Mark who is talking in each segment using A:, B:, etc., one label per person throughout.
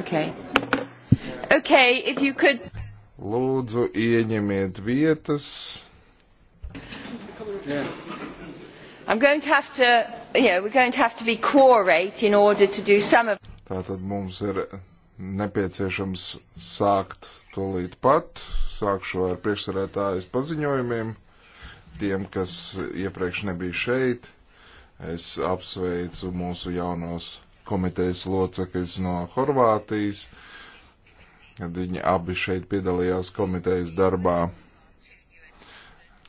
A: Okay. Okay, if you could.
B: Lūdzu, ieņemiet vietas.
A: I'm going to have to, you know, we're going to have to be quorate in order to do some of.
B: Tātad mums ir nepieciešams sākt tūlīt pat. Sākšu ar priekšsarētājas paziņojumiem. Tiem, kas iepriekš nebija šeit, es apsveicu mūsu jaunos komitejas loceklis no Horvātijas, kad viņi abi šeit piedalījās komitejas darbā.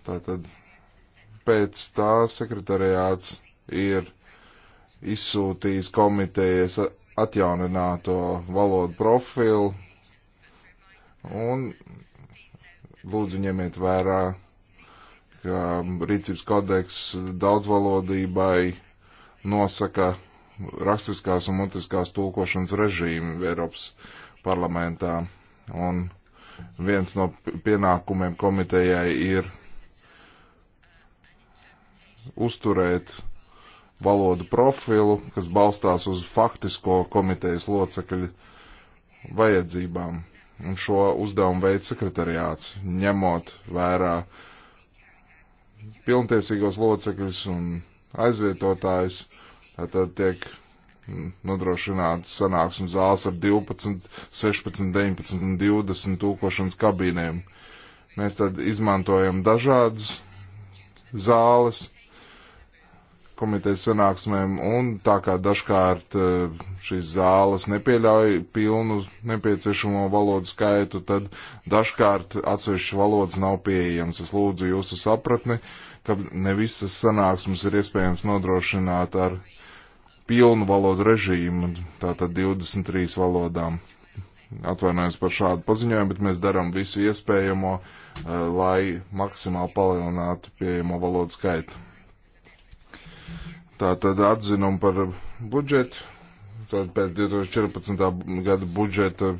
B: Tātad pēc tā sekretariāts ir izsūtījis komitejas atjaunināto valodu profilu un lūdzu ņemiet vērā, ka rīcības kodeks daudzvalodībai nosaka rakstiskās un mutiskās tulkošanas režīmu Eiropas parlamentā. Un viens no pienākumiem komitejai ir uzturēt valodu profilu, kas balstās uz faktisko komitejas locekļu vajadzībām. Un šo uzdevumu veids sekretariāts, ņemot vērā pilntiesīgos locekļus un aizvietotājus, Tad tiek nodrošināt sanāksmu zāles ar 12, 16, 19 un 20 tūkošanas kabīnēm. Mēs tad izmantojam dažādas zāles komitejas sanāksmēm, un tā kā dažkārt e, šīs zāles nepieļauj pilnu nepieciešamo valodu skaitu, tad dažkārt atsevišķas valodas nav pieejamas. Es lūdzu jūsu sapratni. Uh, ka ne visas sanāksmes ir iespējams nodrošināt ar pilnu valodu režīmu, tātad 23 valodām. Atvainojos par šādu paziņojumu, bet mēs darām visu iespējamo, eh, lai maksimāli palielinātu pieejamo valodu skaitu. Tātad atzinumu par budžetu, tad pēc 2014. gada budžeta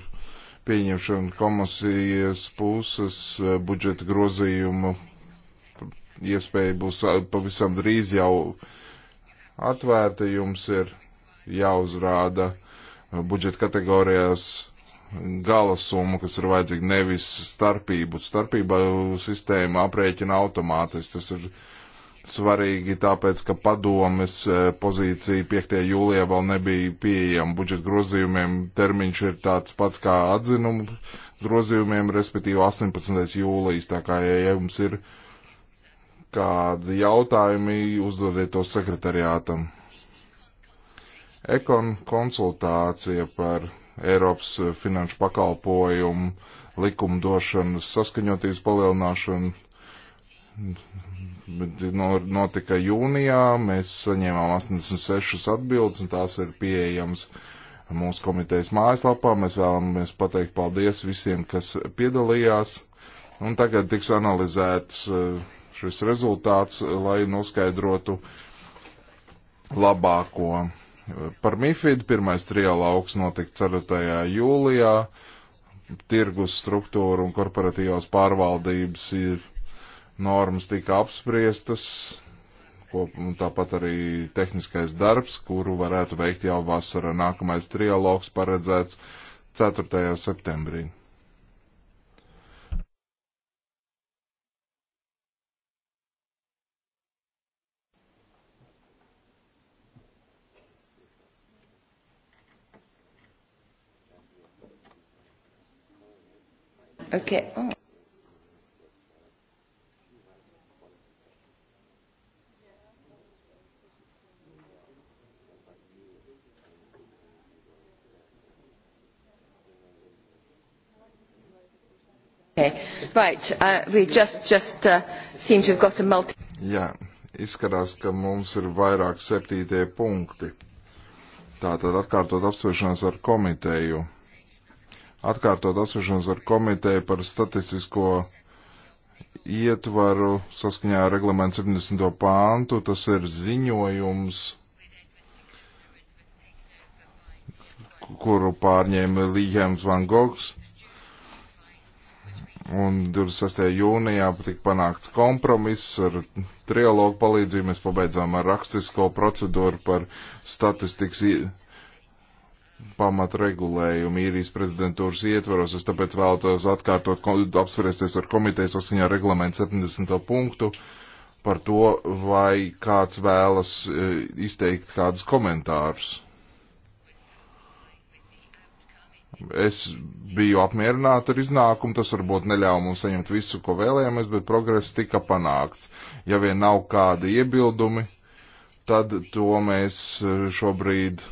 B: pieņemšana komisijas puses eh, budžeta grozījumu iespēja būs pavisam drīz jau atvērta. Jums ir jāuzrāda budžeta kategorijās gala summa, kas ir vajadzīga nevis starpību. Starpība sistēma aprēķina automātiski. Tas ir svarīgi tāpēc, ka padomes e, pozīcija 5. jūlijā vēl nebija pieejama budžeta grozījumiem. Termiņš ir tāds pats kā atzinumu grozījumiem, respektīvi 18. jūlijas. Tā kā, ja jums ir uh, kādi jautājumi, uzdodiet to sekretariātam. Ekon konsultācija par Eiropas finanšu pakalpojumu likumdošanas saskaņotības palielināšanu notika jūnijā. Mēs saņēmām 86 atbildes, un tās ir pieejamas mūsu komitejas mājaslapā. Mēs vēlamies pateikt paldies visiem, kas piedalījās. Un tagad tiks analizēts uh, šis rezultāts, lai noskaidrotu labāko. Par MIFID pirmais trialauks notika 4. jūlijā. Tirgus struktūra un korporatīvās pārvaldības normas tika apspriestas, ko, un tāpat arī tehniskais darbs, kuru varētu veikt jau vasarā. Nākamais trialogs paredzēts 4. septembrī. Okay. Oh.
A: Right, uh, we just, just uh, seem to have got a multi.
B: Jā, izskatās, ka mums ir vairāk septītie punkti. Tātad atkārtot apspriešanās ar komiteju atkārtot apspriešanas ar komiteju par statistisko ietvaru saskaņā ar reglamentu 70. pāntu. Tas ir ziņojums, kuru pārņēma Līhēms Van Gogs. Un 26. jūnijā tika panākts kompromiss ar trialogu palīdzību. Mēs pabeidzām ar rakstisko procedūru par statistikas ietvaru pamatregulējumu īrijas prezidentūras ietvaros. Es tāpēc vēlētos atkārtot apsvērsties ar komiteju saskaņā reglamentu 70. punktu par to, vai kāds vēlas e, izteikt kādus komentārus. Es biju apmierināta ar iznākumu, tas varbūt neļāva mums saņemt visu, ko vēlējāmies, bet progress tika panākts. Ja vien nav kādi iebildumi, tad to mēs e, šobrīd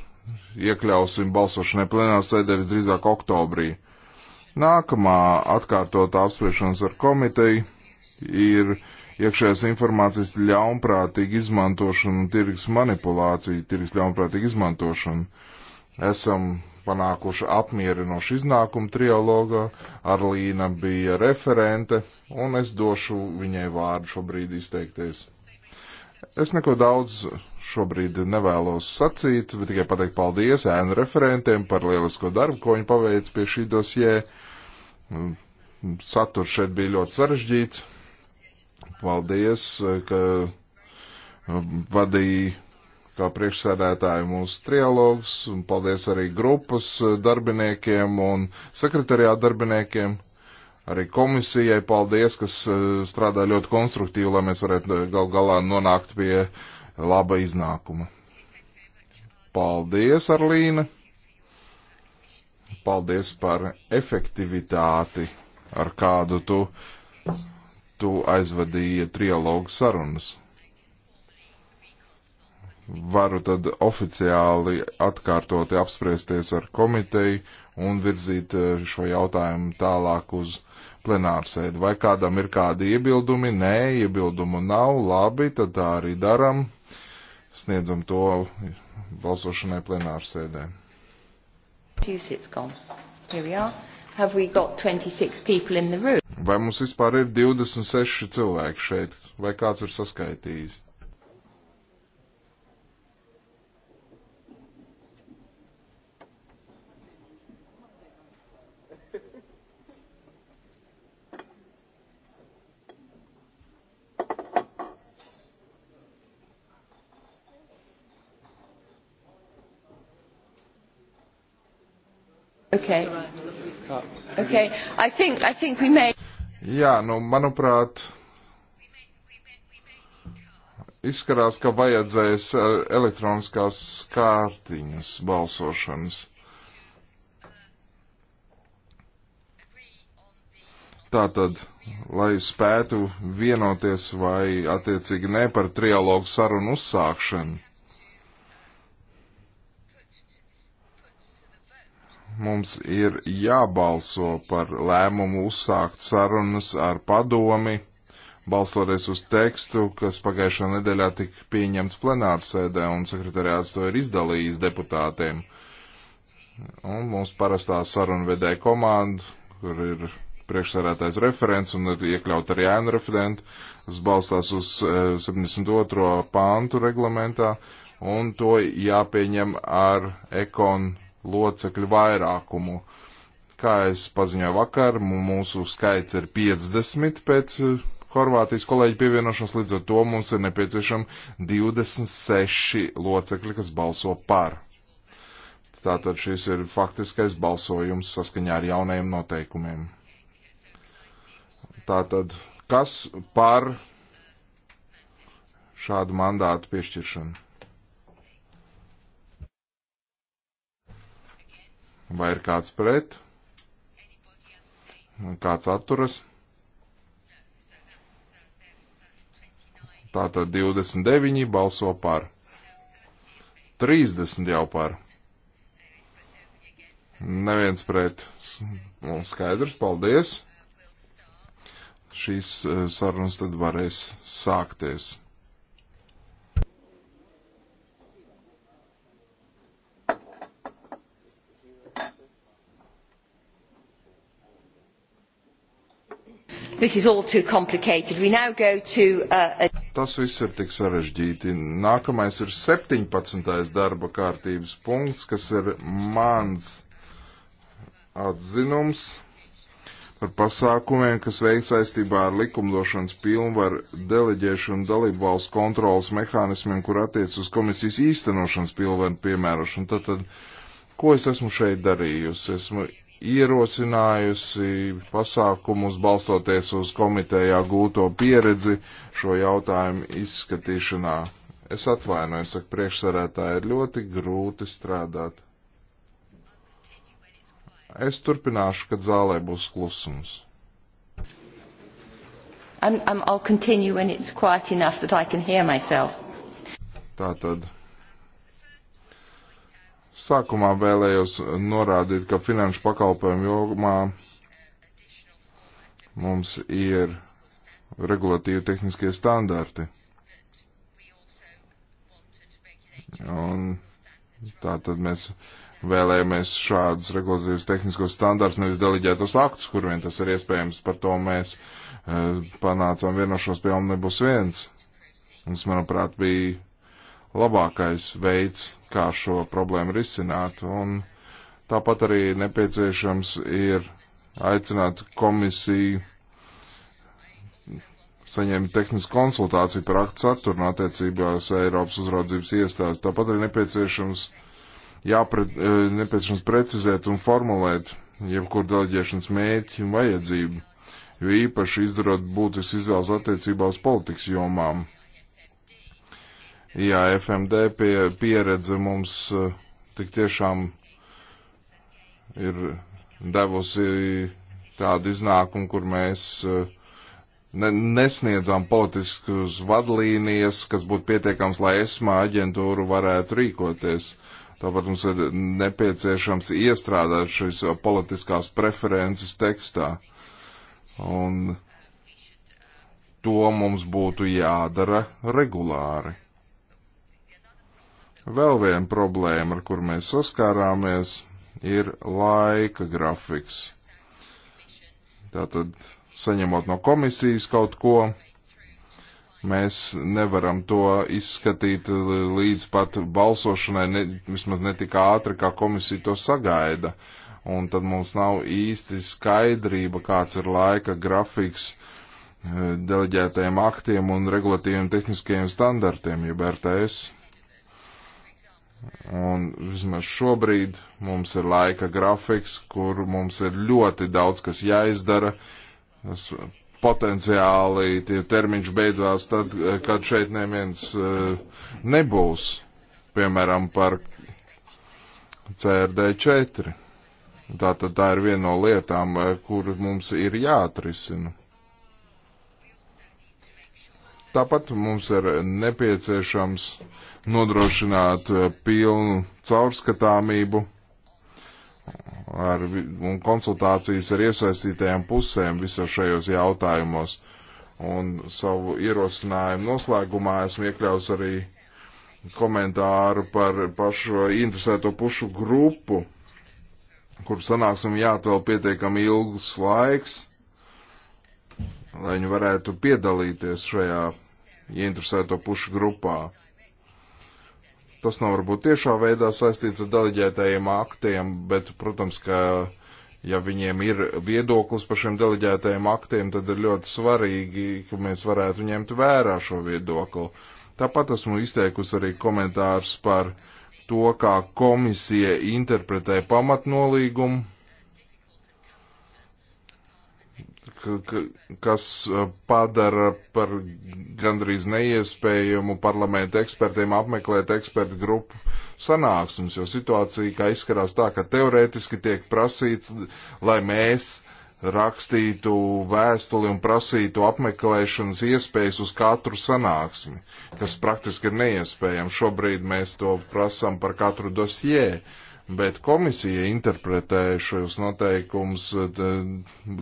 B: iekļausim balsošanai plenārā sēdē visdrīzāk oktobrī. Nākamā atkārtotā apspriešanas ar komiteju ir iekšējās informācijas ļaunprātīga izmantošana un tirgus manipulācija, tirgus ļaunprātīga izmantošana. Esam panākuši apmierinošu iznākumu trialogā, Arlīna bija referente, un es došu viņai vārdu šobrīd izteikties. Es neko daudz šobrīd nevēlos sacīt, bet tikai pateikt paldies ēnu referentiem par lielisko darbu, ko viņi paveic pie šī dosjē. Mm, Saturs šeit bija ļoti sarežģīts. Paldies, ka mm, vadīja kā priekšsēdētāji mūsu trialogus, un paldies arī grupas darbiniekiem un sekretariā darbiniekiem. Arī komisijai paldies, kas e, strādā ļoti konstruktīvi, lai mēs varētu e, gal galā nonākt pie laba iznākuma. Paldies, Arlīna! Paldies par efektivitāti, ar kādu tu, tu aizvadīji trialogu sarunas varu tad oficiāli atkārtoti apspriesties ar komiteju un virzīt eh, šo jautājumu tālāk uz plenārsēdi. Vai kādam ir kādi iebildumi? Nē, iebildumu nav. Labi, tad tā arī daram. Sniedzam to balsošanai plenārsēdē. Vai mums vispār ir 26 cilvēki šeit, vai kāds ir saskaitījis?
C: Okay. Okay. I think,
A: I think we may...
B: Jā, nu, manuprāt, izskatās, ka vajadzēs uh, elektroniskās kārtiņas balsošanas. Tātad, lai spētu vienoties vai attiecīgi ne par trialogu sarunu uzsākšanu. mums ir jābalso par lēmumu uzsākt sarunas ar padomi, balstoties uz tekstu, kas pagājušā nedēļā tika pieņemts plenārsēdē un sekretariāts to ir izdalījis deputātiem. Un mums parastā saruna vedēja komanda, kur ir priekšsarētais referents un ir iekļaut arī ēnu referentu, tas balstās uz 72. Eh, pāntu reglamentā, un to jāpieņem ar ekonu locekļu vairākumu. Kā es paziņoju vakar, mūsu skaits ir 50 pēc eh, Horvātijas kolēģi pievienošanas, līdz ar to mums ir nepieciešami 26 locekļi, kas balso par. Tātad šis ir faktiskais balsojums saskaņā ar jaunajiem noteikumiem. Tātad, kas par šādu mandātu piešķiršanu? Vai ir kāds pret? Kāds atturas? Tātad 29 balso par. 30 jau par. Neviens pret. Un nu, skaidrs, paldies. Šīs eh, sarunas tad varēs sākties.
A: this is all too complicated. We now go to, uh, a...
B: Tas viss ir tik sarežģīti. Nākamais ir 17. darba kārtības punkts, kas ir mans atzinums par pasākumiem, kas veic saistībā ar likumdošanas pilnvaru deleģēšanu dalību valsts kontrolas mehānismiem, kur attiec uz komisijas īstenošanas pilnvaru piemērošanu. Tātad, ko es esmu šeit darījusi? Esmu ierosinājusi pasākumus balstoties uz komitejā gūto pieredzi šo jautājumu izskatīšanā. Es atvainojos, saka priekšsarētāji, ir ļoti grūti strādāt. Es turpināšu, kad zālē būs klusums.
A: I'm, I'm, I'll continue when it's quiet enough that I can hear myself.
B: Tātad. Sākumā vēlējos norādīt, ka finanšu pakalpojumu jomā mums ir regulatīvi tehniskie standarti. Un tā tad mēs vēlējamies šādus regulatīvus tehniskos standartus, nevis deleģētos aktus, kur vien tas ir iespējams. Par to mēs eh, panācām vienošanos pie Omnibus 1. Un tas, manuprāt, bija labākais veids, kā šo problēmu risināt. Un tāpat arī nepieciešams ir aicināt komisiju saņēma tehnisku konsultāciju par aktu saturu no attiecībās Eiropas uzraudzības iestādes. Tāpat arī nepieciešams, jāpret, eh, nepieciešams precizēt un formulēt jebkuru deleģēšanas mēķi un vajadzību, jo īpaši izdarot būtisks izvēles attiecībā uz politikas jomām. Jā, FMD pie, pieredze mums eh, tik tiešām ir devusi tādu iznākumu, kur mēs eh, ne, nesniedzām politiskus vadlīnijas, kas būtu pietiekams, lai ESMA aģentūru varētu rīkoties. Tāpēc mums ir nepieciešams iestrādāt šīs politiskās preferences tekstā. Un to mums būtu jādara regulāri. Vēl viena problēma, ar kur mēs saskārāmies, ir laika grafiks. Tātad, saņemot no komisijas kaut ko, mēs nevaram to izskatīt līdz pat balsošanai, ne, vismaz netika ātri, kā komisija to sagaida. Un tad mums nav īsti skaidrība, kāds ir laika grafiks eh, deleģētajiem aktiem un regulatīviem tehniskajiem standartiem, jeb RTS. Un vismaz šobrīd mums ir laika grafiks, kur mums ir ļoti daudz kas jāizdara. Tas potenciāli tie termiņš beidzās tad, kad šeit neviens eh, nebūs, piemēram, par CRD4. Tātad tā ir viena no lietām, eh, kur mums ir jāatrisina. Tāpat mums ir nepieciešams uh, nodrošināt eh, pilnu caurskatāmību ar, un konsultācijas ar iesaistītajām pusēm visos šajos jautājumos. Un savu ierosinājumu noslēgumā esmu iekļaus arī komentāru par pašu interesēto pušu grupu, kur sanāksim jāatvēl pietiekami ilgs laiks, lai viņi varētu piedalīties šajā ieinteresēto pušu grupā. Tas nav varbūt tiešā veidā saistīts ar deleģētajiem aktiem, bet, protams, ka ja viņiem ir viedoklis par šiem deleģētajiem aktiem, tad ir ļoti svarīgi, ka mēs varētu ņemt vērā šo viedokli. Tāpat esmu izteikusi arī komentārus par to, kā komisija interpretē pamatnolīgumu kas eh, padara par gandrīz neiespējumu parlamentu ekspertiem apmeklēt ekspertu grupu sanāksmes, jo situācija kā izskatās tā, ka teorētiski tiek prasīts, lai mēs rakstītu vēstuli un prasītu apmeklēšanas iespējas uz katru sanāksmi, kas praktiski ir neiespējami. Šobrīd mēs to prasam par katru dosjē. Uh, bet komisija interpretēja šos noteikumus eh,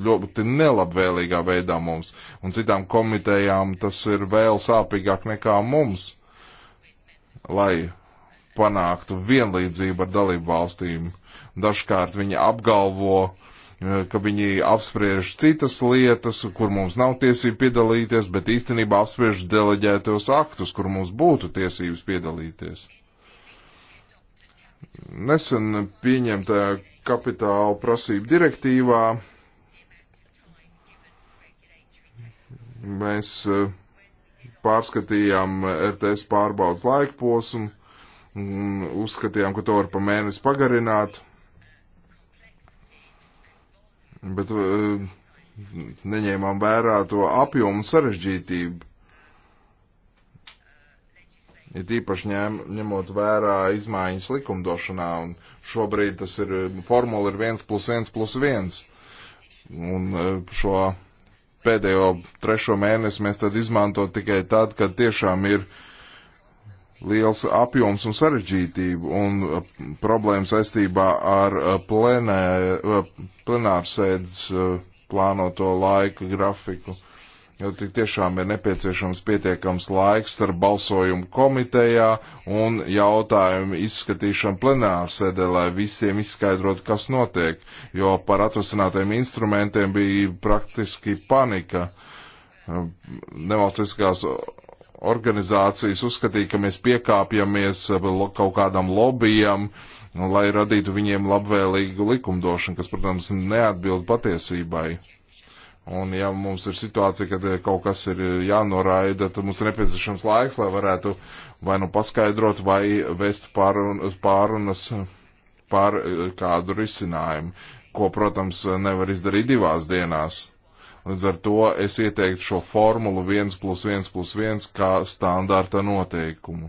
B: ļoti nelabvēlīgā veidā mums, un citām komitejām tas ir vēl sāpīgāk nekā mums, lai panāktu vienlīdzību ar dalību valstīm. Dažkārt viņi apgalvo, eh, ka viņi apspriež citas lietas, kur mums nav tiesību piedalīties, bet īstenībā apspriež deleģētos aktus, kur mums būtu tiesības piedalīties. Nesen pieņemtajā kapitāla prasību direktīvā mēs eh, pārskatījām RTS pārbaudas laikposmu un uzskatījām, ka to var pa mēnesi pagarināt. Bet eh, neņēmām vērā to apjomu sarežģītību Ir ja īpaši ņem, ņemot vērā izmaiņas likumdošanā, un šobrīd tas ir, formula ir 1 plus 1 plus 1. Un e, šo pēdējo trešo mēnesi mēs tad izmanto tikai tad, kad tiešām ir liels apjoms un sarežģītība un e, problēmas saistībā ar e, plenē, plenārsēdz plānoto laika grafiku jo nu, tik tiešām ir nepieciešams pietiekams laiks starp balsojumu komitejā un jautājumu izskatīšanu plenāru sēdē, lai visiem izskaidrotu, kas notiek, jo par atrasinātajiem instrumentiem bija praktiski panika. Nevalstiskās organizācijas uzskatīja, ka mēs piekāpjamies kaut kādam lobbyam, lai radītu viņiem labvēlīgu likumdošanu, kas, protams, neatbild patiesībai Un ja mums ir situācija, kad eh, kaut kas ir eh, jānoraida, tad mums ir nepieciešams laiks, lai varētu vai nu paskaidrot, vai vest pārunas, pārunas par eh, kādu risinājumu, ko, protams, nevar izdarīt divās dienās. Līdz ar to es ieteiktu šo formulu 1 plus 1 plus 1 kā standarta noteikumu.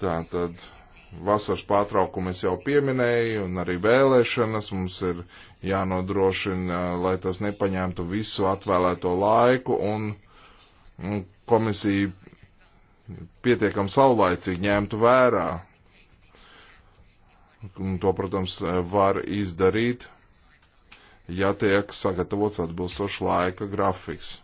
B: Tā tad Vasaras pārtraukumu es jau pieminēju, un arī vēlēšanas mums ir jānodrošina, lai tas nepaņemtu visu atvēlēto laiku, un, un komisija pietiekam saulaicīgi ņemtu vērā. Un to, protams, var izdarīt, ja tiek sagatavots atbilstošs laika grafiks.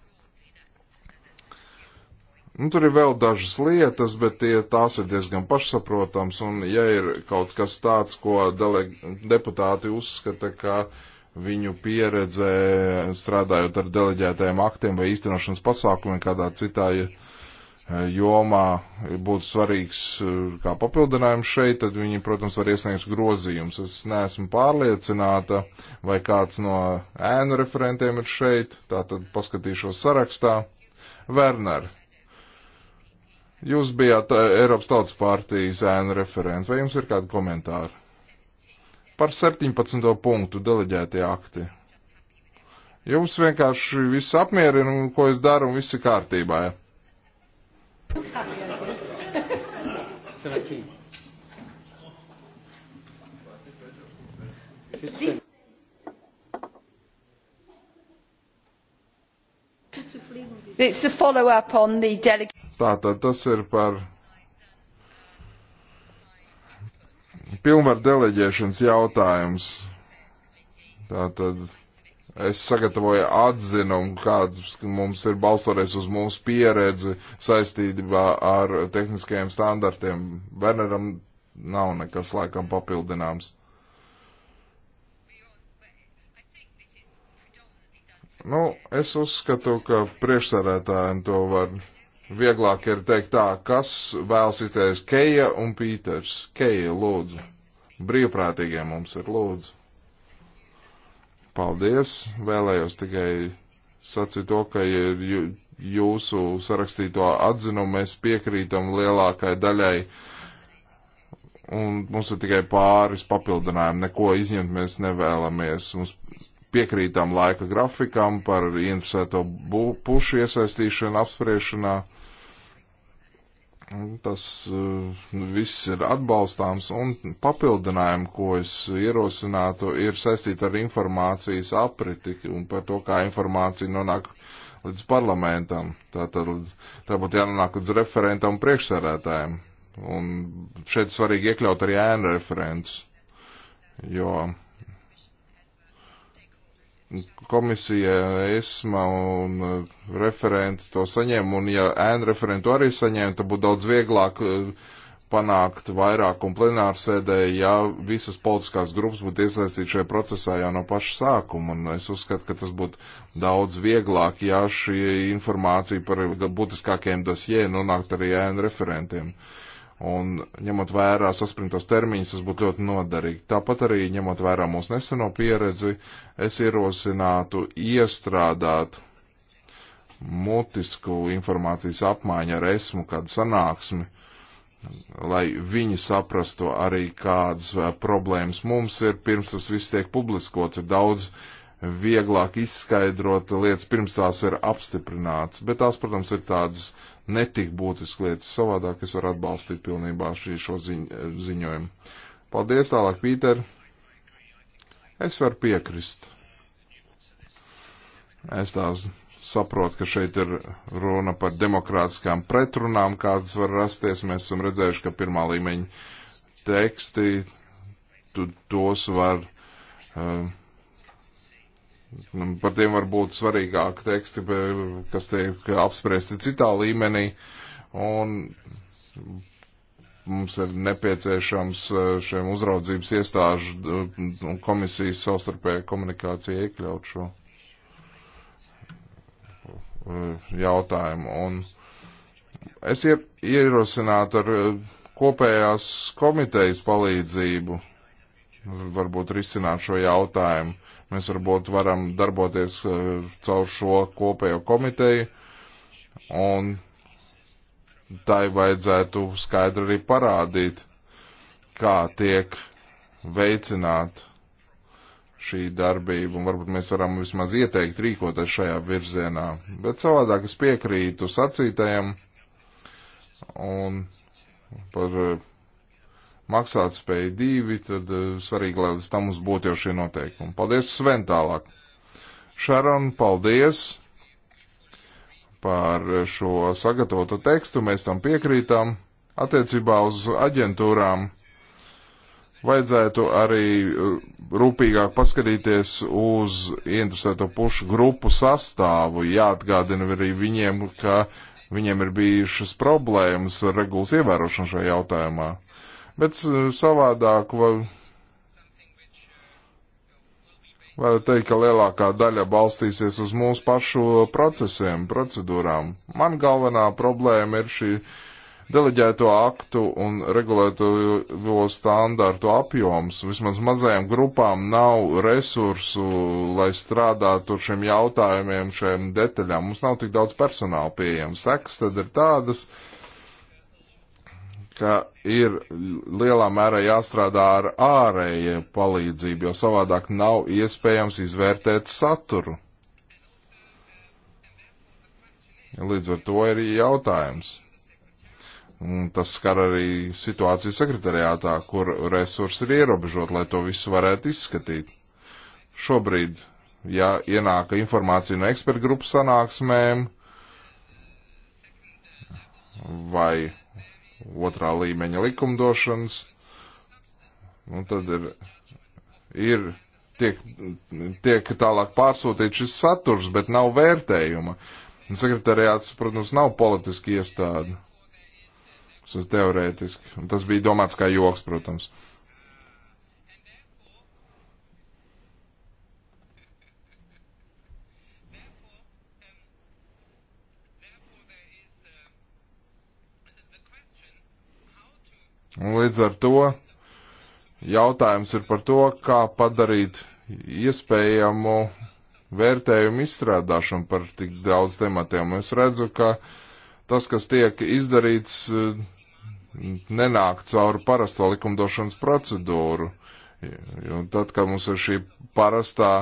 B: Nu, tur ir vēl dažas lietas, bet tie, tās ir diezgan pašsaprotams, un ja ir kaut kas tāds, ko dele, deputāti uzskata, ka viņu pieredze strādājot ar deleģētajiem aktiem vai īstenošanas pasākumiem kādā citā eh, jomā būtu svarīgs eh, kā papildinājums šeit, tad viņi, protams, var iesniegt grozījumus. Es neesmu pārliecināta, vai kāds no ēnu referentiem ir šeit, tātad paskatīšos sarakstā. Werner, Jūs bijāt eh, Eiropas Tautas partijas ēnu referents. Vai jums ir kādi komentāri? Par 17. punktu deleģētie akti. Jums vienkārši viss apmierina, un ko es daru, un viss ir kārtībā. Ja?
A: It's the follow-up on the delegation.
B: Tātad tas ir par pilnvaru deleģēšanas jautājums. Tātad es sagatavoju atzinumu, kāds mums ir balstoties uz mūsu pieredzi saistībā ar tehniskajiem standartiem. Veneram nav nekas laikam papildināms. Nu, es uzskatu, ka priekšsarētājiem to var Vieglāk ir teikt tā, kas vēlas izteikties Keija un Pīters. Keija, lūdzu. Brīvprātīgie mums ir lūdzu. Paldies. Vēlējos tikai sacīt to, ka ir jūsu sarakstīto atzinumu mēs piekrītam lielākai daļai. Un mums ir tikai pāris papildinājumi. Neko izņemt mēs nevēlamies. Mums piekrītam laika grafikam par interesēto pušu iesaistīšanu apspriešanā. Tas eh, nu, viss ir atbalstāms un papildinājumi, ko es ierosinātu, ir saistīti ar informācijas apriti un par to, kā informācija nonāk līdz parlamentam. Tātad tā būtu jānonāk līdz referentam un priekšsēdētājiem. Un šeit svarīgi iekļaut arī ēnu referentus, jo komisija, ESMA un uh, referenti to saņem, un ja ēnu referentu arī saņem, tad būtu daudz vieglāk uh, panākt vairāk un plenāru sēdē, ja visas politiskās grupas būtu iesaistīti šajā procesā jau no paša sākuma. Un es uzskatu, ka tas būtu daudz vieglāk, ja šī informācija par būtiskākajiem dosjē nonākt arī ēnu referentiem. Uh, Un ņemot vērā saspringtos termiņus, tas būtu ļoti noderīgi. Tāpat arī ņemot vērā mūsu neseno pieredzi, es ierosinātu iestrādāt mutisku informācijas apmaiņu ar esmu kādu sanāksmi, lai viņi saprastu arī kādas eh, problēmas mums ir, pirms tas viss tiek publiskots, ir daudz vieglāk izskaidrot lietas, pirms tās ir apstiprināts. Bet tās, protams, ir tādas netik būtiski lietas. Savādāk es varu atbalstīt pilnībā šī, šo ziņ, ziņojumu. Paldies tālāk, Pīter. Es varu piekrist. Es tās saprotu, ka šeit ir runa par demokrātiskām pretrunām, kādas var rasties. Mēs esam redzējuši, ka pirmā līmeņa teksti, tu, tos var. Uh, Par tiem var būt svarīgāki teksti, kas tiek apspriesti citā līmenī. Un mums ir nepieciešams e, šiem uzraudzības iestāžu un komisijas savstarpējā komunikācija iekļaut šo e, jautājumu. Un es ierosinātu ar e, kopējās komitejas palīdzību varbūt risināt šo jautājumu Mēs varbūt varam darboties e, caur šo kopējo komiteju un tai vajadzētu skaidri arī parādīt, kā tiek veicināt šī darbība, un varbūt mēs varam vismaz ieteikt rīkoties šajā virzienā. Bet savādāk es piekrītu sacītajam un par e, maksāt spēju divi, tad eh, svarīgi, lai līdz tam mums būtu jau šie noteikumi. Paldies, Sven, tālāk. Šaron, paldies par šo sagatavotu tekstu, mēs tam piekrītam. Attiecībā uz aģentūrām vajadzētu arī eh, rūpīgāk paskatīties uz interesēto pušu grupu sastāvu. Jāatgādina arī viņiem, ka viņiem ir bijušas problēmas ar regulas ievērošanu šajā jautājumā. Bet savādāk var, var teikt, ka lielākā daļa balstīsies uz mūsu pašu procesiem, procedūrām. Man galvenā problēma ir šī deleģēto aktu un regulēto standārtu apjoms. Vismaz mazajām grupām nav resursu, lai strādātu ar šiem jautājumiem, šiem detaļām. Mums nav tik daudz personāla pieejams. Seks tad ir tādas. Uh, ka ir lielā mērā jāstrādā ar ārēju palīdzību, jo savādāk nav iespējams izvērtēt saturu. Līdz ar to ir jautājums. Un tas skar arī situāciju sekretariātā, kur resursi ir ierobežot, lai to visu varētu izskatīt. Šobrīd, ja ienāka informācija no ekspertgrupu sanāksmēm vai otrā līmeņa likumdošanas. Un nu, tad ir, ir tiek, tiek tālāk pārsūtīts šis saturs, bet nav vērtējuma. Un sekretariāts, protams, nav politiski iestādi. Tas teorētiski. Un tas bija domāts kā joks, protams. Uh, Un līdz ar to jautājums ir par to, kā padarīt iespējamu vērtējumu izstrādāšanu par tik daudz tematiem. Es redzu, ka tas, kas tiek izdarīts, nenāk cauri parasto likumdošanas procedūru. Un tad, kad mums ir šī parastā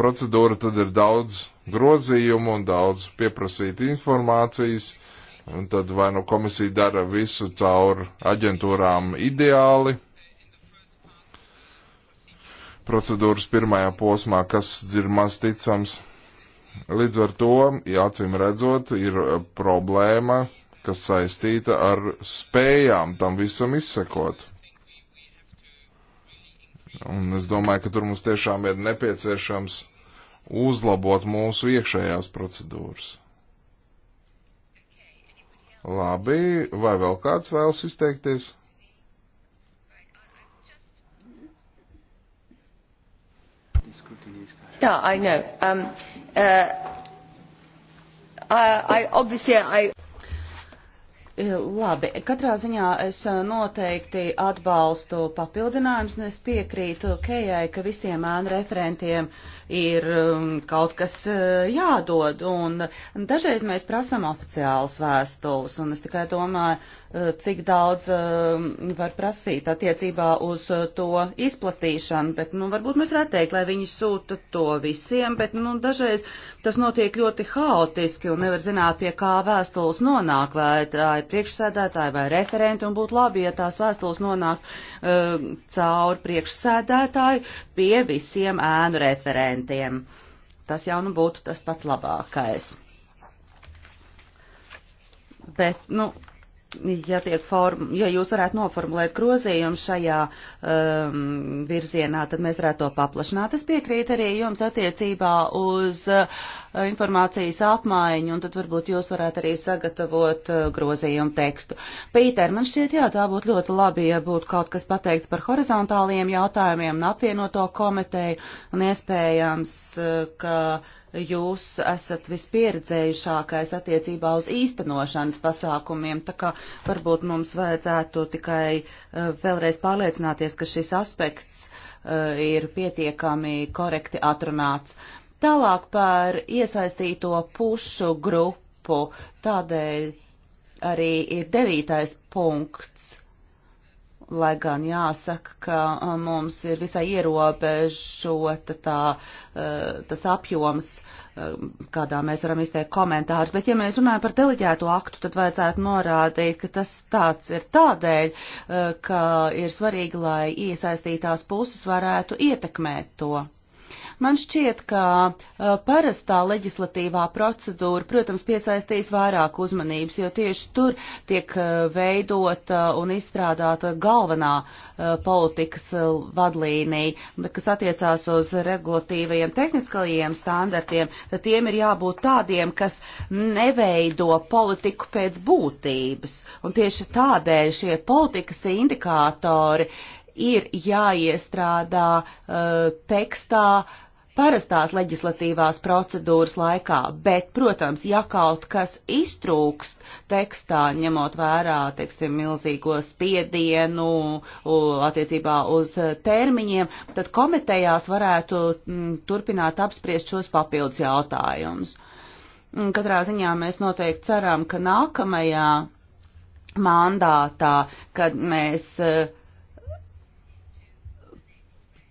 B: procedūra, tad ir daudz grozījumu un daudz pieprasīt informācijas. Uh, Un tad vai nu komisija dara visu caur aģentūrām ideāli. Procedūras pirmajā posmā, kas ir maz ticams. Līdz ar to, acīm redzot, ir problēma, kas saistīta ar spējām tam visam izsekot. Un es domāju, ka tur mums tiešām ir nepieciešams uzlabot mūsu iekšējās procedūras. Labi, vai vēl kāds vēlas izteikties? Yeah, I know. Um, uh,
C: I, I obviously I. Labi, katrā ziņā es uh, noteikti atbalstu papildinājumus, un es piekrītu Kejai, ka visiem ēnu referentiem uh, ir um, kaut kas uh, jādod, un dažreiz mēs prasam oficiālas vēstules, un es tikai domāju, uh, cik daudz um, var prasīt attiecībā uz uh, to izplatīšanu, bet, nu, varbūt mēs varētu teikt, lai viņi sūta to visiem, bet, nu, dažreiz tas notiek ļoti haotiski un nevar zināt, pie kā vēstules nonāk, vai tā ir priekšsēdētāji vai referenti, un būtu labi, ja tās vēstules nonāk uh, um, caur priekšsēdētāju pie visiem ēnu referentiem procentiem. Tas jau nu būtu tas pats labākais. Bet, nu, ja, form, ja jūs varētu noformulēt grozījumu šajā um, virzienā, tad mēs varētu to paplašināt. Es piekrītu arī jums attiecībā uz uh, informācijas apmaiņu, un tad varbūt jūs varētu arī sagatavot uh, grozījumu tekstu. Pīter, man šķiet, jā, tā būtu ļoti labi, ja būtu kaut kas pateikts par horizontāliem jautājumiem un apvienoto komiteju, un iespējams, uh, ka jūs esat vispieredzējušākais attiecībā uz īstenošanas pasākumiem, tā kā varbūt mums vajadzētu tikai eh, vēlreiz pārliecināties, ka šis aspekts eh, ir pietiekami korekti atrunāts. Tālāk par iesaistīto pušu grupu, tādēļ arī ir devītais punkts lai gan jāsaka, ka uh, mums ir visai ierobežota tā, uh, tas apjoms, uh, kādā mēs varam izteikt komentārus, bet ja mēs runājam par deleģēto aktu, tad vajadzētu norādīt, ka tas tāds ir tādēļ, ka ir svarīgi, lai iesaistītās puses varētu ietekmēt to. Man šķiet, ka uh, parastā leģislatīvā procedūra, protams, piesaistīs vairāk uzmanības, jo tieši tur tiek uh, veidota un izstrādāta galvenā uh, politikas vadlīnija, bet kas attiecās uz regulatīvajiem tehniskajiem standartiem, tad tiem ir jābūt tādiem, kas neveido politiku pēc būtības. Un tieši tādēļ šie politikas indikātori ir jāiestrādā uh, tekstā, uh, parastās leģislatīvās procedūras laikā, bet, protams, ja kaut kas iztrūkst tekstā, ņemot vērā, teiksim, milzīgo spiedienu attiecībā uz e, termiņiem, tad komitejās varētu m, turpināt apspriest šos papildus jautājumus. Katrā ziņā mēs noteikti ceram, ka nākamajā mandātā, kad mēs uh,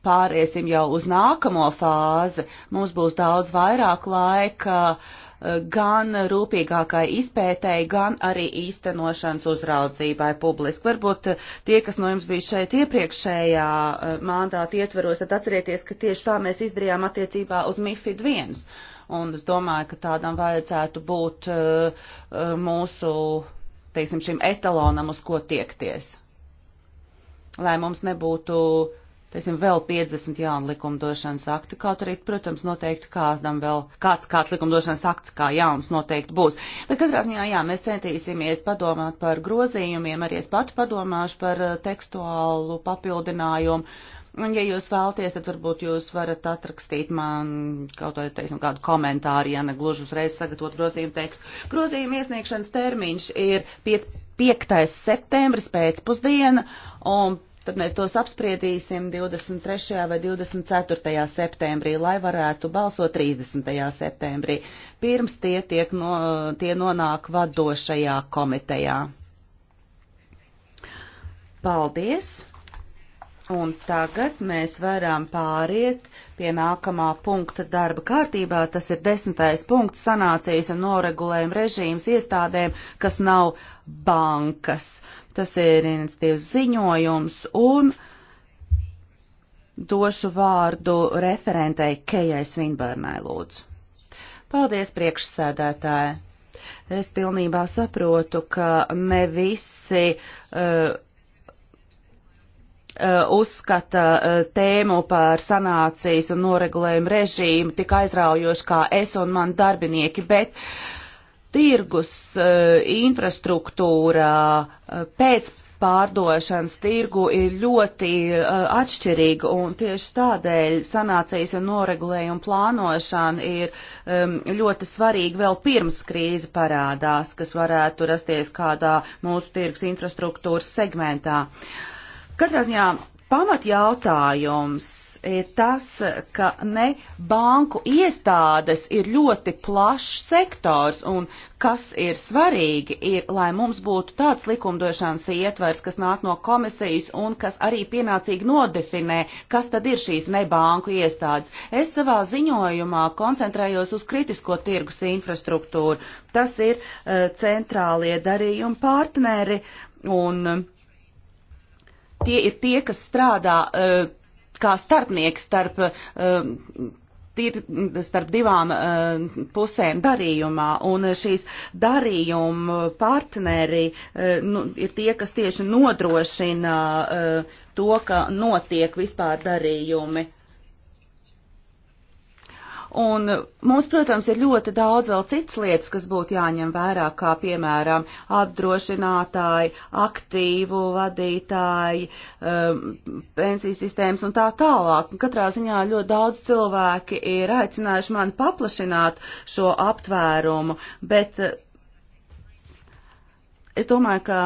C: pāriesim jau uz nākamo fāzi, mums būs daudz vairāk laika eh, gan rūpīgākai izpētēji, gan arī īstenošanas uzraudzībai publiski. Varbūt eh, tie, kas no jums bija šeit iepriekšējā eh, mandāta ietveros, tad atcerieties, ka tieši tā mēs izdarījām attiecībā uz MIFID 1. Un es domāju, ka tādam vajadzētu būt mūsu, teiksim, šim etalonam, uz ko tiekties. Lai mums nebūtu uh, teiksim, vēl 50 jaunu likumdošanas aktu, kaut arī, protams, noteikti kādam vēl kāds, kāds likumdošanas akts kā jauns noteikti būs. Bet katrā ziņā, jā, mēs centīsimies padomāt par grozījumiem, arī es pati padomāšu par eh, tekstuālu papildinājumu. Un, ja jūs vēlaties, tad varbūt jūs varat atrakstīt man kaut vai, teiksim, kādu komentāru, ja ne gluži uzreiz sagatavot grozījumu tekstu. Grozījuma iesniegšanas termiņš ir 5. septembris pēcpusdiena, un tad mēs tos apspriedīsim 23. vai 24. septembrī, lai varētu balsot 30. septembrī, pirms tie, tiek no, tie nonāk vadošajā komitejā. Paldies! Un tagad mēs varam pāriet pie nākamā punkta darba kārtībā. Tas ir desmitais punkts sanācijas un noregulējuma režīms iestādēm, kas nav bankas. Uh, Tas ir iniciatīvas ziņojums un došu vārdu referentei Kejai Svinbērnai lūdzu. Paldies priekšsēdētāji. Es pilnībā saprotu, ka ne visi uh, uh uzskata uh, tēmu par sanācijas un noregulējumu režīmu tik aizraujoši kā es un man darbinieki, bet uh, tirgus, eh, infrastruktūrā, eh, pēc pārdošanas tirgu ir ļoti eh, atšķirīga un tieši tādēļ sanācijas un noregulējuma plānošana ir ehm, ļoti svarīga vēl pirms krīze parādās, kas varētu rasties kādā mūsu tirgus infrastruktūras segmentā. Katrā ziņā pamatjautājums ir tas, ka ne banku iestādes ir ļoti plašs sektors, un kas ir svarīgi, ir, lai mums būtu tāds likumdošanas ietvers, kas nāk no komisijas un kas arī pienācīgi nodefinē, kas tad ir šīs ne banku iestādes. Es savā ziņojumā koncentrējos uz kritisko tirgus infrastruktūru. Tas ir uh, centrālie darījumi partneri un uh, tie ir tie, kas strādā uh, kā starpnieks starp, uh, eh, tir, starp divām uh, pusēm darījumā, un šīs darījuma partneri nu, ir tie, kas tieši nodrošina to, ka notiek vispār darījumi. Un mums, protams, ir ļoti daudz vēl citas lietas, kas būtu jāņem vērā, kā piemēram apdrošinātāji, aktīvu vadītāji, um, pensijas sistēmas un tā tālāk. Un katrā ziņā ļoti daudz cilvēki ir aicinājuši mani paplašināt šo aptvērumu, bet uh, es domāju, ka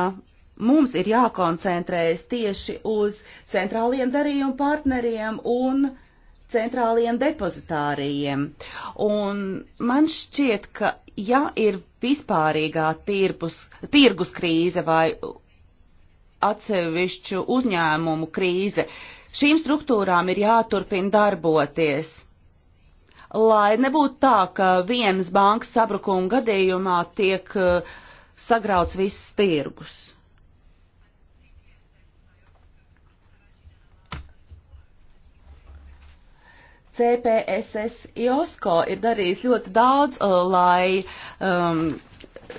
C: mums ir jākoncentrējas tieši uz centrāliem darījumu partneriem un centrālajiem depozitārijiem. Un man šķiet, ka ja ir vispārīgā tirpus, tirgus krīze vai atsevišķu uzņēmumu krīze, šīm struktūrām ir jāturpina darboties. Lai nebūtu tā, ka vienas bankas sabrukuma gadījumā tiek eh, sagrauts viss tirgus. CPSS IOSCO ir darījis ļoti daudz, uh, lai um,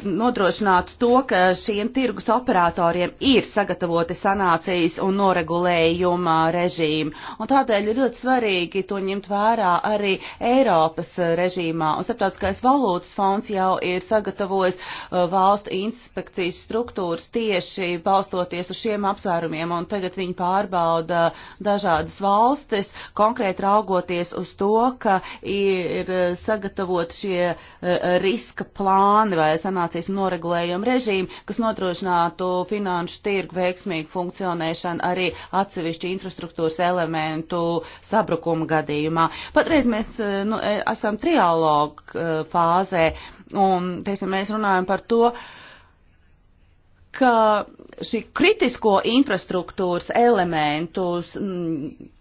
C: nodrošinātu to, ka šiem tirgus operatoriem ir sagatavoti sanācijas un noregulējuma režīmi. Un tādēļ ir ļoti svarīgi to ņemt vērā arī Eiropas režīmā. Un starptautiskais valūtas fonds jau ir sagatavojis uh, valstu inspekcijas struktūras tieši balstoties uz šiem apsvērumiem. Un tagad viņi pārbauda dažādas valstis, konkrēti raugoties uz to, ka ir uh, sagatavot šie uh, riska plāni vai sanācijas informācijas un noregulējumu režīmu, kas nodrošinātu finanšu tirgu veiksmīgu funkcionēšanu arī atsevišķu infrastruktūras elementu sabrukuma gadījumā. Patreiz mēs eh, nu, eh, esam trialogu eh, fāzē un, teiksim, mēs runājam par to, ka šī kritisko infrastruktūras elementus m, mm,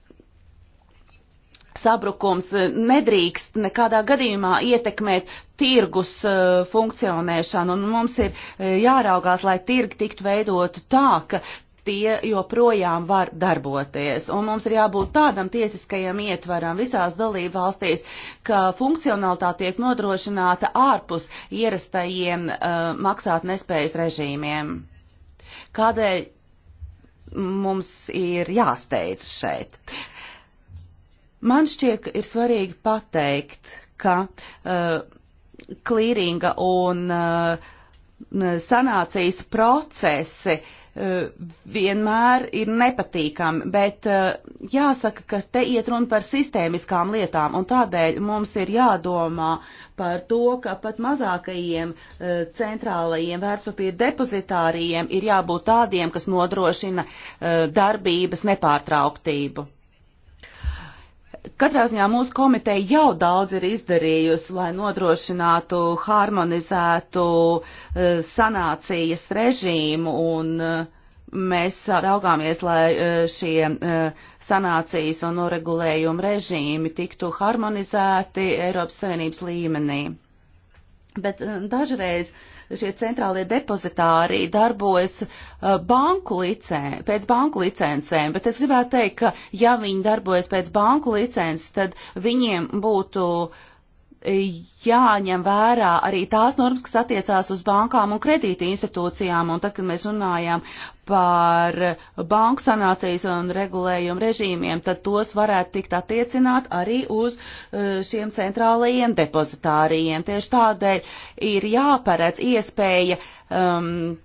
C: sabrukums eh, nedrīkst nekādā gadījumā ietekmēt tirgus eh, funkcionēšanu, un mums ir eh, jāraugās, lai tirgi tiktu veidot tā, ka tie joprojām var darboties. Un mums ir jābūt tādam tiesiskajam ietvaram visās dalību valstīs, ka funkcionalitāte tiek nodrošināta ārpus ierastajiem uh, maksāt nespējas režīmiem. Kādēļ mums ir jāsteidz šeit? Uh, Man šķiet, ka ir svarīgi pateikt, ka uh, eh, klīringa un uh, sanācijas procesi uh, vienmēr ir nepatīkami, bet uh, jāsaka, ka te iet runa par sistēmiskām lietām, un tādēļ mums ir jādomā par to, ka pat mazākajiem uh, centrālajiem vērtspapīra depozitārijiem ir jābūt tādiem, kas nodrošina darbības nepārtrauktību. Katrā ziņā mūsu komiteja jau daudz ir izdarījusi, lai nodrošinātu harmonizētu eh, sanācijas režīmu, un eh, mēs raugāmies, lai eh, šie sanācijas un noregulējuma režīmi tiktu harmonizēti Eiropas Savienības līmenī. Bet dažreiz uh, šie centrālie depozitāri darbojas uh, banku licen, pēc banku licencēm, bet es gribētu teikt, ka ja viņi darbojas pēc banku licences, tad viņiem būtu uh, jāņem vērā arī tās normas, kas attiecās uz bankām un kredīti institūcijām. Un tad, kad mēs runājām par banku sanācijas un regulējumu režīmiem, tad tos varētu tikt attiecināt arī uz uh, šiem centrālajiem depozitārijiem. Tieši tādēļ ir jāparedz iespēja. Um,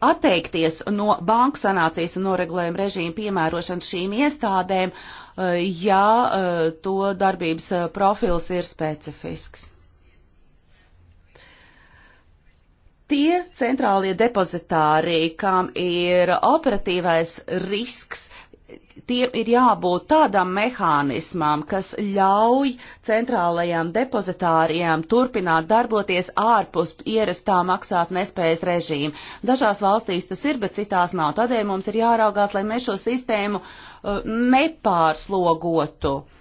C: Atteikties no banku sanācijas un noregulējuma režīmu piemērošanas šīm iestādēm uh, ja eh, to darbības eh, profils ir specifisks. Tie centrālie depozitāri, kam ir operatīvais risks, tiem ir jābūt tādam mehānismam, kas ļauj centrālajām depozitārijām turpināt darboties ārpus ierastā maksāt nespējas režīma. Dažās valstīs tas ir, bet citās nav. Tādēļ mums ir jāraugās, lai mēs šo sistēmu uh, nepārslogotu. Uh,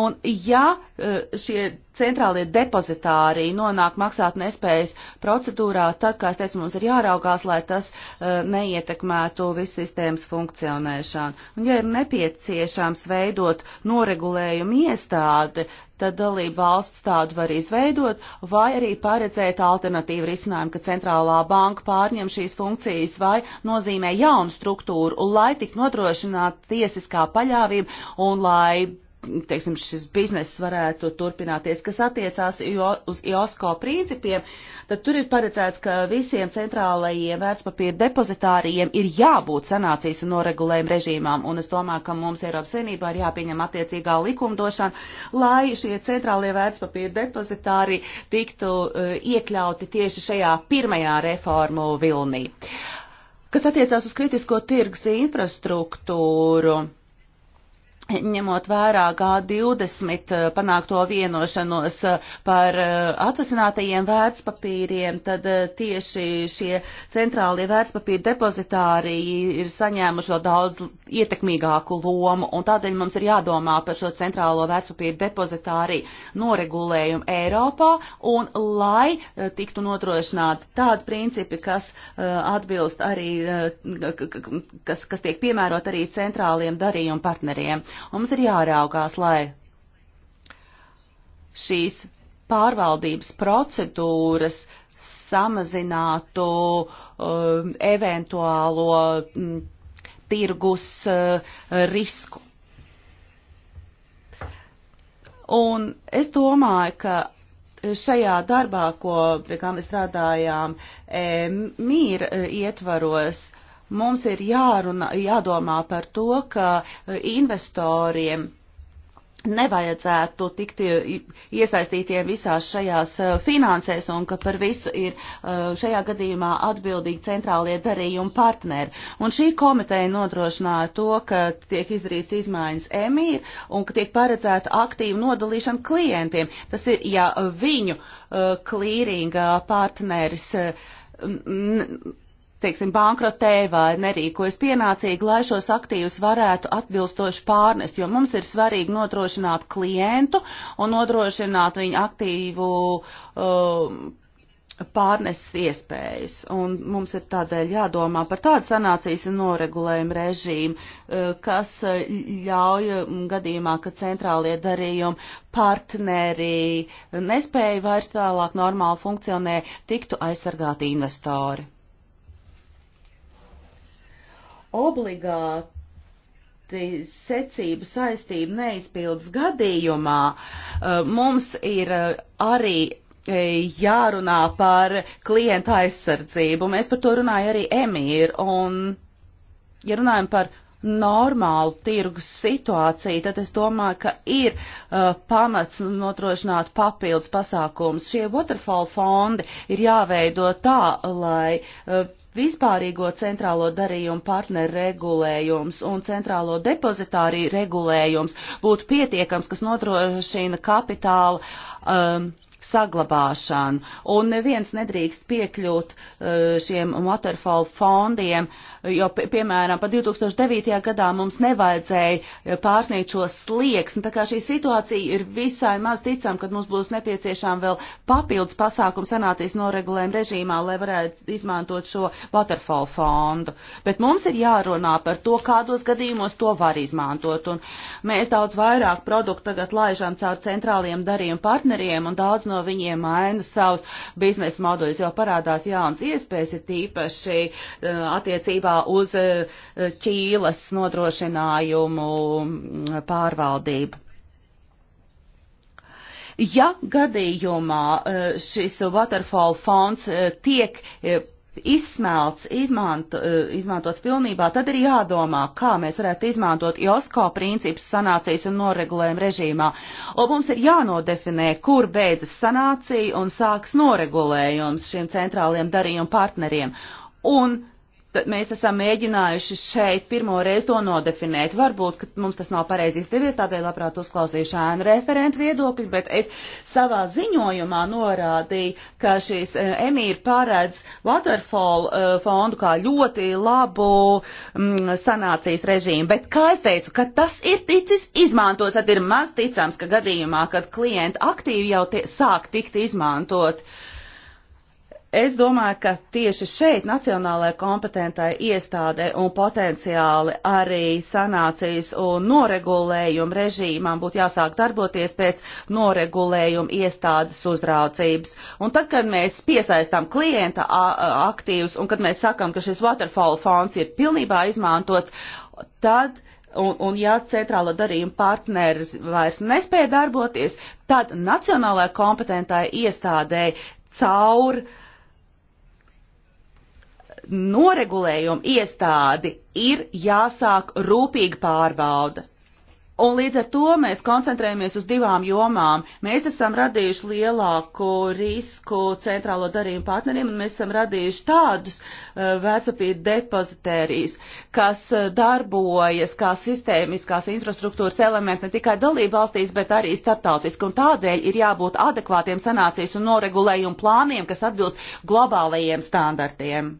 C: Un ja eh, šie centrālie depozitāri nonāk maksāt nespējas procedūrā, tad, kā es teicu, mums ir jāraugās, lai tas eh, neietekmētu visu sistēmas funkcionēšanu. Un ja ir nepieciešams veidot noregulējumu iestādi, tad dalība valsts tādu var izveidot, vai arī paredzēt alternatīvu risinājumu, ka centrālā banka pārņem šīs funkcijas vai nozīmē jaunu struktūru, un lai tik nodrošinātu tiesiskā paļāvība un lai teiksim, šis bizness varētu turpināties, kas attiecās uz IOSCO principiem, tad tur ir paredzēts, ka visiem centrālajiem vērtspapīra depozitāriem ir jābūt sanācijas un noregulējuma režīmām, un es domāju, ka mums Eiropas Savienībā ir jāpieņem attiecīgā likumdošana, lai šie centrālie vērtspapīra depozitāri tiktu eh, iekļauti tieši šajā pirmajā reformu vilnī. Kas attiecās uz kritisko tirgus infrastruktūru, ņemot vērā G20 eh, panākto vienošanos eh, par eh, atvasinātajiem vērtspapīriem, tad tieši šie centrālie vērtspapīra depozitāriji ir saņēmuši vēl daudz ietekmīgāku lomu, un tādēļ mums ir jādomā par šo centrālo vērtspapīra depozitāriju noregulējumu Eiropā, un lai tiktu nodrošināti tādi principi, kas atbilst arī, kas, kas tiek piemērot arī centrāliem darījumu partneriem. Un mums ir jāraugās, lai šīs pārvaldības procedūras samazinātu um, eventuālo um, tirgus uh, risku. Un es domāju, ka šajā darbā, ko, pie kā mēs strādājām, e, eh, mīra eh, ietvaros, uh, Mums ir jārunā, jādomā par to, ka e, investoriem nevajadzētu tikt e, iesaistītiem visās šajās e, finansēs un ka par visu ir šajā gadījumā atbildīgi centrālie darījuma partneri. Un šī komiteja nodrošināja to, ka tiek izdarīts izmaiņas emīri un ka tiek paredzēta aktīva nodalīšana klientiem. Tas ir, ja viņu klīringa partneris teiksim, bankrotē vai nerīkojas pienācīgi, lai šos aktīvus varētu atbilstoši pārnest, jo mums ir svarīgi nodrošināt klientu un nodrošināt viņu aktīvu um, pārneses iespējas. Un mums ir tādēļ jādomā par tādu sanācijas un noregulējumu režīmu, uh, kas ļauj gadījumā, ka centrālie darījumi partneri nespēja vairs tālāk normāli funkcionē, tiktu aizsargāti investori obligāti secību saistību neizpildas gadījumā, eh, mums ir eh, arī eh, jārunā par klienta aizsardzību. Mēs par to runāja arī Emīra. Un, ja runājam par normālu tirgus situāciju, tad es domāju, ka ir uh, pamats notrošināt papildus pasākums. Šie waterfall fondi ir jāveido tā, lai uh, Vispārīgo centrālo darījumu partneru regulējums un centrālo depozitāriju regulējums būtu pietiekams, kas nodrošina kapitāla um, saglabāšanu. Un neviens nedrīkst piekļūt eh, šiem waterfall fondiem, jo, piemēram, pa 2009. gadā mums nevajadzēja eh, pārsniegt šos slieksni. Tā kā šī situācija ir visai maz ticam, kad mums būs nepieciešām vēl papildus pasākumu sanācijas noregulējuma režīmā, lai varētu izmantot šo waterfall fondu. Bet mums ir jārunā par to, kādos gadījumos to var izmantot. Un mēs daudz vairāk produktu tagad laižam caur centrāliem darījumu partneriem un daudz no viņiem maina savus biznesa moduļus, jo parādās jaunas iespējas, ir tīpaši uh, attiecībā uz uh, ķīlas nodrošinājumu mm, pārvaldību. Ja gadījumā uh, šis waterfall fonds tiek izsmelts, izmanto, eh, izmantots pilnībā, tad ir jādomā, kā mēs varētu izmantot JOSKO principus sanācijas un noregulējuma režīmā. Un mums ir jānodefinē, kur beidzas sanācija un sāks noregulējums šiem centrāliem darījuma partneriem. Un Tad mēs esam mēģinājuši šeit pirmo reizi to nodefinēt. Varbūt, ka mums tas nav pareizi izdevies, tādēļ labprāt uzklausīšu ēnu referentu viedokļu, bet es savā ziņojumā norādīju, ka šīs eh, emīra paredz Waterfall eh, fondu kā ļoti labu mm, sanācijas režīmu. Bet, kā es teicu, ka tas ir ticis izmantots, tad ir maz ticams, ka gadījumā, kad klienti aktīvi jau tie, sāk tikt izmantot. Uh, Es domāju, ka tieši šeit nacionālajai kompetentai iestādē un potenciāli arī sanācijas un noregulējuma režīmām būtu jāsāk darboties pēc noregulējuma iestādes uzraucības. Un tad, kad mēs piesaistām klienta aktīvus un kad mēs sakam, ka šis waterfall fonds ir pilnībā izmantots, tad. Un, un ja centrāla darījuma partneris vairs nespēja darboties, tad nacionālajai kompetentai iestādēji caur uh, noregulējuma iestādi ir jāsāk rūpīgi pārbauda. Un līdz ar to mēs koncentrējamies uz divām jomām. Mēs esam radījuši lielāku risku centrālo darījumu partneriem, un mēs esam radījuši tādus uh, eh, vecapīdu depozitērijus, kas eh, darbojas kā sistēmiskās infrastruktūras elementi ne tikai dalību valstīs, bet arī starptautiski. Un tādēļ ir jābūt adekvātiem sanācijas un noregulējumu plāniem, kas atbilst globālajiem standartiem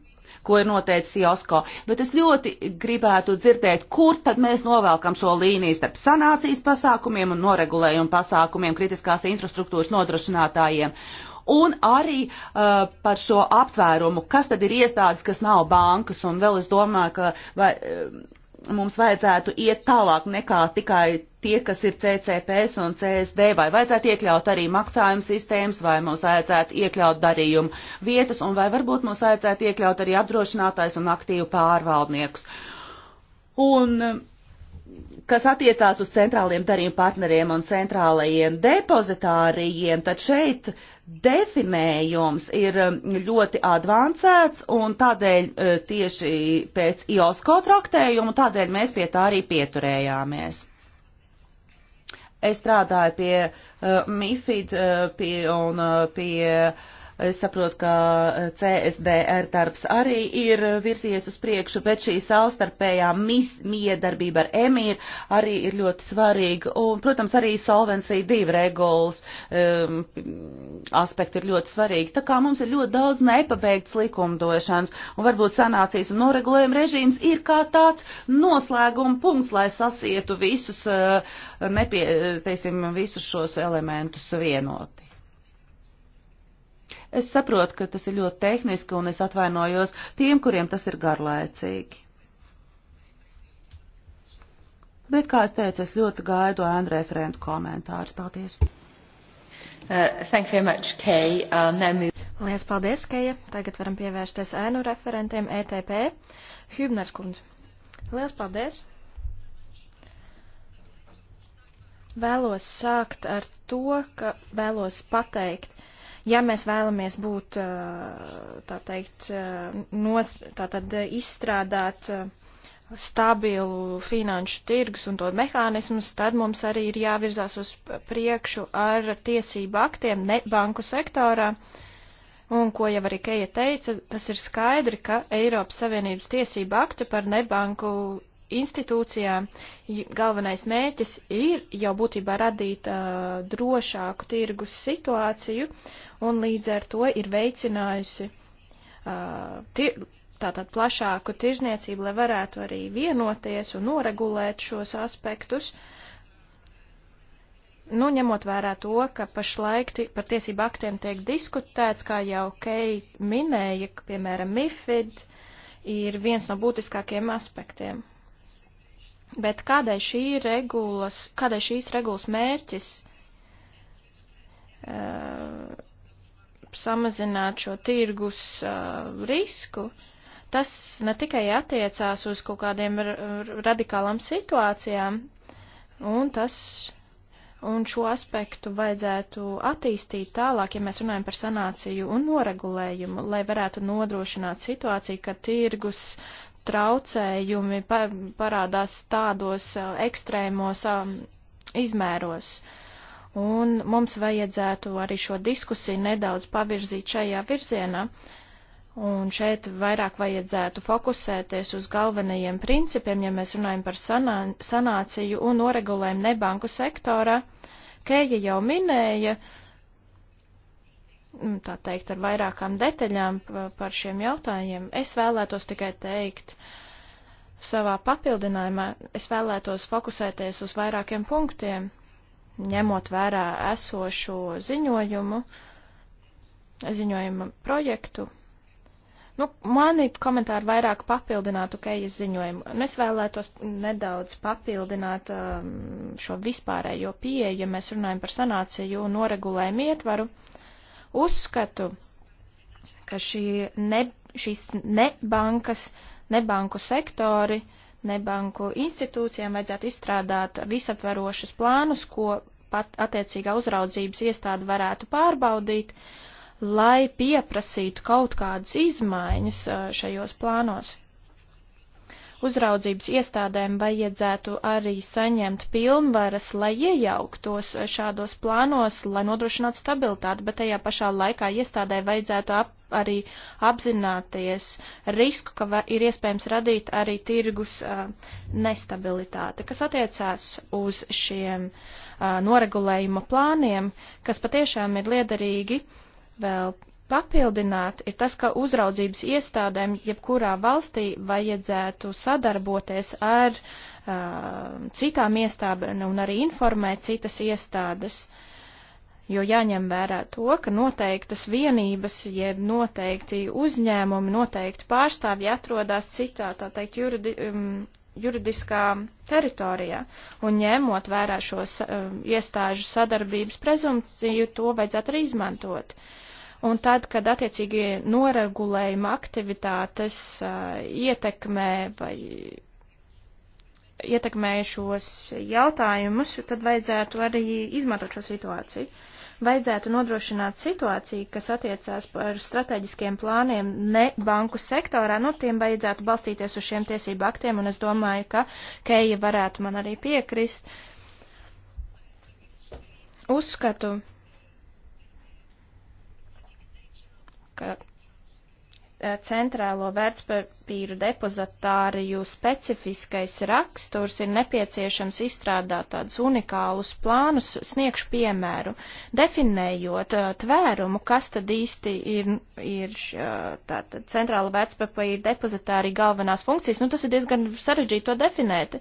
C: ko ir noteicis Josko, bet es ļoti gribētu dzirdēt, kur tad mēs novelkam šo līniju starp sanācijas pasākumiem un noregulējumu pasākumiem kritiskās infrastruktūras nodrošinātājiem. Un arī uh, par šo aptvērumu, kas tad ir iestādes, kas nav bankas, un vēl es domāju, ka vai, uh, mums vajadzētu iet tālāk nekā tikai tie, kas ir CCPS un CSD, vai vajadzētu iekļaut arī maksājumu sistēmas, vai mums vajadzētu iekļaut darījumu vietas, un vai varbūt mums vajadzētu iekļaut arī apdrošinātājs un aktīvu pārvaldniekus. Un kas attiecās uz centrāliem darījuma partneriem un centrālajiem depozitārijiem, tad šeit definējums ir um, ļoti advancēts un tādēļ uh, tieši pēc IOSCO traktējumu, tādēļ mēs pie tā arī pieturējāmies. Es strādāju pie uh, MIFID uh, pie, un uh, pie uh, Es saprotu, ka eh, CSDR darbs arī ir eh, virzies uz priekšu, bet šī savstarpējā miedarbība ar emīru arī ir ļoti svarīga. Un, protams, arī solvencija divi regulas um, aspekti ir ļoti svarīgi. Tā kā mums ir ļoti daudz nepabeigts likumdošanas, un varbūt sanācijas un noregulējuma režīms ir kā tāds noslēguma punkts, lai sasietu visus, uh, nepie, teisim, visus šos elementus vienoti. Es saprotu, ka tas ir ļoti tehniski un es atvainojos tiem, kuriem tas ir garlaicīgi. Bet, kā es teicu, es ļoti gaidu ēnu referentu komentārus. Paldies! Uh,
A: thank you very much, Kay. Uh, now move... Lielas paldies, Keja. Tagad varam pievērsties ēnu referentiem ETP. Hübners kundze. Lielas paldies. Vēlos sākt ar to, ka vēlos pateikt Ja mēs vēlamies būt, eh, tā teikt, eh, nos, tā tad izstrādāt eh, stabilu finanšu tirgus un to mehānismus, tad mums arī ir jāvirzās uz priekšu ar tiesību aktiem ne, banku sektorā. Un, ko jau arī Keija teica, tas ir skaidri, ka Eiropas Savienības tiesība akti par nebanku institūcijām galvenais mērķis ir jau būtībā radīt uh, drošāku tirgus situāciju un līdz ar to ir veicinājusi uh, tir, tātad plašāku tirzniecību, lai varētu arī vienoties un noregulēt šos aspektus. Nu, ņemot vērā to, ka pašlaik par tiesību aktiem tiek diskutēts, kā jau Kei minēja, piemēram, MIFID, uh, ir viens no būtiskākajiem aspektiem. Bet kādai, šī regulas, kādai šīs regulas mērķis uh, samazināt šo tirgus uh, risku, tas ne tikai attiecās uz kaut kādiem radikālām situācijām, un tas Un šo aspektu vajadzētu attīstīt tālāk, ja mēs runājam par sanāciju un noregulējumu, lai varētu nodrošināt situāciju, ka tirgus traucējumi parādās tādos ekstrēmos izmēros. Un mums vajadzētu arī šo diskusiju nedaudz pavirzīt šajā virzienā. Un šeit vairāk vajadzētu fokusēties uz galvenajiem principiem, ja mēs runājam par sanā, sanāciju un noregulējumu nebanku sektora. Keija jau minēja, uh, Mm, tā teikt, ar vairākām detaļām par šiem jautājumiem. Es vēlētos tikai teikt, savā papildinājumā es vēlētos fokusēties uz vairākiem punktiem, ņemot vērā esošo ziņojumu, ziņojuma projektu. Nu, mani komentāri vairāk papildinātu Keijas ziņojumu, un es vēlētos nedaudz papildināt um, šo vispārējo pieeju, ja mēs runājam par sanāciju un noregulējumu ietvaru. Uh, Uzskatu, ka šī ne, šīs nebankas, nebanku sektori, nebanku institūcijām vajadzētu izstrādāt visaptverošus plānus, ko pat attiecīgā uzraudzības iestāde varētu pārbaudīt, lai pieprasītu kaut kādas izmaiņas eh, šajos plānos uzraudzības iestādēm vajadzētu arī saņemt pilnvaras, lai iejauktos šādos plānos, lai nodrošinātu stabilitāti, bet tajā pašā laikā iestādē vajadzētu ap, arī apzināties risku, ka va, ir iespējams radīt arī tirgus uh, nestabilitāte, kas attiecās uz šiem uh, noregulējuma plāniem, kas patiešām ir liederīgi vēl papildināt, ir tas, ka uzraudzības iestādēm jebkurā valstī vajadzētu sadarboties ar uh, citām iestādēm un arī informēt citas iestādes, jo jāņem vērā to, ka noteiktas vienības, jeb noteikti uzņēmumi, noteikti pārstāvji atrodas citā, tā teikt, juridi, um, juridiskā teritorijā, un ņemot vērā šo um, iestāžu sadarbības prezumciju, to vajadzētu arī izmantot. Uh, Un tad, kad attiecīgi noregulējuma aktivitātes uh, ietekmē vai ietekmē šos jautājumus, tad vajadzētu arī izmantot šo situāciju. Vajadzētu nodrošināt situāciju, kas attiecās par strateģiskiem plāniem ne banku sektorā, no nu, tiem vajadzētu balstīties uz šiem tiesību aktiem, un es domāju, ka Keija varētu man arī piekrist. Uzskatu, ka e, centrālo vērtspapīru depozitāriju specifiskais raksturs ir nepieciešams izstrādāt tādus unikālus plānus, sniegšu piemēru, definējot e, tvērumu, kas tad īsti ir, ir e, tātad centrāla vērtspapīra depozitārija galvenās funkcijas. Nu, tas ir diezgan sarežģīti to definēt.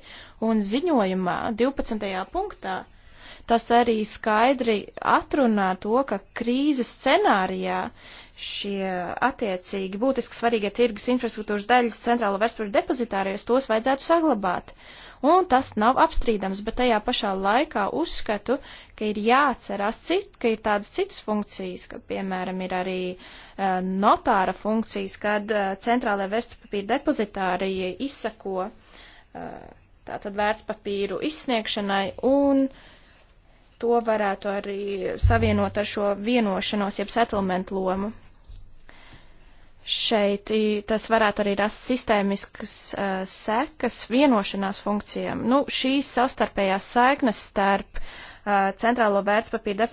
A: Un ziņojumā 12. punktā tas arī skaidri atrunā to, ka krīzes scenārijā šie attiecīgi būtiski svarīgie tirgus infrastruktūras daļas centrāla vēsturi depozitārijos tos vajadzētu saglabāt. Un tas nav apstrīdams, bet tajā pašā laikā uzskatu, ka ir jāatcerās, cit, ka ir tādas citas funkcijas, ka, piemēram, ir arī uh, notāra funkcijas, kad uh, centrālajā vērtspapīra depozitārija izsako uh, tātad vērtspapīru izsniegšanai un uh, to varētu arī savienot ar šo vienošanos, jeb settlement lomu. Šeit tas varētu arī rast sistēmiskas uh, sekas vienošanās funkcijām. Nu, šīs savstarpējās saiknes starp uh, centrālo vērtspapīru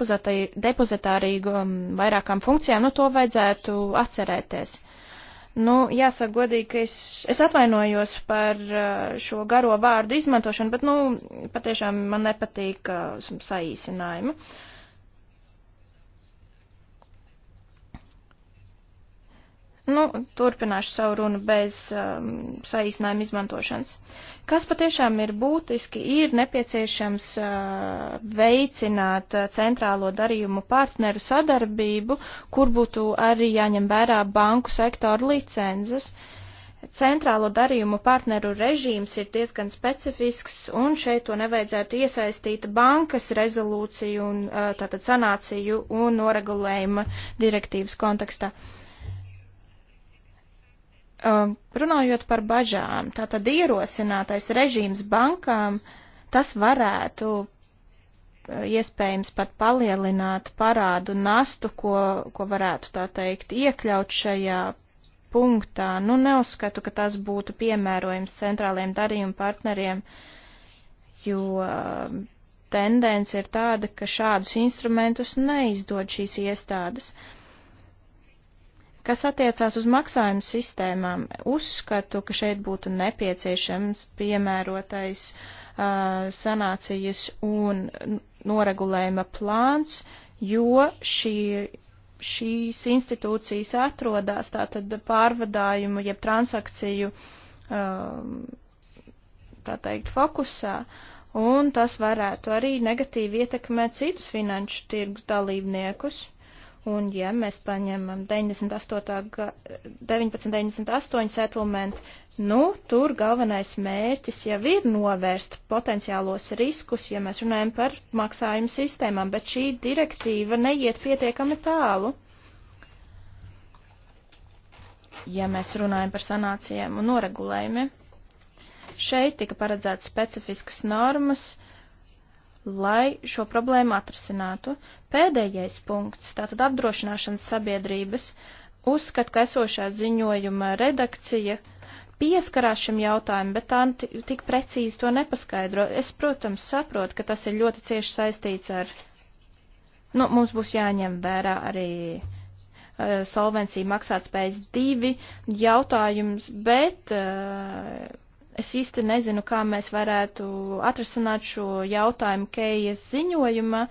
A: depozitārīgu um, vairākām funkcijām, nu, to vajadzētu atcerēties. Uh, Nu, jāsaka godīgi, ka es, es atvainojos par eh, šo garo vārdu izmantošanu, bet, nu, patiešām man nepatīk eh, saīsinājumi. Uh, Nu, turpināšu savu runu bez um, saīsinājuma izmantošanas. Kas patiešām ir būtiski, ir nepieciešams uh, veicināt uh, centrālo darījumu partneru sadarbību, kur būtu arī jāņem vērā banku sektoru licences. Centrālo darījumu partneru režīms ir diezgan specifisks, un šeit to nevajadzētu iesaistīt bankas rezolūciju un uh, tātad sanāciju un noregulējuma direktīvas kontekstā. Uh, Um, runājot par bažām, tātad ierosinātais režīms bankām, tas varētu uh, iespējams pat palielināt parādu nastu, ko, ko varētu tā teikt iekļaut šajā punktā. Nu, neuzskatu, ka tas būtu piemērojams centrāliem darījumu partneriem, jo um, tendence ir tāda, ka šādus instrumentus neizdod šīs iestādes. Uh, Kas attiecās uz maksājumu sistēmām, uzskatu, ka šeit būtu nepieciešams piemērotais uh, sanācijas un noregulējuma plāns, jo šī, šīs institūcijas atrodas tātad pārvadājumu jeb transakciju uh, tā teikt fokusā. Un tas varētu arī negatīvi ietekmēt citus finanšu tirgus dalībniekus. Un ja mēs paņemam 98, 1998 settlement, nu, tur galvenais mērķis jau ir novērst potenciālos riskus, ja mēs runājam par maksājumu sistēmām, bet šī direktīva neiet pietiekami tālu. Ja mēs runājam par sanācijām un noregulējumiem, šeit tika paredzētas specifiskas normas, uh, lai šo problēmu atrisinātu. Pēdējais punkts, tātad apdrošināšanas sabiedrības, uzskat, ka esošā ziņojuma redakcija pieskarās šim jautājumam, bet tā tik precīzi to nepaskaidro. Es, protams, saprotu, ka tas ir ļoti cieši saistīts ar, nu, mums būs jāņem vērā arī uh, eh, solvencija maksātspējas divi jautājums, bet uh, Es īsti nezinu, kā mēs varētu atrasināt šo jautājumu Keijas ziņojuma,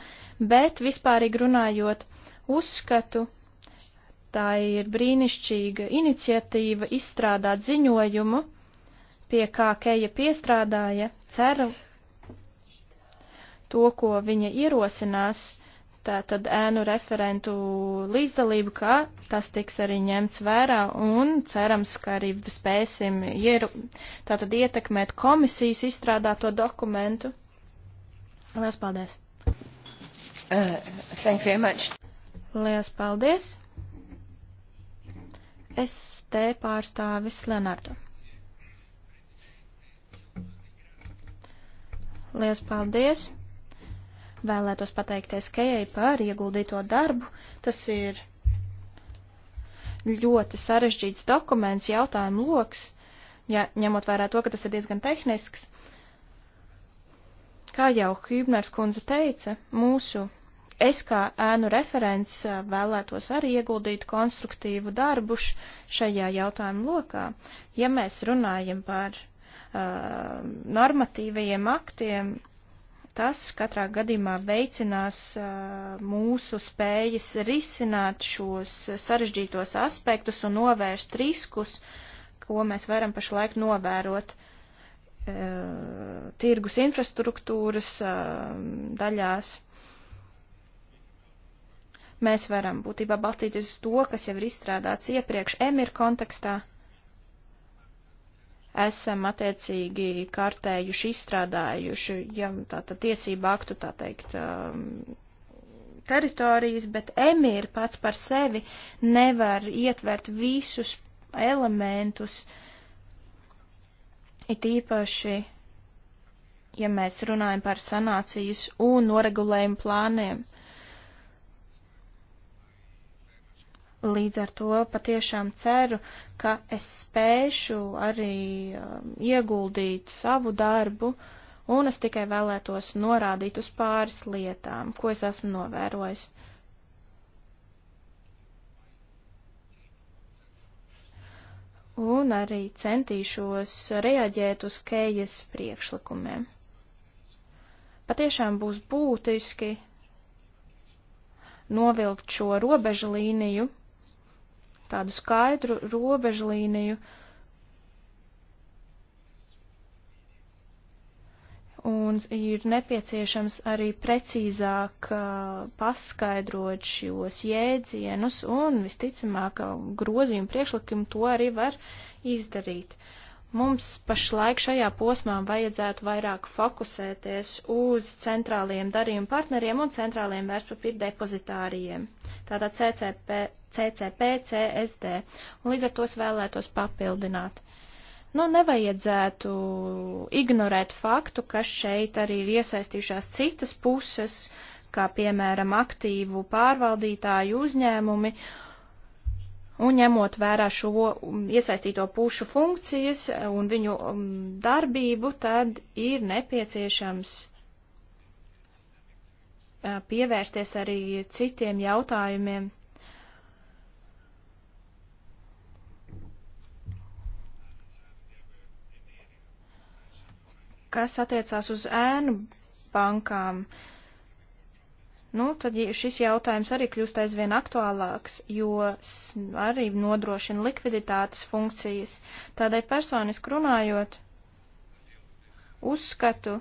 A: bet vispārīgi runājot, uzskatu, tā ir brīnišķīga iniciatīva izstrādāt ziņojumu, pie kā Keija piestrādāja, ceru, to, ko viņa ierosinās, tātad ēnu referentu līdzdalību, ka tas tiks arī ņemts vērā un cerams, ka arī spēsim ieru, tātad ietekmēt komisijas izstrādāto dokumentu. Lielas paldies!
B: Uh, thank
A: you very much. Lielas paldies! Es te pārstāvis Leonardo. Lielas paldies! Vēlētos pateikties Kejai par ieguldīto darbu. Tas ir ļoti sarežģīts dokuments, jautājumu loks, ja, ņemot vērā to, ka tas ir diezgan tehnisks. Kā jau Hībners kundze teica, mūsu es kā ēnu referents vēlētos arī ieguldīt konstruktīvu darbu šajā jautājuma lokā. Ja mēs runājam par uh, normatīvajiem aktiem, Tas katrā gadījumā veicinās mūsu spējas risināt šos sarežģītos aspektus un novērst riskus, ko mēs varam pašlaik novērot tirgus infrastruktūras daļās mēs varam būtībā balstīties uz to, kas jau ir izstrādāts iepriekš emir kontekstā esam attiecīgi kartējuši, izstrādājuši, ja tātad tiesību aktu, tā teikt, um, teritorijas, bet emīri pats par sevi nevar ietvert visus elementus, it īpaši, ja mēs runājam par sanācijas un noregulējumu plāniem. Līdz ar to patiešām ceru, ka es spēšu arī um, ieguldīt savu darbu, un es tikai vēlētos norādīt uz pāris lietām, ko es esmu novērojis. un arī centīšos reaģēt uz Keijas priekšlikumiem. Patiešām būs būtiski novilkt šo robežu līniju tādu skaidru robežlīniju. Un ir nepieciešams arī precīzāk uh, paskaidrot šos jēdzienus, un visticamāk, grozījuma priekšlikumi to arī var izdarīt. Uh, Mums pašlaik šajā posmā vajadzētu vairāk fokusēties uz centrāliem darījumu partneriem un centrāliem vērtspapīra depozitārijiem, tādā CCP, CCP, CSD, un līdz ar to es vēlētos papildināt. Nu, nevajadzētu ignorēt faktu, ka šeit arī ir iesaistījušās citas puses, kā piemēram aktīvu pārvaldītāju uzņēmumi, uh, Un ņemot vērā šo um, iesaistīto pušu funkcijas un viņu um, darbību, tad ir nepieciešams uh, pievērsties arī citiem jautājumiem. Kas attiecās uz ēnu bankām? Uh, nu, tad šis jautājums arī kļūst aizvien aktuālāks, jo arī nodrošina likviditātes funkcijas. Tādai personiski runājot, uzskatu,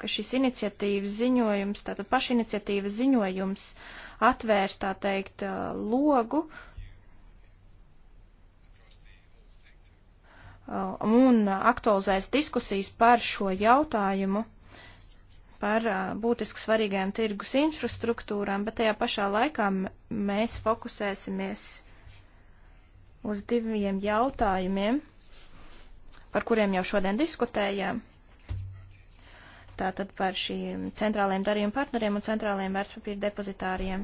A: ka šis iniciatīvas ziņojums, tātad pašiniciatīvas ziņojums atvērs, tā teikt, logu un aktualizēs diskusijas par šo jautājumu par būtiski svarīgām tirgus infrastruktūrām, bet tajā pašā laikā mēs fokusēsimies uz diviem jautājumiem, par kuriem jau šodien diskutējām. Tātad par šīm centrālajiem darījuma partneriem un centrālajiem vērtspapīra depozitāriem.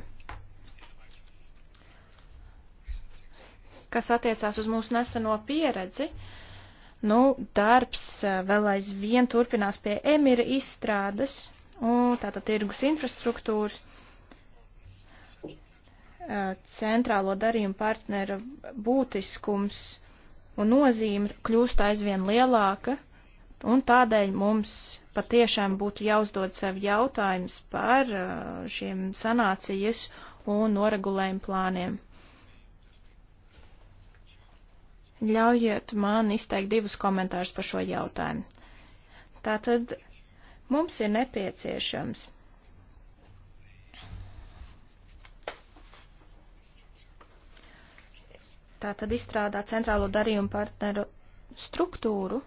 A: Kas attiecās uz mūsu neseno pieredzi, uh, Nu, darbs eh, vēl aizvien turpinās pie emira izstrādes, un tātad tirgus infrastruktūras, eh, centrālo darījumu partnera būtiskums un nozīme kļūst aizvien lielāka, un tādēļ mums patiešām būtu jāuzdod sev jautājums par eh, šiem sanācijas un noregulējumu plāniem. Ļaujiet man izteikt divus komentārus par šo jautājumu. Tātad mums ir nepieciešams tātad izstrādā centrālo darījumu partneru struktūru.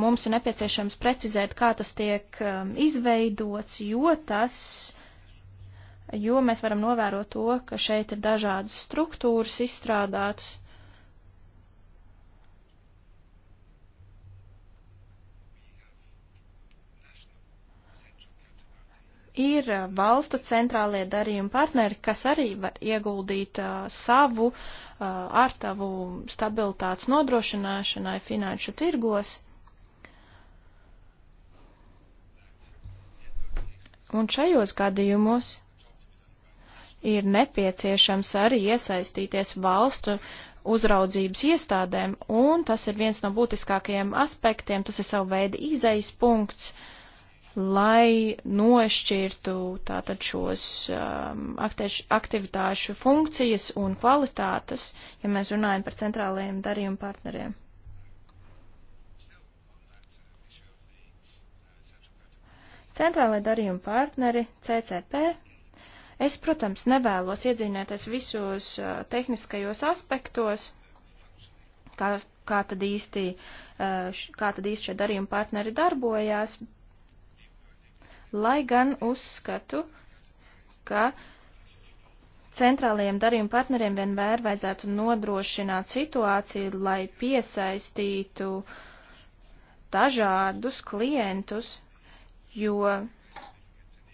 A: Mums ir nepieciešams precizēt, kā tas tiek um, izveidots, jo tas, jo mēs varam novērot to, ka šeit ir dažādas struktūras izstrādātas ir eh, valstu centrālie darījuma partneri, kas arī var ieguldīt uh, savu uh, eh, ārtavu stabilitātes nodrošināšanai finanšu tirgos. Un šajos gadījumos ir nepieciešams arī iesaistīties valstu uzraudzības iestādēm, un tas ir viens no būtiskākajiem aspektiem, tas ir savu veidu izejas punkts. Uh, lai nošķirtu tātad šos um, aktivitāšu funkcijas un kvalitātes, ja mēs runājam par centrālajiem darījumu partneriem. Centrālai darījuma partneri CCP. Es, protams, nevēlos iedzīvināties visos uh, tehniskajos aspektos, kā, kā tad īsti, uh, kā tad īsti šie darījuma partneri darbojās, lai gan uzskatu, ka centrālajiem darījuma partneriem vienmēr vajadzētu nodrošināt situāciju, lai piesaistītu dažādus klientus, jo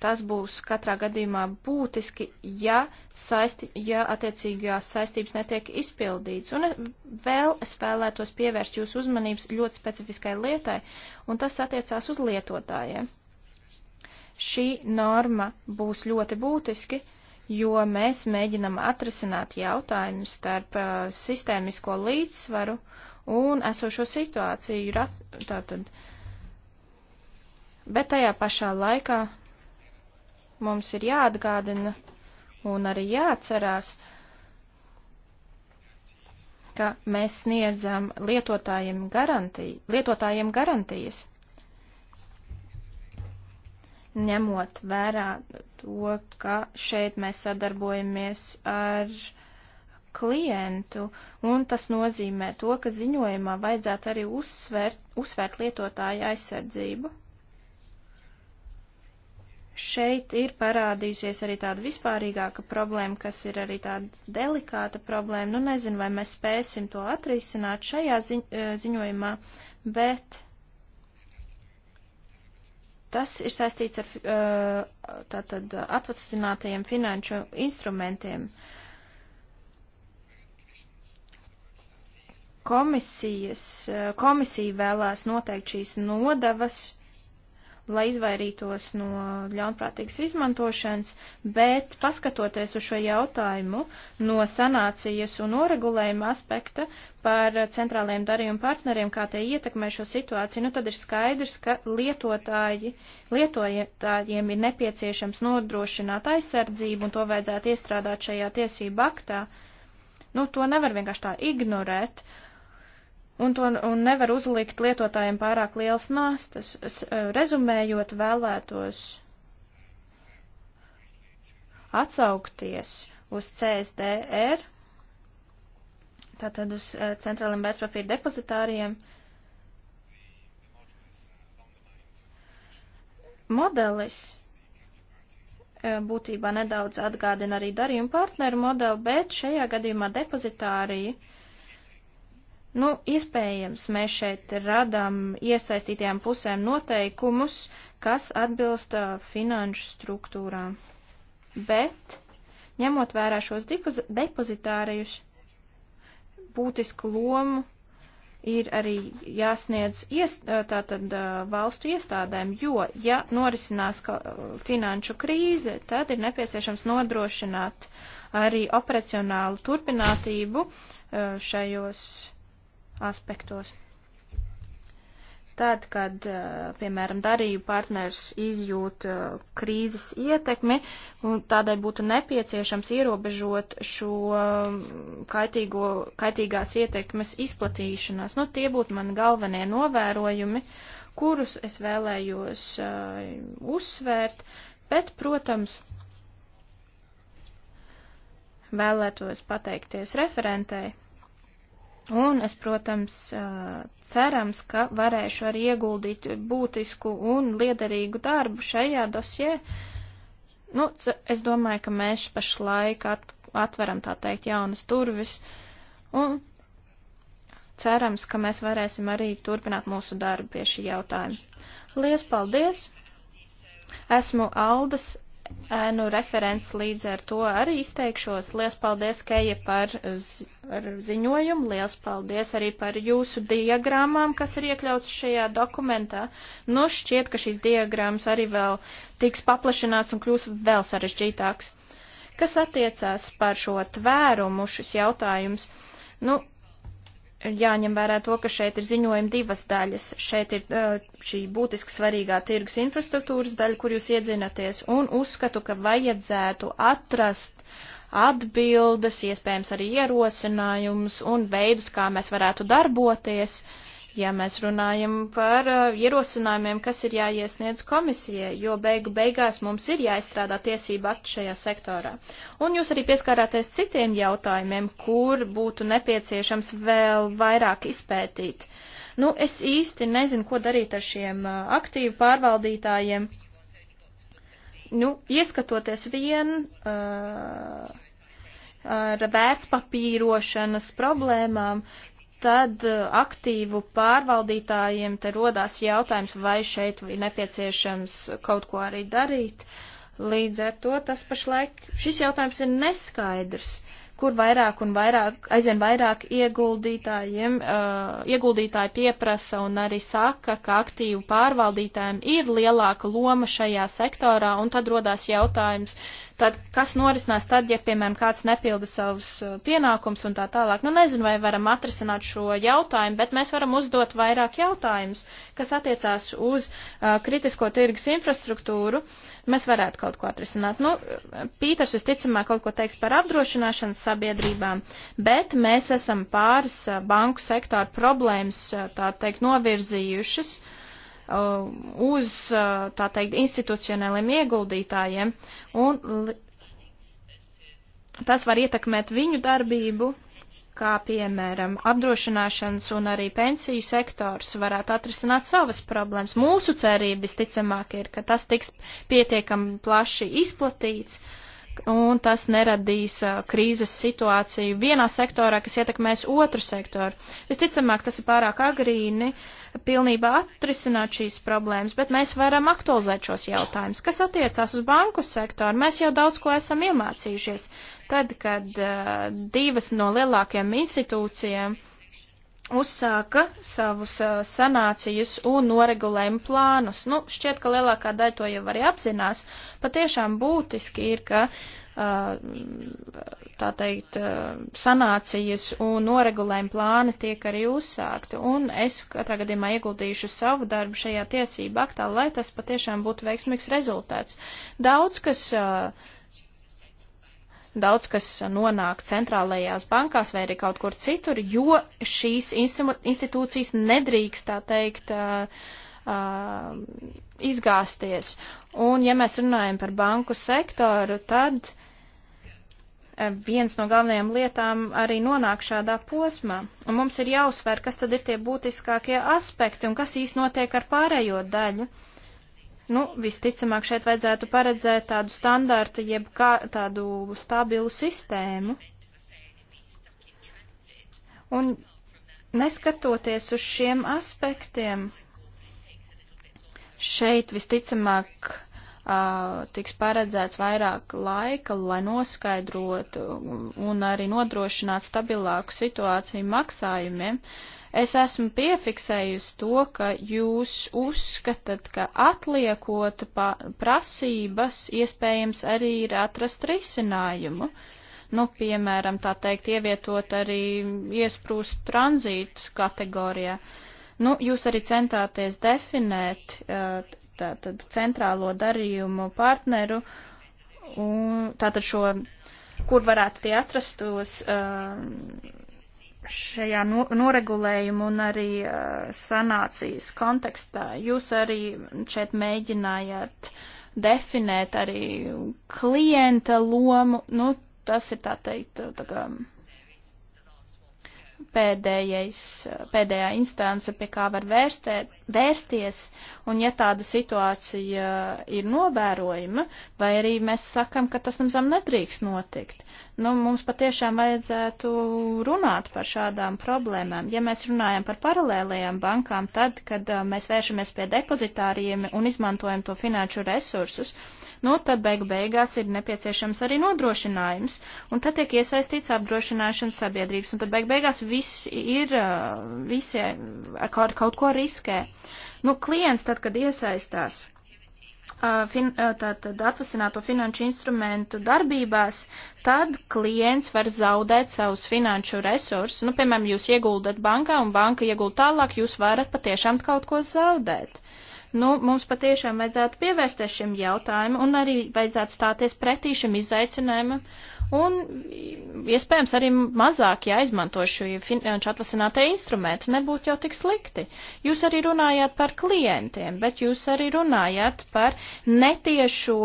A: tas būs katrā gadījumā būtiski, ja, saisti, ja attiecīgās saistības netiek izpildīts. Un vēl es vēlētos pievērst jūsu uzmanības ļoti specifiskai lietai, un tas attiecās uz lietotājiem. Šī norma būs ļoti būtiski, jo mēs mēģinam atrisināt jautājumu starp uh, sistēmisko līdzsvaru un esošo situāciju. Tātad. Bet tajā pašā laikā mums ir jāatgādina un arī jāatcerās, ka mēs sniedzam lietotājiem, garantij, lietotājiem garantijas ņemot vērā to, ka šeit mēs sadarbojamies ar klientu, un tas nozīmē to, ka ziņojumā vajadzētu arī uzsvērt, uzsvērt lietotāju aizsardzību. Šeit ir parādījusies arī tāda vispārīgāka problēma, kas ir arī tāda delikāta problēma. Nu, nezinu, vai mēs spēsim to atrisināt šajā ziņ eh, ziņojumā, bet Tas ir saistīts ar tātad atvasinātajiem finanšu instrumentiem. Komisijas, komisija vēlās noteikt šīs nodavas lai izvairītos no ļaunprātīgas izmantošanas, bet paskatoties uz šo jautājumu no sanācijas un noregulējuma aspekta par centrālajiem darījumu partneriem, kā tie ietekmē šo situāciju, nu tad ir skaidrs, ka lietotāji, lietotājiem ir nepieciešams nodrošināt aizsardzību un to vajadzētu iestrādāt šajā tiesību aktā. Nu, to nevar vienkārši tā ignorēt. Uh, un, to, un nevar uzlikt lietotājiem pārāk liels nastas. Es, eh, rezumējot, vēlētos atsaukties uz CSDR, tātad uz eh, centrāliem bezpapīra depozitāriem. Modelis eh, būtībā nedaudz atgādina arī darījuma partneru modeli, bet šajā gadījumā depozitārija uh, Nu, iespējams, mēs šeit radām iesaistītajām pusēm noteikumus, kas atbilst finanšu struktūrām. Bet, ņemot vērā šos depozitārajus, būtisku lomu ir arī jāsniedz iest, tātad, valstu iestādēm, jo, ja norisinās ka, finanšu krīze, tad ir nepieciešams nodrošināt arī operacionālu turpinātību šajos aspektos. Tad, kad, eh, piemēram, darīju partners izjūt eh, krīzes ietekmi, un tādēļ būtu nepieciešams ierobežot šo mm, kaitīgo, kaitīgās ietekmes izplatīšanās. Nu, tie būtu mani galvenie novērojumi, kurus es vēlējos eh, uzsvērt, bet, protams, vēlētos pateikties referentei Un es, protams, cerams, ka varēšu arī ieguldīt būtisku un liederīgu darbu šajā dosjē. Nu, es domāju, ka mēs pašlaik atveram, tā teikt, jaunas durvis. Un cerams, ka mēs varēsim arī turpināt mūsu darbu pie šī jautājuma. Lies paldies! Esmu Aldas ēnu referents līdz ar to arī izteikšos. Lielas paldies, Keija, par, zi par ziņojumu. Lielas paldies arī par jūsu diagrammām, kas ir iekļauts šajā dokumentā. Nu, šķiet, ka šīs diagrammas arī vēl tiks paplašināts un kļūs vēl sarežģītāks. Kas attiecās par šo tvērumu, šis jautājums? Nu, jāņem vērā to, ka šeit ir ziņojumi divas daļas. Šeit ir uh, šī būtiski svarīgā tirgus infrastruktūras daļa, kur jūs iedzināties, un uzskatu, ka vajadzētu atrast atbildes, iespējams arī ierosinājumus un veidus, kā mēs varētu darboties. Uh, ja mēs runājam par uh, ierosinājumiem, kas ir jāiesniedz komisijai, jo beigu beigās mums ir jāizstrādā tiesība akti šajā sektorā. Un jūs arī pieskārāties citiem jautājumiem, kur būtu nepieciešams vēl vairāk izpētīt. Nu, es īsti nezinu, ko darīt ar šiem uh, aktīvu pārvaldītājiem. Nu, ieskatoties vien. Uh, ar vērtspapīrošanas problēmām, tad eh, aktīvu pārvaldītājiem te rodās jautājums, vai šeit ir nepieciešams kaut ko arī darīt. Līdz ar to tas pašlaik šis jautājums ir neskaidrs, kur vairāk un vairāk, aizvien vairāk ieguldītājiem, uh, ieguldītāji pieprasa un arī saka, ka aktīvu pārvaldītājiem ir lielāka loma šajā sektorā, un tad rodās jautājums, tad kas norisinās tad, ja, piemēram, kāds nepilda savus uh, pienākums un tā tālāk. Nu, nezinu, vai varam atrisināt šo jautājumu, bet mēs varam uzdot vairāk jautājumus, kas attiecās uz uh, kritisko tirgus infrastruktūru. Mēs varētu kaut ko atrisināt. Nu, Pīters visticamāk kaut ko teiks par apdrošināšanas sabiedrībām, bet mēs esam pāris uh, banku sektoru problēmas, uh, tā teikt, novirzījušas. Uh, Uh, uz, uh, tā teikt, institucionāliem ieguldītājiem, un tas var ietekmēt viņu darbību, kā piemēram apdrošināšanas un arī pensiju sektors varētu atrisināt savas problēmas. Mūsu cerība visticamāk ir, ka tas tiks pietiekami plaši izplatīts. Un tas neradīs uh, krīzes situāciju vienā sektorā, kas ietekmēs otru sektoru. Visticamāk, tas ir pārāk agrīni, uh, pilnībā atrisināt šīs problēmas, bet mēs varam aktualizēt šos jautājumus. Kas attiecās uz banku sektoru, mēs jau daudz ko esam iemācījušies. Tad, kad uh, divas no lielākajām institūcijām uh, uzsāka savus uh, sanācijas un noregulējumu plānus. Nu, šķiet, ka lielākā daļa to jau arī apzinās. Patiešām būtiski ir, ka uh, tā teikt, uh, sanācijas un noregulējuma plāni tiek arī uzsākti. Un es katrā gadījumā ieguldīšu savu darbu šajā tiesību aktā, lai tas patiešām būtu veiksmīgs rezultāts. Daudz, kas uh, Daudz kas nonāk centrālajās bankās vai arī kaut kur citur, jo šīs institūcijas nedrīkst, tā teikt, uh, Uh, izgāzties. Un, ja mēs runājam par banku sektoru, tad viens no galvenajām lietām arī nonāk šādā posmā. Un mums ir jāuzsver, kas tad ir tie būtiskākie aspekti un kas īsti notiek ar pārējo daļu. Uh, Nu, visticamāk, šeit vajadzētu paredzēt tādu standārtu, jeb kā, tādu stabilu sistēmu. Un neskatoties uz šiem aspektiem, šeit visticamāk uh, tiks paredzēts vairāk laika, lai noskaidrotu un arī nodrošinātu stabilāku situāciju maksājumiem. Uh, Es esmu piefiksējusi to, ka jūs uzskatat, ka atliekot prasības, iespējams arī ir atrast risinājumu. Nu, piemēram, tā teikt, ievietot arī iesprūst tranzītas kategorijā. Nu, jūs arī centāties definēt uh, tātad centrālo darījumu partneru un tātad šo, kur varētu tie atrastos. Uh, šajā noregulējuma un arī uh, sanācijas kontekstā jūs arī šeit mēģinājāt definēt arī klienta lomu, nu, tas ir tā teikt, tā kā pēdējais, pēdējā instance, pie kā var vērstē, vērsties, un ja tāda situācija ir novērojama, vai arī mēs sakam, ka tas nemazam nedrīkst notikt. Nu, mums patiešām vajadzētu runāt par šādām problēmām. Ja mēs runājam par paralēlajām bankām, tad, kad uh, mēs vēršamies pie depozitāriem un izmantojam to finanšu resursus, uh, nu tad beigu beigās ir nepieciešams arī nodrošinājums, un tad tiek iesaistīts apdrošināšanas sabiedrības, un tad beigu beigās viss ir, visi kaut, kaut ko riskē. Nu, klients tad, kad iesaistās fin, tātad atvasināto finanšu instrumentu darbībās, tad klients var zaudēt savus finanšu resursus. Nu, piemēram, jūs ieguldat bankā un banka ieguld tālāk, jūs varat patiešām kaut ko zaudēt. Nu, mums patiešām vajadzētu pievērsties šim jautājumam un arī vajadzētu stāties pretī šim izaicinājumam un iespējams arī mazāk jāizmanto šī finanšu atvasinātie instrumenti, nebūtu jau tik slikti. Jūs arī runājāt par klientiem, bet jūs arī runājāt par netiešo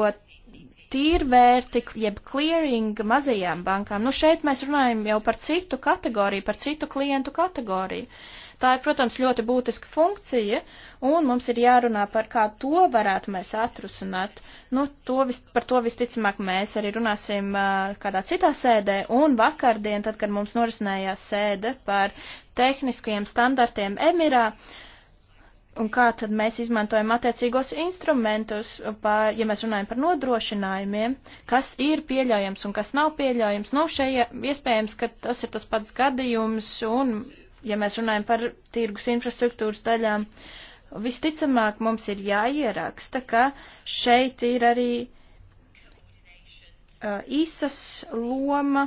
A: tīrvērti, jeb clearing mazajām bankām. Nu šeit mēs runājam jau par citu kategoriju, par citu klientu kategoriju. Uh, Tā ir, protams, ļoti būtiska funkcija, un mums ir jārunā par kā to varētu mēs atrusināt. Nu, to vis, par to visticamāk mēs arī runāsim uh, kādā citā sēdē, un vakardien, tad, kad mums norisinājās sēde par tehniskajiem standartiem Emirā, un kā tad mēs izmantojam attiecīgos instrumentus, pār, ja mēs runājam par nodrošinājumiem, kas ir pieļaujams un kas nav pieļaujams. Nu, šeit iespējams, ka tas ir tas pats gadījums, un ja mēs runājam par tirgus infrastruktūras daļām, visticamāk mums ir jāieraksta, ka šeit ir arī uh, īsas loma,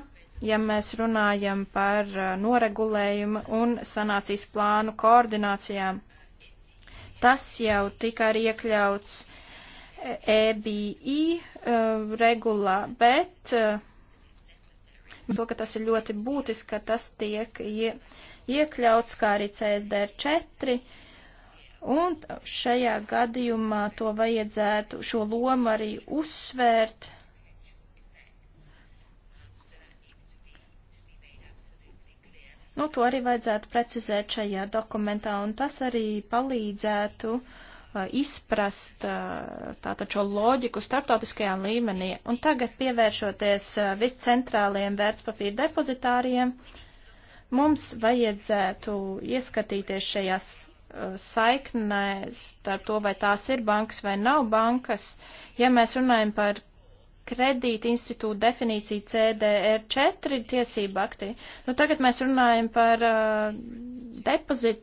A: ja mēs runājam par uh, noregulējumu un sanācijas plānu koordinācijām. Tas jau tika arī iekļauts EBI uh, regulā, bet uh, to, ka tas ir ļoti būtiski, ka tas tiek ie, ja iekļauts, kā arī CSDR 4. Un šajā gadījumā to vajadzētu šo lomu arī uzsvērt. Nu, to arī vajadzētu precizēt šajā dokumentā, un tas arī palīdzētu uh, izprast uh, tātad šo loģiku starptautiskajā līmenī. Un tagad pievēršoties uh, viscentrālajiem vērtspapīra depozitāriem. Uh, Mums vajadzētu ieskatīties šajās uh, saiknēs ar to, vai tās ir bankas vai nav bankas. Ja mēs runājam par kredīti institūta definīcija CDR4 tiesība aktī. Nu, tagad mēs runājam par uh, depozit,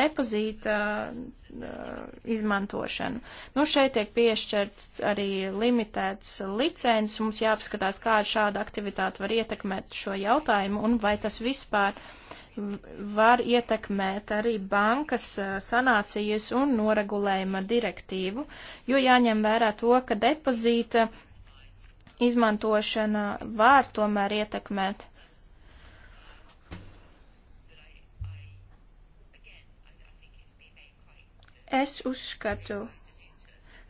A: depozīta uh, izmantošanu. Nu, šeit tiek piešķirts arī limitēts licences. Mums jāapskatās, kā šāda aktivitāte var ietekmēt šo jautājumu un vai tas vispār var ietekmēt arī bankas uh, sanācijas un noregulējuma direktīvu, jo jāņem vērā to, ka depozīta izmantošana var tomēr ietekmēt. Es uzskatu,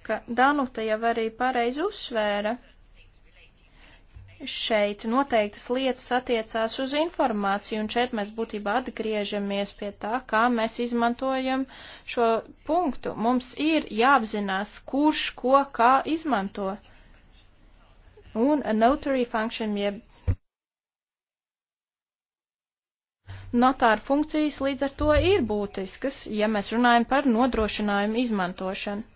A: ka Danuta jau arī pareizi uzsvēra. Šeit noteiktas lietas attiecās uz informāciju, un šeit mēs būtībā atgriežamies pie tā, kā mēs izmantojam šo punktu. Mums ir jāapzinās, kurš ko kā izmanto. Uh, un notary function, jeb notāra funkcijas līdz ar to ir būtiskas, ja mēs runājam par nodrošinājumu izmantošanu.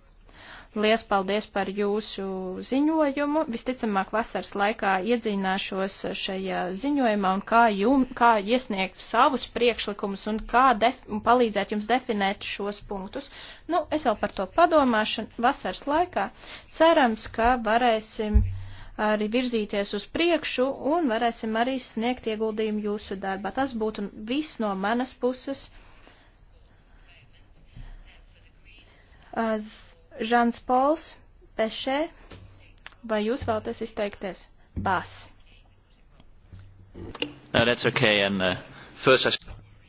A: Lielas paldies par jūsu ziņojumu. Visticamāk, vasaras laikā iedzināšos šajā ziņojumā un kā, jum, kā iesniegt savus priekšlikumus un kā def, un palīdzēt jums definēt šos punktus. Nu, es vēl par to padomāšu vasaras laikā. Cerams, ka varēsim arī virzīties uz priekšu un varēsim arī sniegt ieguldījumu jūsu darbā. Tas būtu viss no manas puses. Žans Pols, Pešē, vai jūs vēlaties izteikties? Bas.
B: No, that's okay, and uh, first I...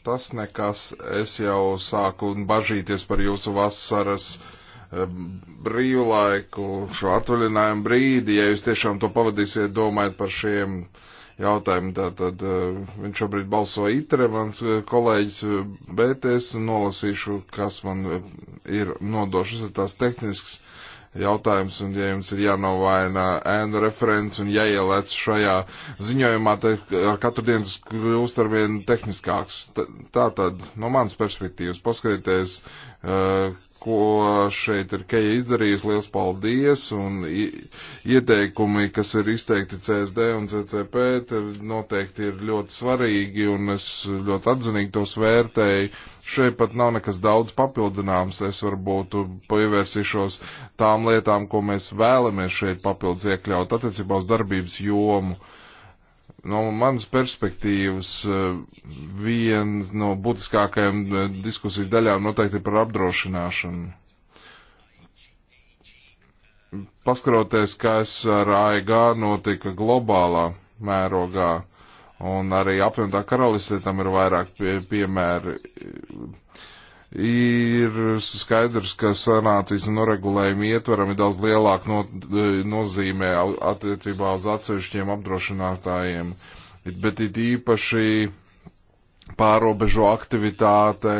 B: Tas nekas, es jau sāku bažīties par jūsu vasaras uh, brīvlaiku, šo atvaļinājumu brīdi, ja jūs tiešām to pavadīsiet domājot par šiem jautājumiem. Tātad viņš šobrīd balso itre, mans eh, kolēģis, eh, bet es nolasīšu, kas man eh, ir nodošas, ir tās tehnisks jautājums, un ja jums ir jānovaina ēnu referents un jāielēc šajā ziņojumā, tad ar katru dienu tas kļūst ar vien tehniskāks. Tā tad, no manas perspektīvas, paskatieties, ko šeit ir Keja izdarījis. Liels paldies! Un ieteikumi, kas ir izteikti CSD un CCP, noteikti ir ļoti svarīgi, un es ļoti atzinīgi tos vērtēju. Šeit pat nav nekas daudz papildināms. Es varbūt pievērsīšos tām lietām, ko mēs vēlamies šeit papildus iekļaut attiecībā uz darbības jomu. Uh, No manas perspektīvas eh, viena no būtiskākajām eh, diskusijas daļām noteikti par apdrošināšanu. Paskaroties, kas ar AIG e notika globālā mērogā, un arī apvienotā karalistē tam ir vairāk pie, piemēri, ir skaidrs, ka sanācijas un noregulējuma ietvaram ir daudz lielāka no, e, nozīme attiecībā uz atsevišķiem apdrošinātājiem, bet it īpaši pārobežu aktivitāte,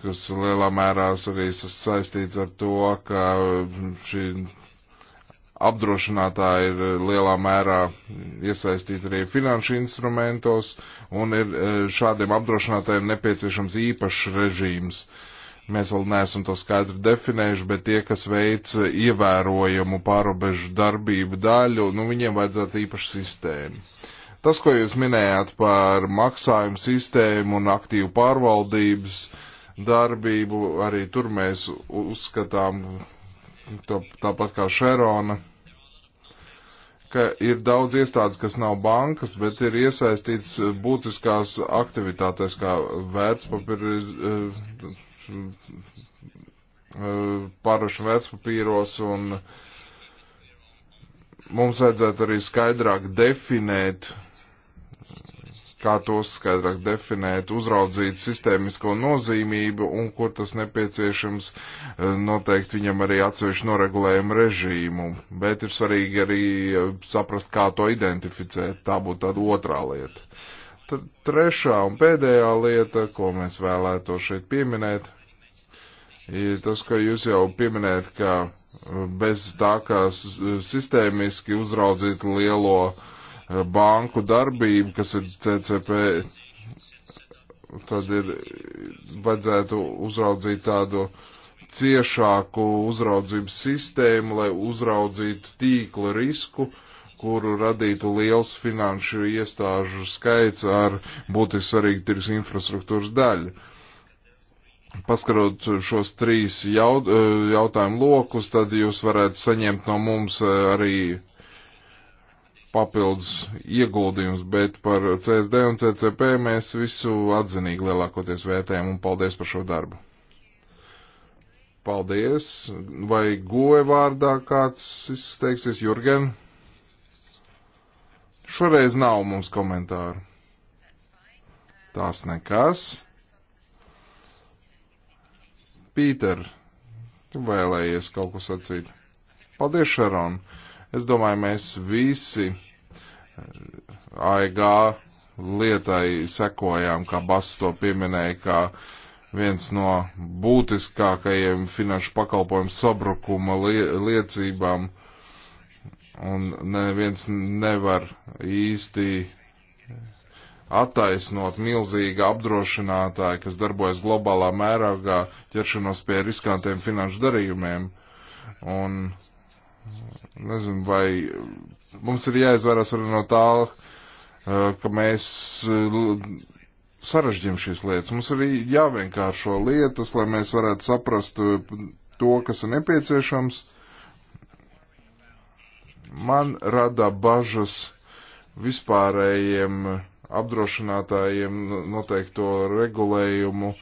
B: kas lielā mērā arī saistīts ar to, ka šī apdrošinātāji ir eh, lielā mērā iesaistīti arī finanšu instrumentos, un ir eh, šādiem apdrošinātājiem nepieciešams īpašs režīms. Mēs vēl neesam to skaidri definējuši, bet tie, kas veic ievērojamu pārobežu darbību daļu, nu viņiem vajadzētu īpašu sistēmu. Tas, ko jūs minējāt par maksājumu sistēmu un aktīvu pārvaldības darbību, arī tur mēs uzskatām, to, tāpat kā Šerona, ka ir daudz iestādes, kas nav bankas, bet ir iesaistīts būtiskās aktivitātēs, kā vērtspapīri, eh, eh, pārošu vērtspapīros, un mums vajadzētu arī skaidrāk definēt kā tos skaidrāk definēt, uzraudzīt sistēmisko nozīmību un kur tas nepieciešams eh, noteikt viņam arī atsevišķu noregulējumu režīmu. Bet ir svarīgi arī eh, saprast, kā to identificēt. Tā būtu tāda otrā lieta. Tad trešā un pēdējā lieta, ko mēs vēlētos šeit pieminēt, ir tas, ka jūs jau pieminējat, ka eh, bez tā kā sistēmiski uzraudzīt lielo uh, banku darbību, kas ir CCP, tad ir vajadzētu uzraudzīt tādu ciešāku uzraudzības sistēmu, lai uzraudzītu tīkla risku, kuru radītu liels finanšu iestāžu skaits ar būtiski svarīgu tirgus infrastruktūras daļu. Paskarot šos trīs jaut, eh, jautājumu lokus, tad jūs varētu saņemt no mums eh, arī papildus ieguldījums, bet par CSD un CCP mēs visu atzinīgi lielākoties vērtējam un paldies par šo darbu. Paldies. Vai goe vārdā kāds izteiksies, Jurgen? Šoreiz nav mums komentāru. Tās nekas. Pīter, tu vēlējies kaut ko sacīt. Paldies, Šaron. Uh, Es domāju, mēs visi eh, AIG e lietai sekojām, kā Bass to pieminēja, kā viens no būtiskākajiem finanšu pakalpojumu sabrukuma liecībām. Un neviens nevar īsti attaisnot milzīga apdrošinātāja, kas darbojas globālā mērogā, ķeršanos pie riskantiem finanšu darījumiem. Un Nezinu, vai mums ir jāizvairās arī no tā, eh, ka mēs eh, sarežģījām šīs lietas. Mums arī jāvienkāršo lietas, lai mēs varētu saprast eh, to, kas ir nepieciešams. Man rada bažas vispārējiem apdrošinātājiem noteikto regulējumu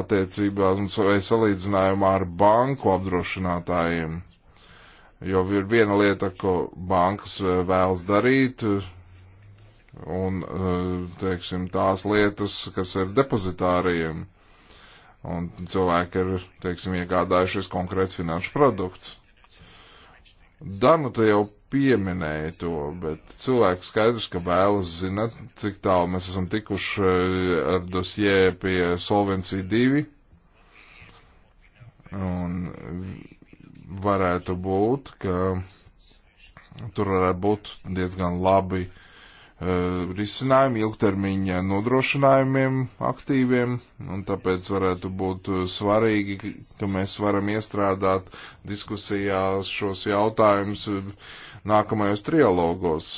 B: attiecībā vai salīdzinājumā ar banku apdrošinātājiem. Jo ir viena lieta, ko bankas e, vēlas darīt, un, e, teiksim, tās lietas, kas ir depozitāriem, un cilvēki ir, teiksim, iegādājušies konkrēts finanšu produkts. Danuta jau pieminēja to, bet cilvēks skaidrs, ka vēlas zināt, cik tālu mēs esam tikuši e, ar dosjē pie Solvency 2. Un varētu būt, ka tur varētu būt diezgan labi uh, risinājumi ilgtermiņa nodrošinājumiem aktīviem, un tāpēc varētu būt svarīgi, ka mēs varam iestrādāt diskusijās šos jautājumus nākamajos trialogos.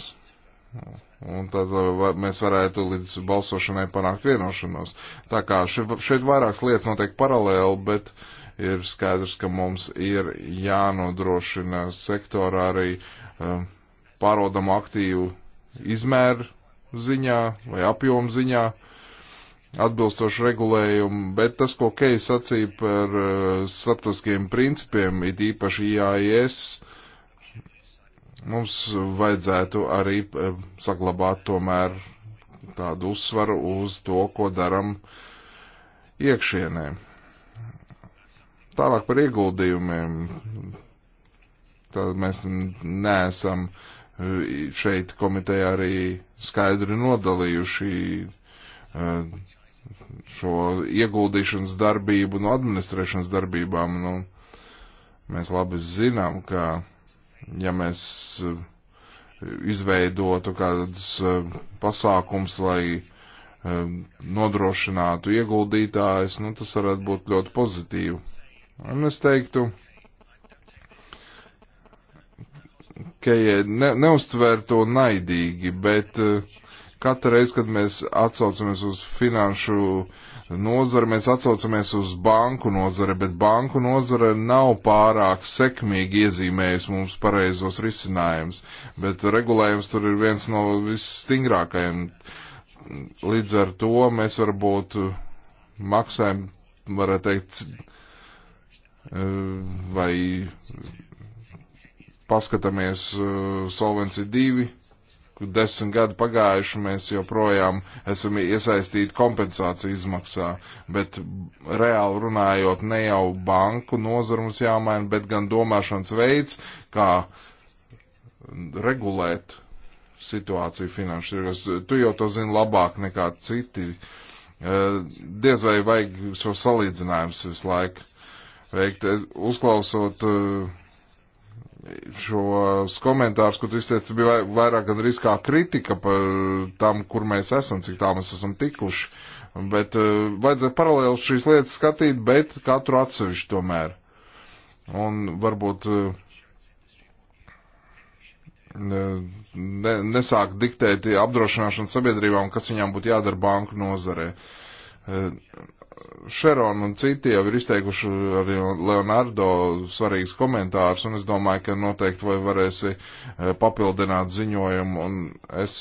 B: Un tad e, mēs varētu līdz balsošanai panākt vienošanos. Tā kā šeit vairākas lietas notiek paralēli, bet uh, ir skaidrs, ka mums ir jānodrošina sektorā arī um, pārodamu aktīvu izmēru ziņā vai apjomu ziņā atbilstošu regulējumu, bet tas, ko Keis sacīja par uh, starptautiskiem principiem, it īpaši IAIS, e mums vajadzētu arī uh, saglabāt tomēr tādu uzsvaru uz to, ko daram iekšienēm Tālāk par ieguldījumiem. Tad mēs neesam eh, šeit komitejā arī skaidri nodalījuši eh, šo ieguldīšanas darbību no administrēšanas darbībām. Nu, mēs labi zinām, ka ja mēs eh, izveidotu kādas pasākums, lai nodrošinātu ieguldītājs, nu, tas varētu būt ļoti pozitīvi. Un es teiktu, ka ne, neuztver to naidīgi, bet eh, katru reizi, kad mēs atsaucamies uz finanšu nozari, mēs atsaucamies uz banku nozari, bet banku nozare nav pārāk sekmīgi iezīmējis mums pareizos risinājumus, bet regulējums tur ir viens no visstingrākajiem. Līdz ar to mēs varbūt maksājam, varētu teikt, vai paskatāmies eh, Solvency 2, kur desmit gadi pagājuši, mēs joprojām esam iesaistīti kompensāciju izmaksā, bet reāli runājot ne jau banku nozaru mums jāmaina, bet gan domāšanas veids, kā regulēt situāciju finanšu tirgos. Tu jau to zini labāk nekā citi. Eh, diez vai vajag šo salīdzinājumus visu laiku veikt, uzklausot eh, šos komentārus, kur tu izteici, bija vairāk gan riskā kritika par tam, kur mēs esam, cik tā mēs esam tikuši. Bet eh, vajadzētu paralēli šīs lietas skatīt, bet katru atsevišķi tomēr. Un varbūt eh, ne, nesāk diktēt apdrošināšanas sabiedrībām, kas viņām būtu jādara banku nozarē. Šeron un citi jau ir izteikuši arī Leonardo svarīgs komentārs, un es domāju, ka noteikti vai varēsi eh, papildināt ziņojumu, un es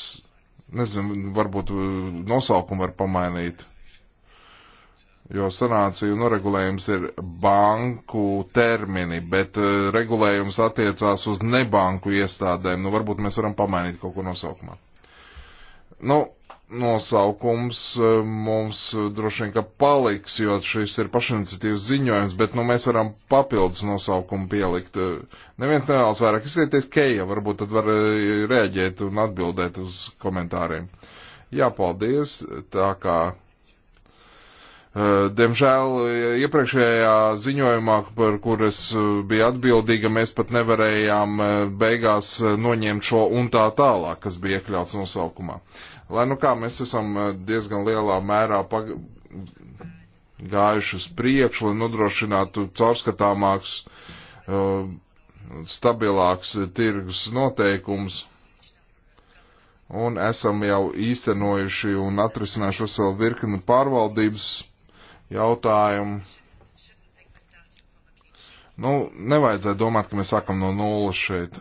B: nezinu, varbūt eh, nosaukumu var pamainīt. Jo sanācija un noregulējums ir banku termini, bet eh, regulējums attiecās uz nebanku iestādēm. Nu, varbūt mēs varam pamainīt kaut ko nosaukumā. Nu, nosaukums e, mums e, droši vien, ka paliks, jo šis ir pašiniciatīvas ziņojums, bet nu, mēs varam papildus nosaukumu pielikt. E, neviens nevēlas vairāk izskatīties Keija, varbūt tad var reaģēt un atbildēt uz komentāriem. Jā, paldies. Tā kā Eh, diemžēl eh, iepriekšējā ziņojumā, par kur es eh, biju atbildīga, mēs pat nevarējām beigās noņemt šo un tā tālāk, kas bija iekļauts nosaukumā. Lai nu kā mēs esam diezgan lielā mērā pag... gājuši uz priekšu, lai nodrošinātu caurskatāmāks, stabilāks tirgus noteikums un esam jau īstenojuši un atrisinājuši veselu virkni pārvaldības jautājumu. Nu, nevajadzētu domāt, ka mēs sākam no nulles šeit.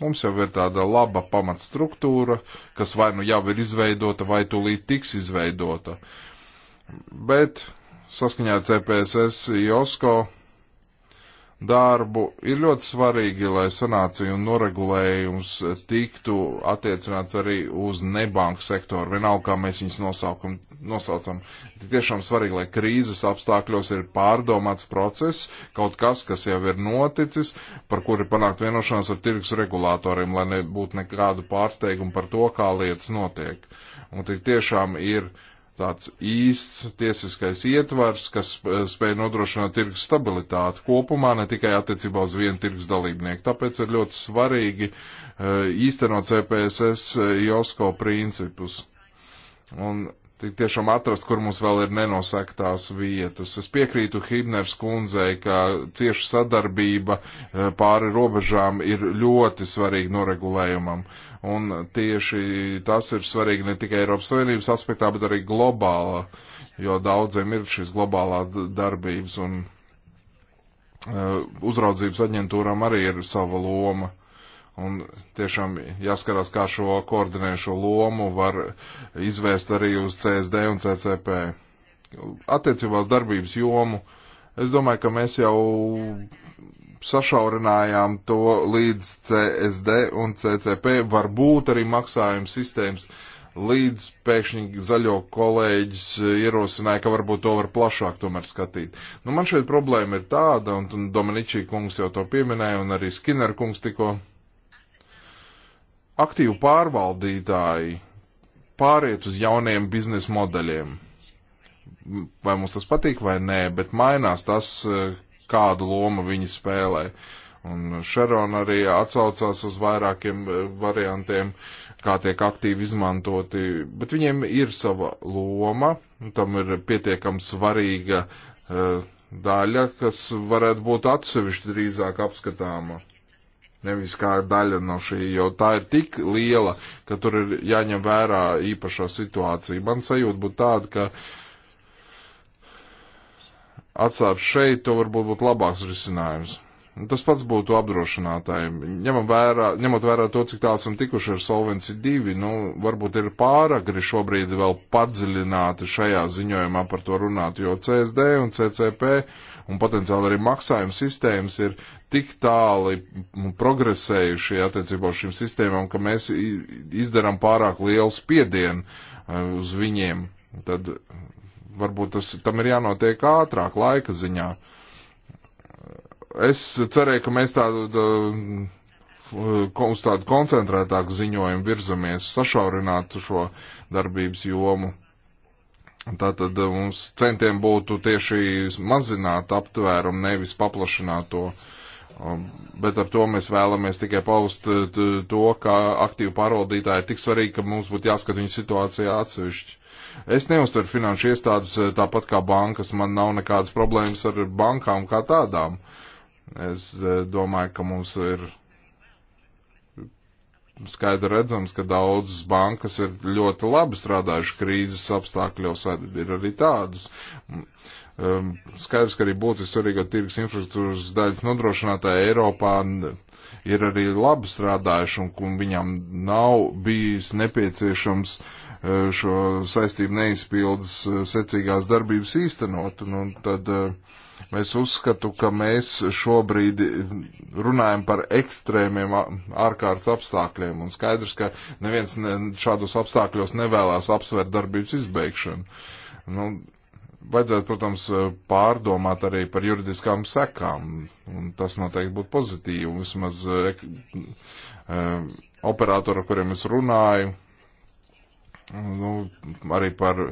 B: Mums jau ir tāda laba pamatstruktūra, kas vai nu jau ir izveidota, vai tūlīt tiks izveidota. Bet saskaņā ar CPSS, JOSKO darbu. Ir ļoti svarīgi, lai sanācija un noregulējums tiktu attiecināts arī uz nebanku sektoru, vienalga, kā mēs viņus nosaukam, nosaucam. Tik tiešām svarīgi, lai krīzes apstākļos ir pārdomāts process, kaut kas, kas jau ir noticis, par kuri panākt vienošanās ar tirgus regulātoriem, lai nebūtu nekādu pārsteigumu par to, kā lietas notiek. Un tik tiešām ir tāds īsts tiesiskais ietvars, kas eh, spēj nodrošināt tirgus stabilitāti kopumā, ne tikai attiecībā uz vienu tirgus dalībnieku. Tāpēc ir ļoti svarīgi eh, īstenot CPSS eh, JOSKO principus. Un tik tiešām atrast, kur mums vēl ir nenosektās vietas. Es piekrītu Hibners kundzei, ka cieša sadarbība e, pāri robežām ir ļoti svarīga noregulējumam. Un tieši tas ir svarīgi ne tikai Eiropas Savienības aspektā, bet arī globāla, jo daudziem ir šīs globālā darbības un e, uzraudzības aģentūram arī ir sava loma. Un tiešām jāskatās, kā šo koordinējušo lomu var izvērst arī uz CSD un CCP. Attiecībā uz darbības jomu, es domāju, ka mēs jau sašaurinājām to līdz CSD un CCP, varbūt arī maksājuma sistēmas, līdz pēkšņi zaļo kolēģis ierosināja, ka varbūt to var plašāk tomēr skatīt. Nu, man šeit problēma ir tāda, un, un Dominičī kungs jau to pieminēja, un arī Skinner kungs tikko. Uh, aktīvu pārvaldītāji pāriet uz jauniem biznesa modeļiem. Vai mums tas patīk vai nē, bet mainās tas, kādu lomu viņi spēlē. Un Šeron arī atsaucās uz vairākiem eh, variantiem, kā tiek aktīvi izmantoti, bet viņiem ir sava loma, tam ir pietiekam svarīga uh, daļa, kas varētu būt atsevišķi drīzāk apskatāma nevis kā daļa no šī, jo tā ir tik liela, ka tur ir jāņem vērā īpašā situācija. Man sajūta būtu tāda, ka atstāt šeit to varbūt būtu labāks risinājums. Un tas pats būtu apdrošinātājiem. Ņemot vērā, ņemot vērā to, cik tālu esam tikuši ar Solvency 2, nu, varbūt ir pāragri šobrīd vēl padziļināti šajā ziņojumā par to runāt, jo CSD un CCP uh, un potenciāli arī maksājuma sistēmas ir tik tāli progresējuši attiecībā uz šīm sistēmām, ka mēs izdarām pārāk lielu spiedienu e, uz viņiem. Tad varbūt tas, tam ir jānotiek ātrāk laika ziņā. Es cerēju, ka mēs tādu, uz tādu koncentrētāku ziņojumu virzamies, sašaurināt šo darbības jomu. Tātad uh, mums centiem būtu tieši mazināt aptvērumu, nevis paplašināt to. Um, bet ar to mēs vēlamies tikai paust uh, to, ka aktīvu pārvaldītāji ir tik svarīgi, ka mums būtu jāskat viņa situācija atsevišķi. Es neuztveru finanšu iestādes uh, tāpat kā bankas, man nav nekādas problēmas ar bankām kā tādām. Es domāju, ka mums ir skaidri redzams, ka daudzas bankas ir ļoti labi strādājušas krīzes apstākļos, ir arī tādas. Um, skaidrs, ka arī būtiski svarīga tirgus infrastruktūras daļas nodrošinātāja Eiropā ir arī labi strādājuši un viņam nav bijis nepieciešams uh, šo saistību neizpildes uh, secīgās darbības īstenot. Un, un tad, uh, Es uzskatu, ka mēs šobrīd runājam par ekstrēmiem ārkārtas apstākļiem, un skaidrs, ka neviens šādos apstākļos nevēlās apsvērt darbības izbeigšanu. Nu, vajadzētu, protams, pārdomāt arī par juridiskām sekām, un tas noteikti būtu pozitīvi, vismaz ek, eh, eh, operatora, ar kuriem es runāju, nu, arī par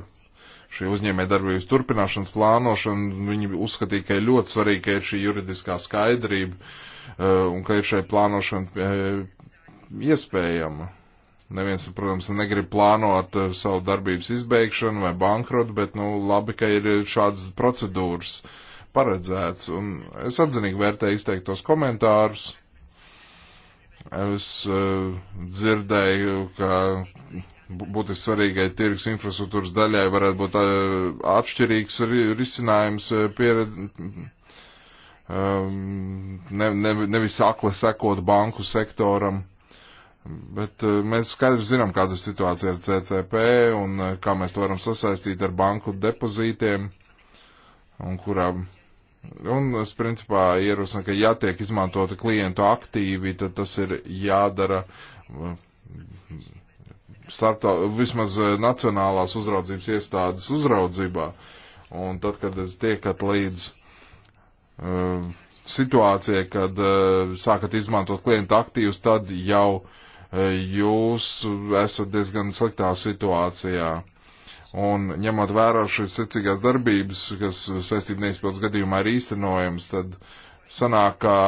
B: šī uzņēmē darbības turpināšanas plānošana, viņi uzskatīja, ka ir ļoti svarīgi, ka ir šī juridiskā skaidrība eh, un ka ir šai plānošana eh, iespējama. Neviens, protams, negrib plānot eh, savu darbības izbeigšanu vai bankrotu, bet, nu, labi, ka ir šādas procedūras paredzēts. Un es atzinīgi vērtēju izteiktos komentārus. Es uh, dzirdēju, ka būtiski svarīgai tirgus infrastruktūras daļai varētu būt atšķirīgs risinājums pieredze. Ne, ne, nevis akli sekot banku sektoram, bet mēs skaidri zinām, kāda ir situācija ar CCP un kā mēs to varam sasaistīt ar banku depozītiem un kurām Un es principā ierosinu, ka ja tiek izmantota klientu aktīvi, tad tas ir jādara starptā, vismaz eh, nacionālās uzraudzības iestādes uzraudzībā. Un tad, kad es tiekat līdz uh, situācijai, kad uh, sākat izmantot klienta aktīvus, tad jau uh, jūs esat diezgan sliktā situācijā. Un ņemot vērā šīs secīgās darbības, kas saistību neizpildes gadījumā ir īstenojams, tad sanāk, ka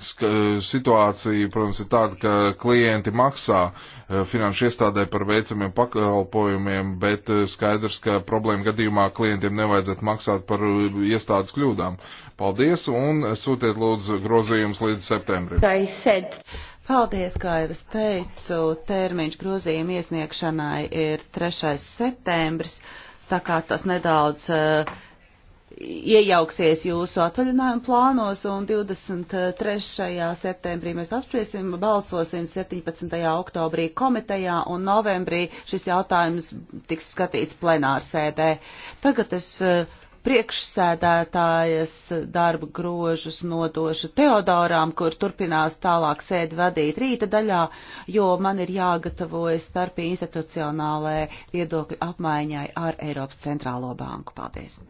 B: situācija, protams, ir tāda, ka klienti maksā e, finanšu iestādē par veicamiem pakalpojumiem, bet e, skaidrs, ka problēma gadījumā klientiem nevajadzētu maksāt par e, iestādes kļūdām. Paldies un sūtiet lūdzu grozījums līdz septembrim.
C: Paldies, kā jau es teicu, termiņš grozījuma iesniegšanai ir 3. septembris, tā kā tas nedaudz uh, iejauksies jūsu atvaļinājuma plānos, un 23. septembrī mēs apspriesim, balsosim 17. oktobrī komitejā, un novembrī šis jautājums tiks skatīts plenārsēdē. Tagad es eh, priekšsēdētājas darba grožus nodošu Teodorām, kurš turpinās tālāk sēdi vadīt rīta daļā, jo man ir jāgatavojas starp institucionālajai viedokļu apmaiņai ar Eiropas centrālo banku. Paldies!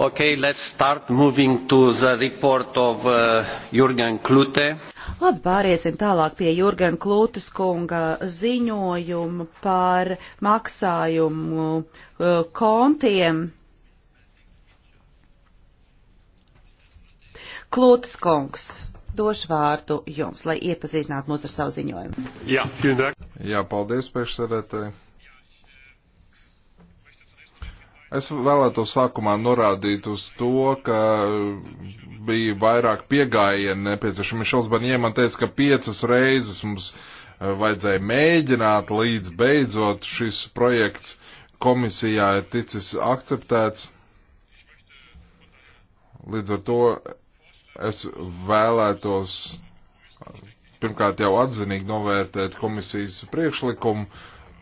A: Okay, let's start moving to the report of uh, Jurgen Klute.
C: Labi, pāriesim tālāk pie Jurgen Klūtes kunga ziņojumu par maksājumu uh, kontiem. Klūtes kungs, došu vārdu jums, lai iepazīstinātu mūs ar savu ziņojumu.
B: Jā, Jā paldies, priekšsēdētāji. Es vēlētos sākumā norādīt uz to, ka bija vairāk piegājienu nepieciešami. Mišels Banjē man teica, ka piecas reizes mums eh, vajadzēja mēģināt, līdz beidzot šis projekts komisijā ir ticis akceptēts. Līdz ar to es vēlētos eh, pirmkārt jau atzinīgi novērtēt komisijas priekšlikumu.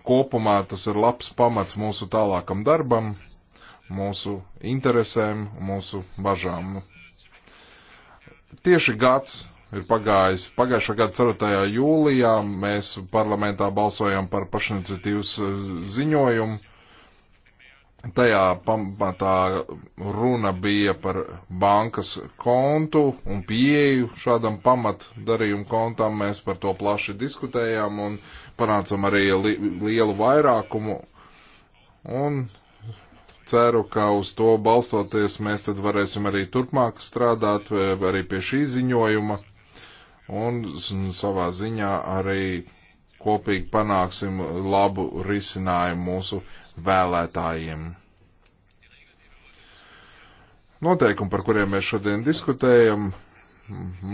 B: Kopumā tas ir labs pamats mūsu tālākam darbam mūsu interesēm, mūsu bažām. Tieši gads ir pagājis. Pagājušā gada 4. jūlijā mēs parlamentā balsojam par pašiniciatīvas e, ziņojumu. Tajā pamatā runa bija par bankas kontu un pieeju šādam pamat darījumu kontam. Mēs par to plaši diskutējām un panācam arī li lielu vairākumu. Un ceru, ka uz to balstoties mēs tad varēsim arī turpmāk strādāt arī pie šī ziņojuma un savā ziņā arī kopīgi panāksim labu risinājumu mūsu vēlētājiem. Noteikumi, par kuriem mēs šodien diskutējam,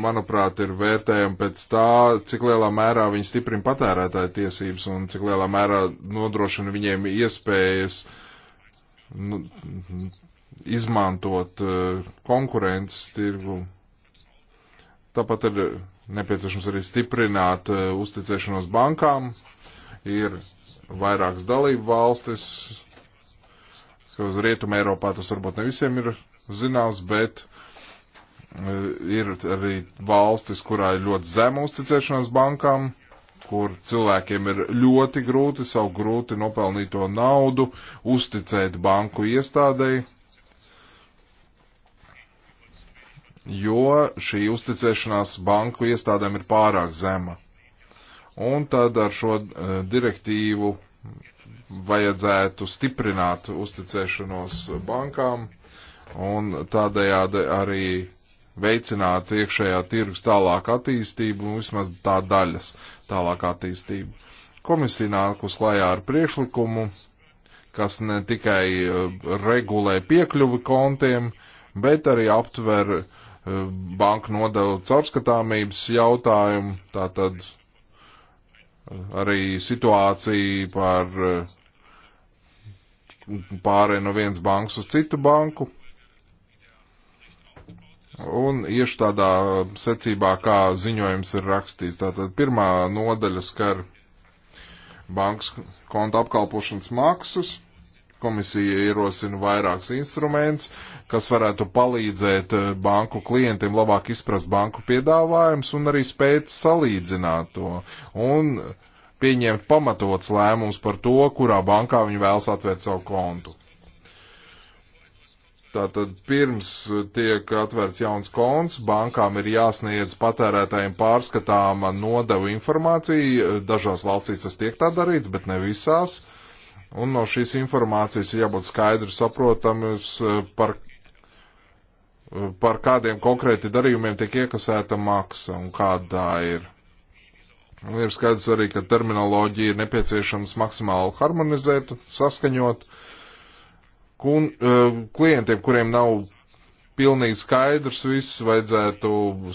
B: manuprāt, ir vērtējami pēc tā, cik lielā mērā viņi stiprina patērētāju tiesības un cik lielā mērā nodrošina viņiem iespējas uh, nu, izmantot eh, konkurences tirgu. Tāpat ir nepieciešams arī stiprināt eh, uzticēšanos bankām. Ir vairākas dalību valstis, ka uz Rietumu Eiropā tas varbūt ne visiem ir zināms, bet eh, ir arī valstis, kurā ir ļoti zema uzticēšanās bankām kur cilvēkiem ir ļoti grūti savu grūti nopelnīto naudu uzticēt banku iestādēji, jo šī uzticēšanās banku iestādēm ir pārāk zema. Un tad ar šo eh, direktīvu vajadzētu stiprināt uzticēšanos bankām un tādējādi arī veicināt iekšējā tirgus tālāku attīstību, vismaz tā daļas tālāku attīstību. Komisija nāk uz klājā ar priekšlikumu, kas ne tikai eh, regulē piekļuvi kontiem, bet arī aptver eh, banku nodevu caurskatāmības jautājumu, tātad eh, arī situāciju par pārēju no vienas bankas uz citu banku, Un iešu tādā secībā, kā ziņojums ir rakstīts. Tātad pirmā nodaļa skar bankas konta apkalpošanas maksas. Komisija ierosina vairākus instrumentus, kas varētu palīdzēt eh, banku klientiem labāk izprast banku piedāvājumus un arī spēt salīdzināt to un pieņemt pamatots lēmums par to, kurā bankā viņi vēlas atvērt savu kontu. Tātad pirms tiek atvērts jauns konts, bankām ir jāsniedz patērētājiem pārskatāma nodevu informācija. Dažās valstīs tas tiek tā darīts, bet ne visās. Un no šīs informācijas ir jābūt skaidri saprotams eh, par, eh, par kādiem konkrēti darījumiem tiek iekasēta maksa un kādā ir. Un ir skaidrs arī, ka terminoloģija ir nepieciešams maksimāli harmonizēt, saskaņot. Uh, kun, eh, klientiem, kuriem nav pilnīgi skaidrs viss, vajadzētu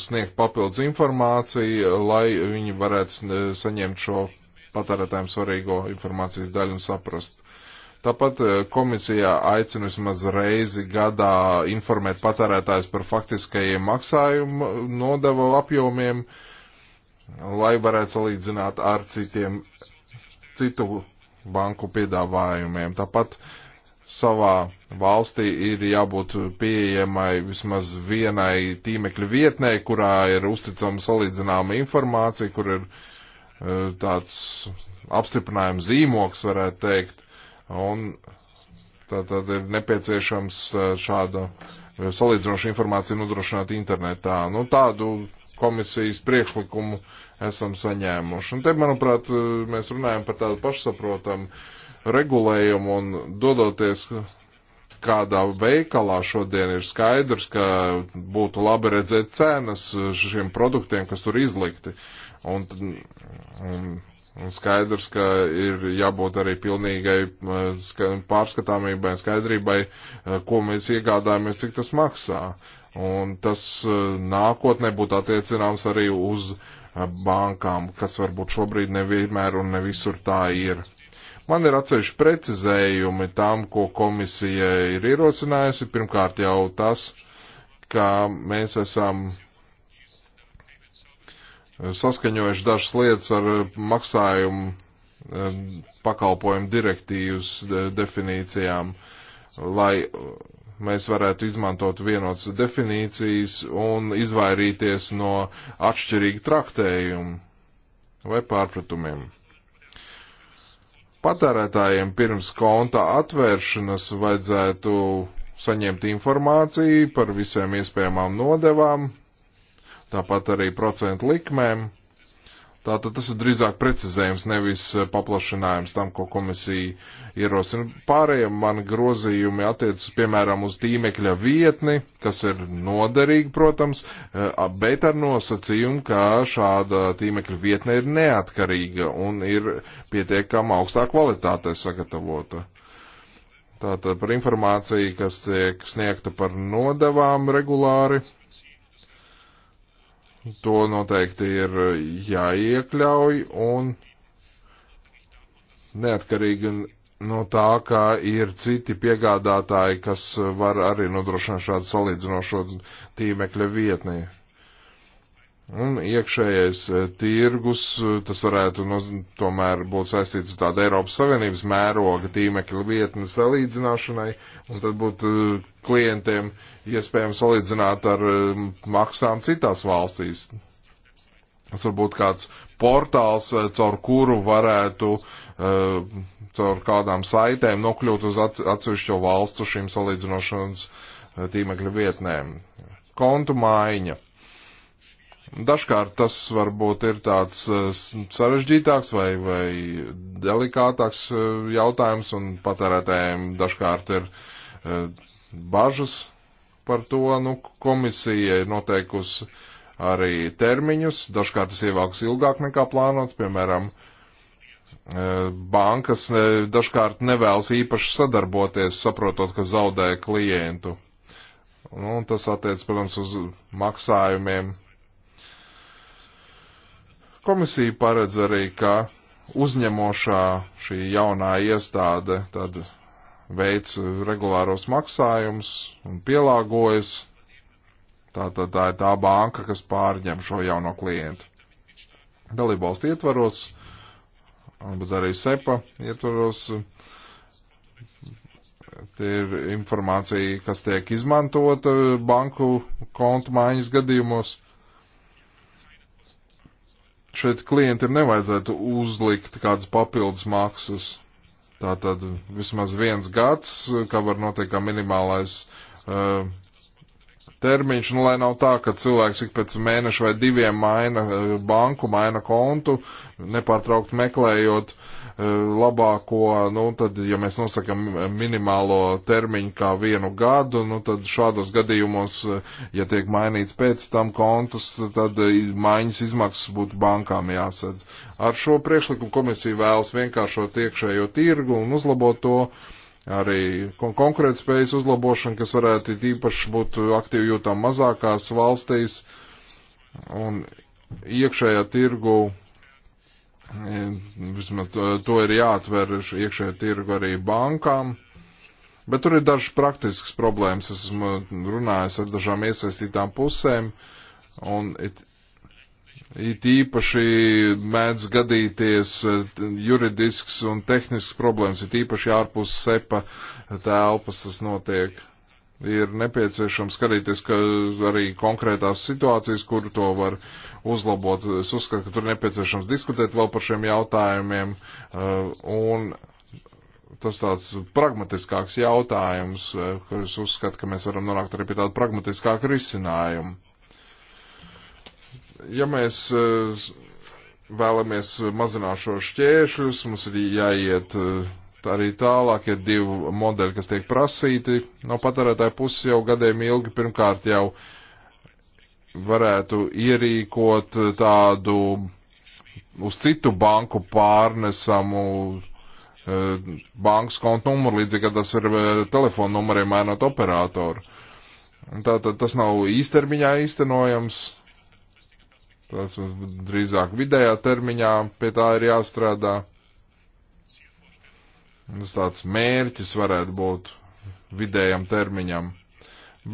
B: sniegt papildus informāciju, lai viņi varētu saņemt šo patērētājiem svarīgo informācijas daļu un saprast. Tāpat eh, komisijā aicinu vismaz reizi gadā informēt patērētājus par faktiskajiem maksājumu nodevu apjomiem, lai varētu salīdzināt ar citiem, citu banku piedāvājumiem. Tāpat uh, savā valstī ir jābūt pieejamai vismaz vienai tīmekļa vietnē, kurā ir uzticama salīdzināma informācija, kur ir e, tāds apstiprinājuma zīmoks, varētu teikt, un tātad ir nepieciešams e, šāda salīdzinoša informācija nodrošināt internetā. Nu, tādu komisijas priekšlikumu esam saņēmuši. Un te, manuprāt, e, mēs runājam par tādu pašsaprotamu uh, regulējumu un dodoties kādā veikalā šodien ir skaidrs, ka būtu labi redzēt cenas šiem produktiem, kas tur izlikti. Un, un, un skaidrs, ka ir jābūt arī pilnīgai pārskatāmībai, skaidrībai, e, ko mēs iegādājamies, cik tas maksā. Un tas e, nākotnē būtu attiecināms arī uz e, bankām, kas varbūt šobrīd nevienmēr un ne visur tā ir. Man ir atsevišķi precizējumi tam, ko komisija ir ierosinājusi. Pirmkārt jau tas, ka mēs esam saskaņojuši dažas lietas ar maksājumu eh, pakalpojumu direktīvas eh, definīcijām, lai mēs varētu izmantot vienotas definīcijas un izvairīties no atšķirīga traktējuma vai pārpratumiem patērētājiem pirms konta atvēršanas vajadzētu saņemt informāciju par visiem iespējamām nodevām, tāpat arī procentu likmēm Tātad tas ir drīzāk precizējums, nevis eh, paplašinājums tam, ko komisija ierosina. Pārējie mani grozījumi attiecas, piemēram, uz tīmekļa vietni, kas ir noderīgi, protams, eh, bet ar nosacījumu, ka šāda tīmekļa vietne ir neatkarīga un ir pietiekama augstā kvalitātē sagatavota. Tātad par informāciju, kas tiek sniegta par nodevām regulāri To noteikti ir jāiekļauj un neatkarīgi no tā, ka ir citi piegādātāji, kas var arī nodrošināt šādu salīdzinošo tīmekļa vietni. Un iekšējais eh, tirgus, eh, tas varētu no, tomēr būt saistīts ar tādu Eiropas Savienības mēroga tīmekļa vietnes salīdzināšanai, un tad būtu eh, klientiem iespējams salīdzināt ar maksām citās valstīs. Tas varbūt kāds portāls, caur kuru varētu caur kādām saitēm nokļūt uz atsevišķo valstu šīm salīdzinošanas tīmekļa vietnēm. Kontu maiņa Dažkārt tas varbūt ir tāds eh, sarežģītāks vai, vai delikātāks eh, jautājums, un patērētājiem dažkārt ir eh, bažas par to. Nu, komisija ir noteikusi arī termiņus, dažkārt tas ievāks ilgāk nekā plānots, piemēram, bankas dažkārt nevēlas īpaši sadarboties, saprotot, ka zaudē klientu. Nu, tas attiec, protams, uz maksājumiem Komisija paredz arī, ka uzņemošā šī jaunā iestāde tad veic regulāros maksājumus un pielāgojas. Tā, tā, tā ir tā banka, kas pārņem šo jauno klientu. Dalībvalstu ietvaros, bet arī SEPA ietvaros, tie ir informācija, kas tiek izmantota banku kontu maiņas gadījumos šeit klientiem nevajadzētu uzlikt kādas papildus maksas. Tātad vismaz viens gads, kā var noteikt kā minimālais uh, termiņš, nu, lai nav tā, ka cilvēks ik pēc mēneša vai diviem maina eh, banku, maina kontu, nepārtraukt meklējot labāko, nu, tad, ja mēs nosakam minimālo termiņu kā vienu gadu, nu, tad šādos gadījumos, ja tiek mainīts pēc tam kontus, tad maiņas izmaksas būtu bankām jāsadz. Ar šo priekšlikumu komisija vēlas vienkāršot iekšējo tirgu un uzlabot to arī kon konkurētspējas uzlabošana, kas varētu īpaši būt aktīvi jūtām mazākās valstīs un iekšējā tirgu Ehm, vismaz to ir jāatver iekšējā tirgu arī bankām. Bet tur ir dažas praktiskas problēmas. Esmu runājis ar dažām iesaistītām pusēm. Un it, it īpaši mēdz gadīties e, juridisks un tehnisks problēmas. It īpaši ārpus sepa telpas tas notiek ir nepieciešams skatīties ka arī konkrētās situācijas, kur to var uzlabot. Es uzskatu, ka tur nepieciešams diskutēt vēl par šiem jautājumiem. Eh, un tas tāds pragmatiskāks jautājums, eh, kur es uzskatu, ka mēs varam nonākt arī pie tāda pragmatiskāka risinājuma. Ja mēs eh, vēlamies mazināt šo šķēršļus, mums ir jāiet uh, arī tālāk ir divi modeļi, kas tiek prasīti no patērētāja puses jau gadiem ilgi. Pirmkārt jau varētu ierīkot tādu uz citu banku pārnesamu e, bankas kontu numuru, līdzīgi kā tas ir e, telefonu numuriem mainot operatoru. Tātad tas nav īstermiņā īstenojams, tas drīzāk vidējā termiņā pie tā ir jāstrādā. Tas tāds mērķis varētu būt vidējam termiņam.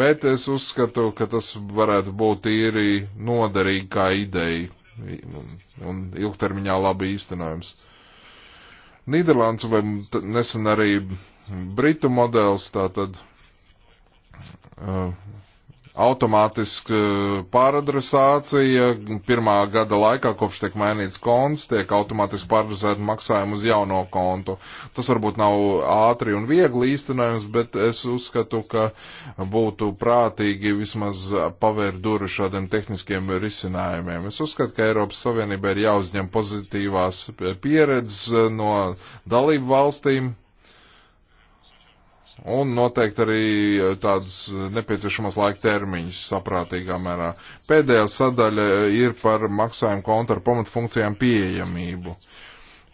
B: Bet es uzskatu, ka tas varētu būt īri noderīgi kā ideja un ilgtermiņā labi īstenojums. Nīderlands vai nesen arī Britu modelis, tātad uh, automātiska eh, pāradresācija. Pirmā gada laikā, kopš tiek mainīts konts, tiek automātiski pāradresēta maksājuma uz jauno kontu. Tas varbūt nav ātri un viegli īstenojums, bet es uzskatu, ka būtu prātīgi vismaz pavērt duru šādiem tehniskiem risinājumiem. Es uzskatu, ka Eiropas Savienībai ir jāuzņem pozitīvās pieredzes eh, no dalību valstīm un noteikti arī eh, tādas eh, nepieciešamas laika termiņas saprātīgā mērā. Pēdējā sadaļa eh, ir par maksājumu konta ar pamatfunkcijām pieejamību.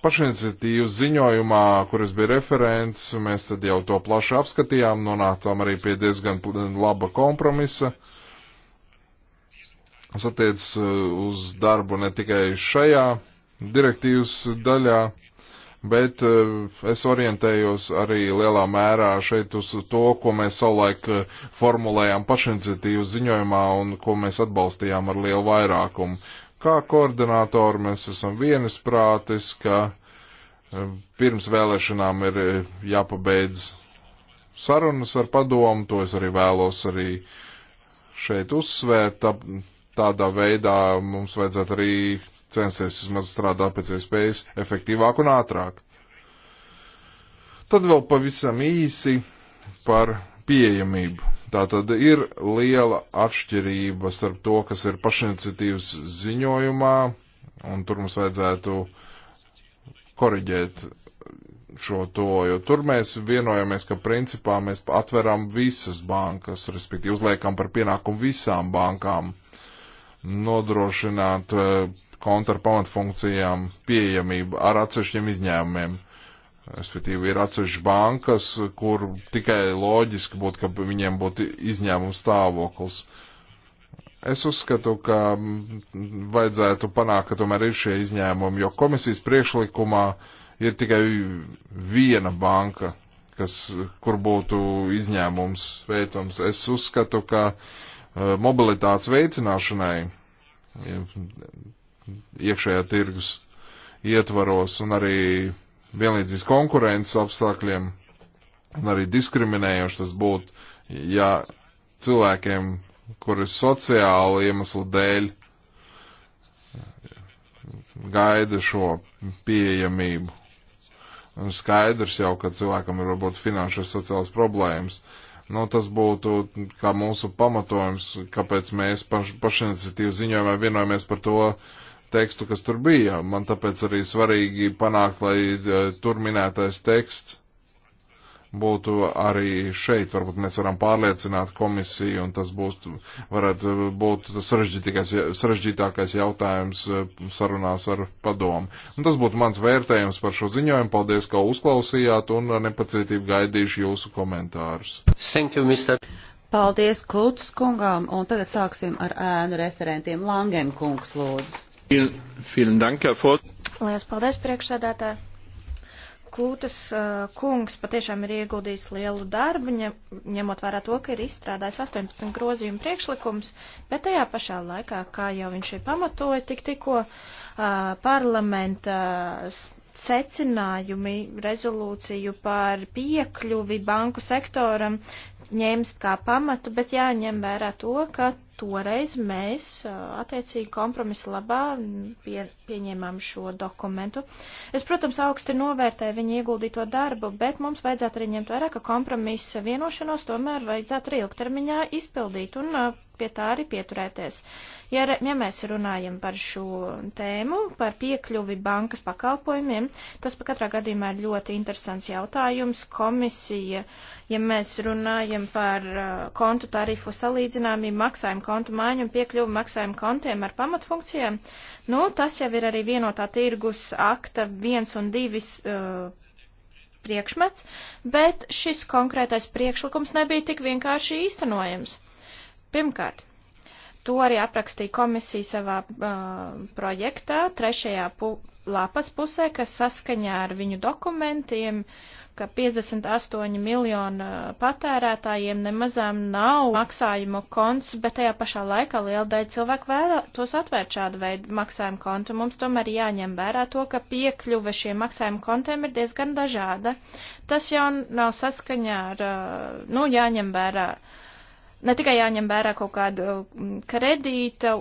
B: Pašiniciatīvas ziņojumā, kur es biju referents, mēs tad jau to plaši apskatījām, nonācām arī pie diezgan laba kompromisa. Tas attiec uz darbu ne tikai šajā direktīvas daļā bet eh, es orientējos arī lielā mērā šeit uz to, ko mēs savulaik eh, formulējām pašiniciatīvu ziņojumā un ko mēs atbalstījām ar lielu vairākumu. Kā koordinātori mēs esam vienisprātis, ka eh, pirms vēlēšanām ir jāpabeidz sarunas ar padomu, to es arī vēlos arī šeit uzsvērt. Tādā veidā mums vajadzētu arī censies vismaz strādāt pēc iespējas efektīvāk un ātrāk. Tad vēl pavisam īsi par pieejamību. Tā tad ir liela atšķirība starp to, kas ir pašiniciatīvas ziņojumā, un tur mums vajadzētu koriģēt šo to, jo tur mēs vienojamies, ka principā mēs atveram visas bankas, respektīvi uzliekam par pienākumu visām bankām nodrošināt uh, kontra pamatfunkcijām pieejamību ar atsevišķiem izņēmumiem. Respektīvi, ir atsevišķas bankas, kur tikai loģiski būtu, ka viņiem būtu izņēmums stāvoklis. Es uzskatu, ka vajadzētu panākt, ka tomēr ir šie izņēmumi, jo komisijas priekšlikumā ir tikai viena banka, kas, kur būtu izņēmums veicams. Es uzskatu, ka eh, mobilitātes veicināšanai iekšējā tirgus ietvaros un arī vienlīdzīs konkurences apstākļiem un arī diskriminējoši tas būtu, ja cilvēkiem, kuri sociāli iemeslu dēļ gaida šo pieejamību. Un skaidrs jau, ka cilvēkam ir varbūt finanšu sociāls problēmas. Nu, tas būtu kā mūsu pamatojums, kāpēc mēs paš, pašiniciatīvu ziņojumā vienojamies par to, uh, tekstu, kas tur bija. Man tāpēc arī svarīgi panākt, lai e, tur minētais teksts būtu arī šeit. Varbūt mēs varam pārliecināt komisiju, un tas būs, varētu būt sarežģītākais jautājums e, sarunās ar padomu. Un tas būtu mans vērtējums par šo ziņojumu. Paldies, ka uzklausījāt, un ar nepacietību gaidīšu jūsu komentārus. Thank you, Mr.
C: Paldies Klūtas kungām, un tagad sāksim ar ēnu referentiem. Langen kungs lūdzu.
B: Lielas
A: paldies, priekšsēdētāji! Klūtas uh, kungs patiešām ir ieguldījis lielu darbu, ņem, ņemot vērā to, ka ir izstrādājis 18 grozījumu priekšlikums, bet tajā pašā laikā, kā jau viņš ir pamatoja, tik tikko uh, parlamenta uh, secinājumi rezolūciju par piekļuvi banku sektoram ņēmis kā pamatu, bet jāņem vērā to, ka toreiz mēs attiecīgi kompromisa labā pie, pieņēmām šo dokumentu. Es, protams, augsti novērtēju viņu ieguldīto darbu, bet mums vajadzētu arī ņemt vērā, ka kompromisa vienošanos tomēr vajadzētu arī ilgtermiņā izpildīt un pie tā arī pieturēties. Ja, ja mēs runājam par šo tēmu, par piekļuvi bankas pakalpojumiem, tas pa katrā gadījumā ir ļoti interesants jautājums. Komisija, ja mēs runājam par uh, kontu tarifu salīdzinājumu, maksājumu kontu mājumu un piekļuvi maksājumu kontiem ar pamatfunkcijām, nu, tas jau ir arī vienotā tirgus akta viens un divis. Uh, priekšmets, bet šis konkrētais priekšlikums nebija tik vienkārši īstenojams. Pirmkārt, to arī aprakstīja komisija savā uh, projektā, trešajā pu lapas pusē, kas saskaņā ar viņu dokumentiem, ka 58 miljonu patērētājiem nemazām nav maksājumu konts, bet tajā pašā laikā liela daļa cilvēku vēlētos atvērt šādu veidu maksājumu kontu. Mums tomēr jāņem vērā to, ka piekļuve šiem maksājumu kontiem ir diezgan dažāda. Tas jau nav saskaņā ar, nu, jāņem vērā. Uh, ne tikai jāņem vērā kaut kāda uh, kredīta,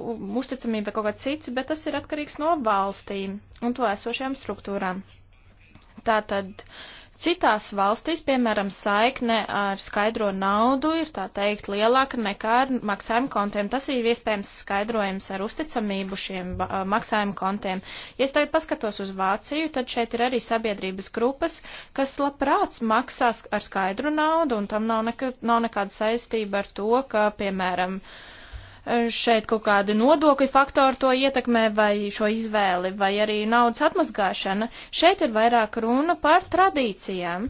A: uzticamība kaut kāds cits, bet tas ir atkarīgs no valstīm un to esošajām struktūrām. Tātad Citās valstīs, piemēram, saikne ar skaidro naudu ir tā teikt lielāka nekā ar maksājumu kontiem. Tas ir iespējams skaidrojums ar uzticamību šiem maksājumu kontiem. Ja es tagad paskatos uz Vāciju, tad šeit ir arī sabiedrības grupas, kas labprāt maksās ar skaidru naudu, un tam nav, nekā, nav nekāda saistība ar to, ka, piemēram, uh, šeit kaut kādi nodokļu faktori to ietekmē vai šo izvēli, vai arī naudas atmazgāšana. Šeit ir vairāk runa par tradīcijām.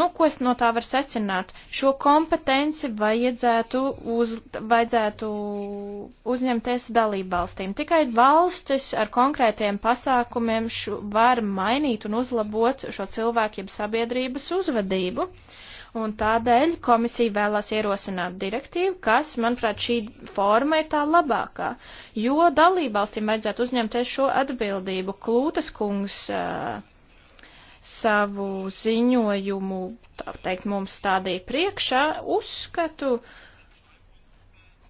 A: Nu, ko es no tā varu secināt? Šo kompetenci vajadzētu, uz, vajadzētu uzņemties dalību valstīm. Tikai valstis ar konkrētiem pasākumiem šu, var mainīt un uzlabot šo cilvēkiem sabiedrības uzvedību. Uh, Un tādēļ komisija vēlās ierosināt direktīvu, kas, manuprāt, šī forma ir tā labākā, jo dalībvalstīm vajadzētu uzņemties šo atbildību. Klūtas kungs uh, savu ziņojumu, tā teikt, mums stādīja priekšā, uzskatu,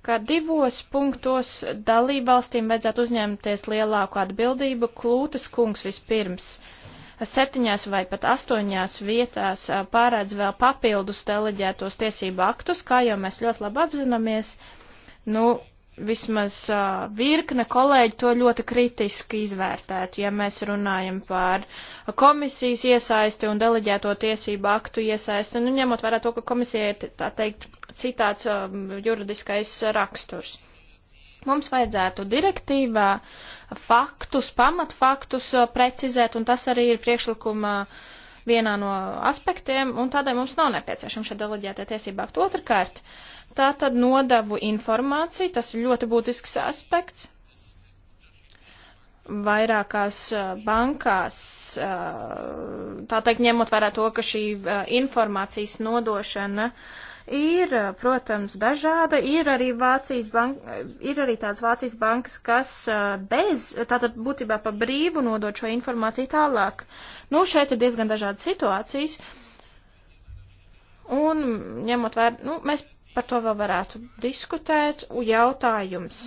A: ka divos punktos dalībvalstīm vajadzētu uzņemties lielāku atbildību. Klūtas kungs vispirms. Uh, septiņās vai pat astoņās vietās pārēdz vēl papildus deleģētos tiesību aktus, kā jau mēs ļoti labi apzināmies. Nu, vismaz uh, virkne kolēģi to ļoti kritiski izvērtētu, ja mēs runājam par komisijas iesaisti un deleģēto tiesību aktu iesaisti, nu, ņemot vērā to, ka komisija ir, tā teikt, citāds um, juridiskais raksturs. Mums vajadzētu direktīvā faktus, pamatfaktus uh, precizēt, un tas arī ir priekšlikuma vienā no aspektiem, un tādēļ mums nav nepieciešama šie deleģētie tiesība akti. Otrakārt, tā tad nodavu informāciju, tas ir ļoti būtisks aspekts. Vairākās uh, bankās, uh, tā teikt, ņemot vērā to, ka šī informācijas nodošana uh, ir, protams, dažāda. Ir arī, Vācijas banka, ir arī tāds Vācijas bankas, kas bez, tātad būtībā pa brīvu nodot šo informāciju tālāk. Nu, šeit ir diezgan dažādas situācijas. Un ņemot vērā, nu, mēs par to vēl varētu diskutēt. Jautājums.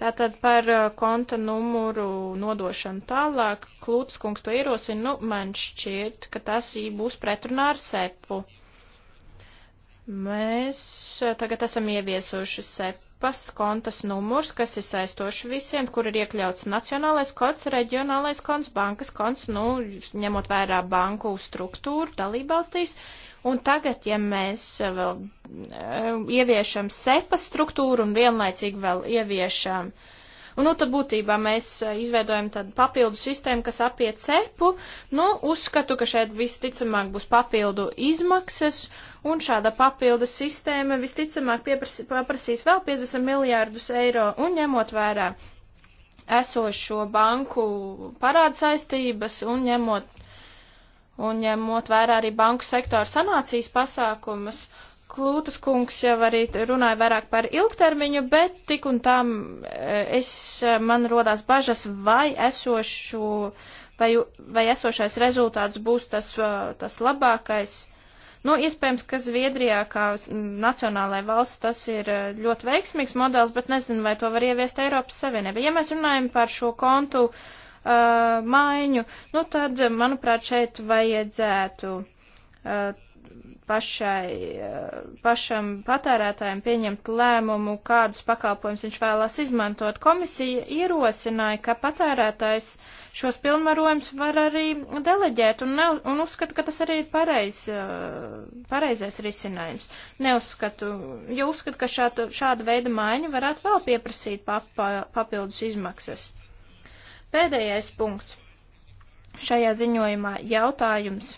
A: Tātad par konta numuru nodošanu tālāk, Klūts kungs to ierosina, nu, man šķiet, ka tas būs pretrunā ar sepu. Uh, Mēs eh, tagad esam ieviesuši sepas kontas numurs, kas ir saistoši visiem, kur ir iekļauts nacionālais konts, reģionālais konts, bankas konts, nu, ņemot vērā banku struktūru dalībvalstīs. Un tagad, ja mēs eh, vēl eh, ieviešam sepas struktūru un vienlaicīgi vēl ieviešam uh, Un, nu, tad būtībā mēs eh, izveidojam tādu papildu sistēmu, kas apiet cepu. Nu, uzskatu, ka šeit visticamāk būs papildu izmaksas, un šāda papildu sistēma visticamāk paprasīs vēl 50 miljārdus eiro, un ņemot vērā esošo banku parādsaistības un ņemot, un ņemot vērā arī banku sektoru sanācijas pasākumus, Klūtas kungs jau arī runāja vairāk par ilgtermiņu, bet tik un tam e, es, e, man rodās bažas, vai esošu, vai, vai esošais rezultāts būs tas, e, tas labākais. Nu, iespējams, ka Zviedrijā kā nacionālajai valsts tas ir ļoti veiksmīgs modelis, bet nezinu, vai to var ieviest Eiropas Savienībā. Ja mēs runājam par šo kontu uh, maiņu, nu tad, manuprāt, šeit vajadzētu. Uh, pašai, pašam patērētājiem pieņemt lēmumu, kādus pakalpojumus viņš vēlās izmantot. Komisija ierosināja, ka patērētājs šos pilnvarojums var arī deleģēt un, nav, un uzskata, ka tas arī ir pareiz, pareizais risinājums. Neuzskatu, jo uzskatu, ka šādu, šādu veidu maiņu varētu vēl pieprasīt papa, papildus izmaksas. Pēdējais punkts šajā ziņojumā jautājums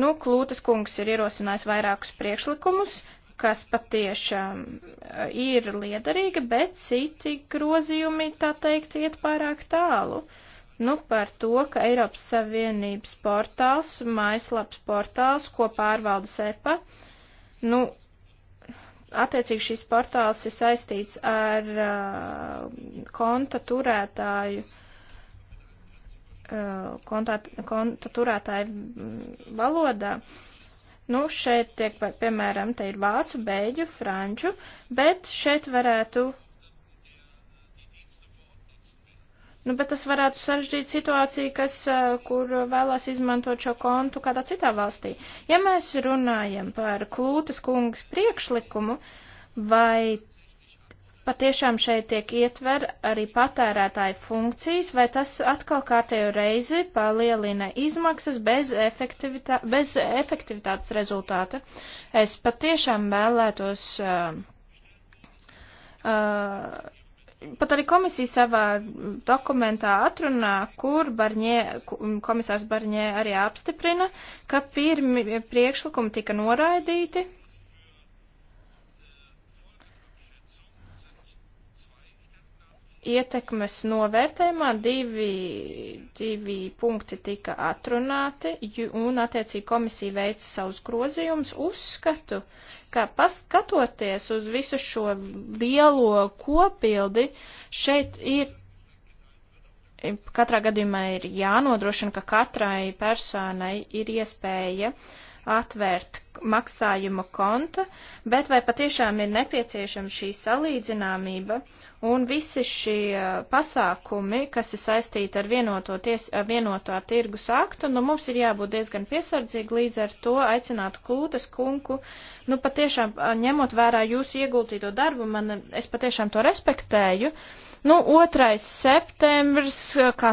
A: Nu, Klūtas kungs ir ierosinājis vairākus priekšlikumus, kas patiešām e, ir liederīga, bet citi grozījumi, tā teikt, iet pārāk tālu. Nu, par to, ka Eiropas Savienības portāls, maislaps portāls, ko pārvalda SEPA, nu, attiecīgi šis portāls ir saistīts ar uh, konta turētāju uh, kontā, uh, konta turētāju mm, valodā. Nu, šeit tiek, piemēram, te ir vācu, beļģu, franču, bet šeit varētu. Nu, bet tas varētu sarežģīt situāciju, kas, uh, kur vēlās izmantot šo kontu kādā citā valstī. Ja mēs runājam par Klūtas kungas priekšlikumu, vai patiešām šeit tiek ietver arī patērētāju funkcijas, vai tas atkal kārtējo reizi palielina izmaksas bez, efektivitā, bez efektivitātes rezultāta. Es patiešām vēlētos. Uh, uh, Pat arī komisija savā dokumentā atrunā, kur Barņē, komisārs Barņē arī apstiprina, ka pirmi priekšlikumi tika noraidīti, ietekmes novērtējumā divi, divi punkti tika atrunāti, un attiecīgi komisija veica savus grozījumus. Uzskatu, ka paskatoties uz visu šo lielo kopildi, šeit ir. Katrā gadījumā ir jānodrošina, ka katrai personai ir iespēja uh, atvērt maksājuma konta, bet vai patiešām ir nepieciešama šī salīdzināmība un visi šie pasākumi, kas ir saistīti ar vienoto ties, vienotā tirgus aktu, nu mums ir jābūt diezgan piesardzīgi līdz ar to aicinātu klūtas kunku, nu patiešām ņemot vērā jūsu ieguldīto darbu, man, es patiešām to respektēju, uh, Nu, 2. septembris, eh, kā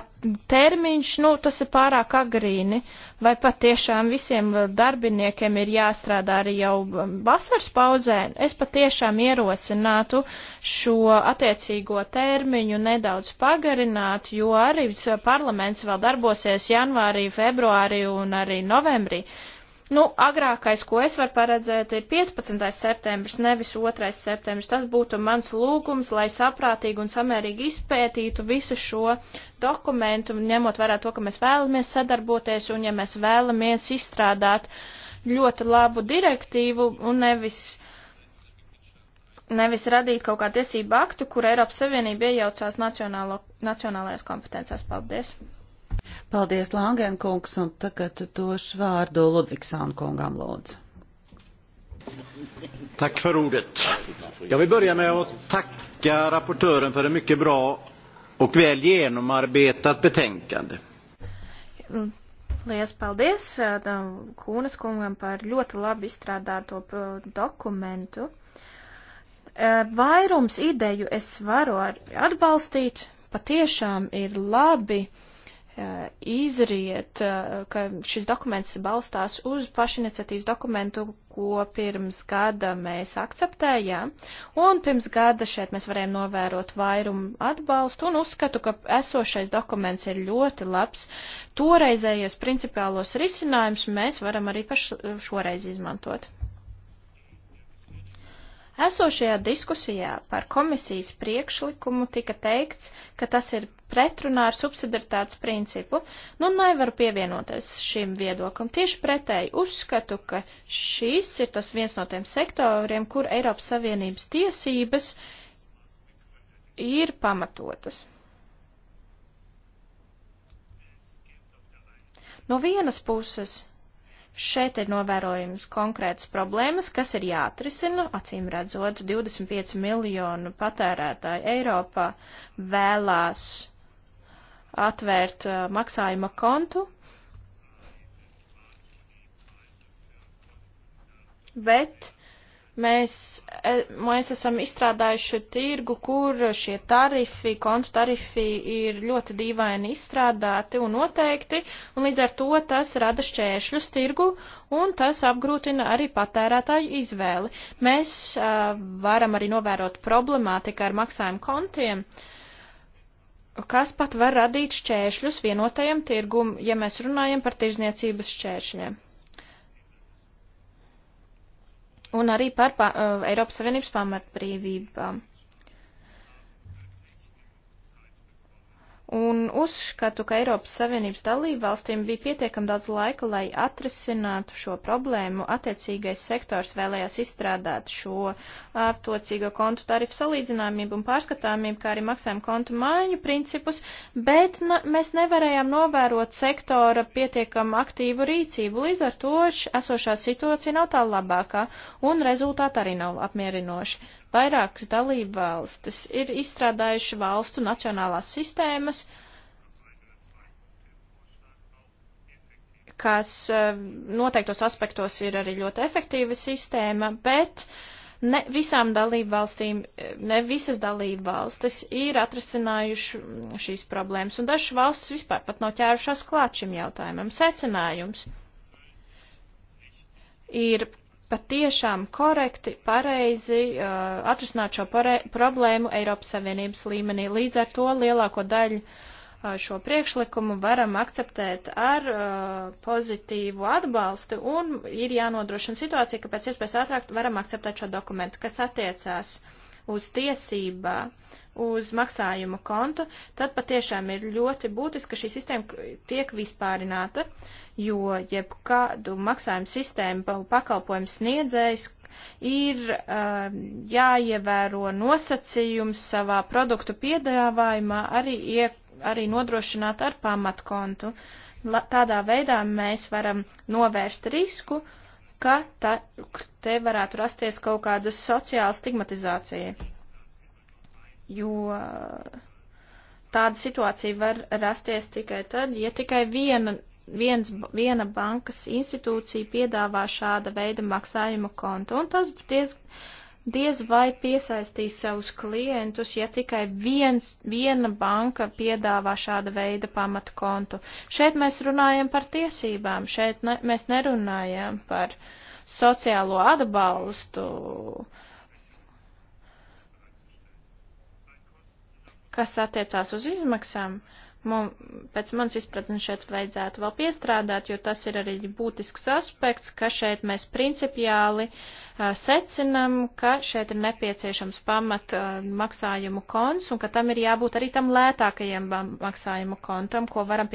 A: termiņš, nu, tas ir pārāk agrīni. Vai patiešām visiem eh, darbiniekiem ir jāstrādā arī jau eh, vasaras pauzē? Es patiešām ierosinātu šo attiecīgo termiņu nedaudz pagarināt, jo arī parlaments vēl darbosies janvārī, februārī un arī novembrī. Uh, Nu, agrākais, ko es varu paredzēt, ir 15. septembris, nevis 2. septembris. Tas būtu mans lūgums, lai saprātīgi un samērīgi izpētītu visu šo dokumentu, ņemot vērā to, ka mēs vēlamies sadarboties un ja mēs vēlamies izstrādāt ļoti labu direktīvu un nevis nevis radīt kaut kādu tiesību aktu, kur Eiropas Savienība iejaucās nacionālo, nacionālajās kompetencēs. Paldies!
C: Paldies, Langenkungs, un tagad došu vārdu Ludvigsānu kungam lūdzu.
A: Tack för ordet. Jag vill börja med att tacka rapportören för en mycket bra och väl genomarbetat betänkande. Lielas paldies eh, Kūnas kungam par ļoti labi izstrādāto eh, dokumentu. Eh, vairums ideju es varu atbalstīt, patiešām ir labi Eh, izriet, eh, ka šis dokuments balstās uz pašiniciatīvas dokumentu, ko pirms gada mēs akceptējām, un pirms gada šeit mēs varējām novērot vairumu atbalstu, un uzskatu, ka esošais dokuments ir ļoti labs. Toreizējos principiālos risinājumus mēs varam arī paš šoreiz izmantot. Esošajā diskusijā par komisijas priekšlikumu tika teikts, ka tas ir pretrunā ar subsidaritātes principu. Nu, nevaru pievienoties šim viedokam. Tieši pretēji uzskatu, ka šis ir tas viens no tiem sektoriem, kur Eiropas Savienības tiesības ir pamatotas. No vienas puses, šeit ir novērojams konkrētas problēmas, kas ir jāatrisina, acīm redzot, 25 miljonu patērētāju Eiropā vēlās atvērt uh, maksājuma kontu, bet mēs, e, mēs esam izstrādājuši tirgu, kur šie tarifi, kontu tarifi ir ļoti dīvaini izstrādāti un noteikti, un līdz ar to tas rada šķēršļus tirgu, un tas apgrūtina arī patērētāju izvēli. Mēs uh, varam arī novērot problemātiku ar maksājumu kontiem. Uh, kas pat var radīt šķēršļus vienotajam tirgum, ja mēs runājam par tirzniecības šķēršļiem. Un arī par pa, uh, Eiropas Savienības pamatbrīvībām. un uzskatu, ka Eiropas Savienības dalību valstīm bija pietiekami daudz laika, lai atrisinātu šo problēmu. Attiecīgais sektors vēlējās izstrādāt šo aptocīgo kontu tarifu salīdzināmību un pārskatāmību, kā arī maksājumu kontu mājuņu principus, bet na, mēs nevarējām novērot sektora pietiekam aktīvu rīcību. Līdz ar to esošā situācija nav tā labākā un rezultāti arī nav apmierinoši. Vairākas dalībvalstis ir izstrādājuši valstu nacionālās sistēmas, kas eh, noteiktos aspektos ir arī ļoti efektīva sistēma, bet ne visām dalību valstīm, ne visas dalību valstis ir atrasinājuši šīs problēmas, un dažas valstis vispār pat nav ķērušās klāt šim jautājumam. Secinājums ir, patiešām korekti, pareizi uh, atrisināt šo pare problēmu Eiropas Savienības līmenī. Līdz ar to lielāko daļu uh, šo priekšlikumu varam akceptēt ar uh, pozitīvu atbalstu un ir jānodrošina situācija, ka pēc iespējas ātrāk varam akceptēt šo dokumentu, kas attiecās uh, uz tiesībā uz maksājumu kontu, tad patiešām ir ļoti būtiski, ka šī sistēma tiek vispārināta, jo jebkādu maksājumu sistēmu pakalpojumu sniedzējs ir uh, jāievēro nosacījums savā produktu piedāvājumā arī, ie, arī nodrošināt ar pamatkontu. La, tādā veidā mēs varam novērst risku ka ta, te varētu rasties kaut kāda sociāla stigmatizācija, jo uh, tāda situācija var rasties tikai tad, ja tikai viena, viens, viena bankas institūcija piedāvā šāda veida maksājumu kontu, un tas diezgan diez vai piesaistīs savus klientus, ja tikai viens, viena banka piedāvā šāda veida pamatu kontu. Šeit mēs runājam par tiesībām, šeit ne, mēs nerunājam par sociālo atbalstu, kas attiecās uz izmaksām. Uh, Mums, pēc manas izpratnes šeit vajadzētu vēl piestrādāt, jo tas ir arī būtisks aspekts, ka šeit mēs principiāli uh, secinam, ka šeit ir nepieciešams pamat uh, maksājumu konts un ka tam ir jābūt arī tam lētākajam maksājumu kontam, ko varam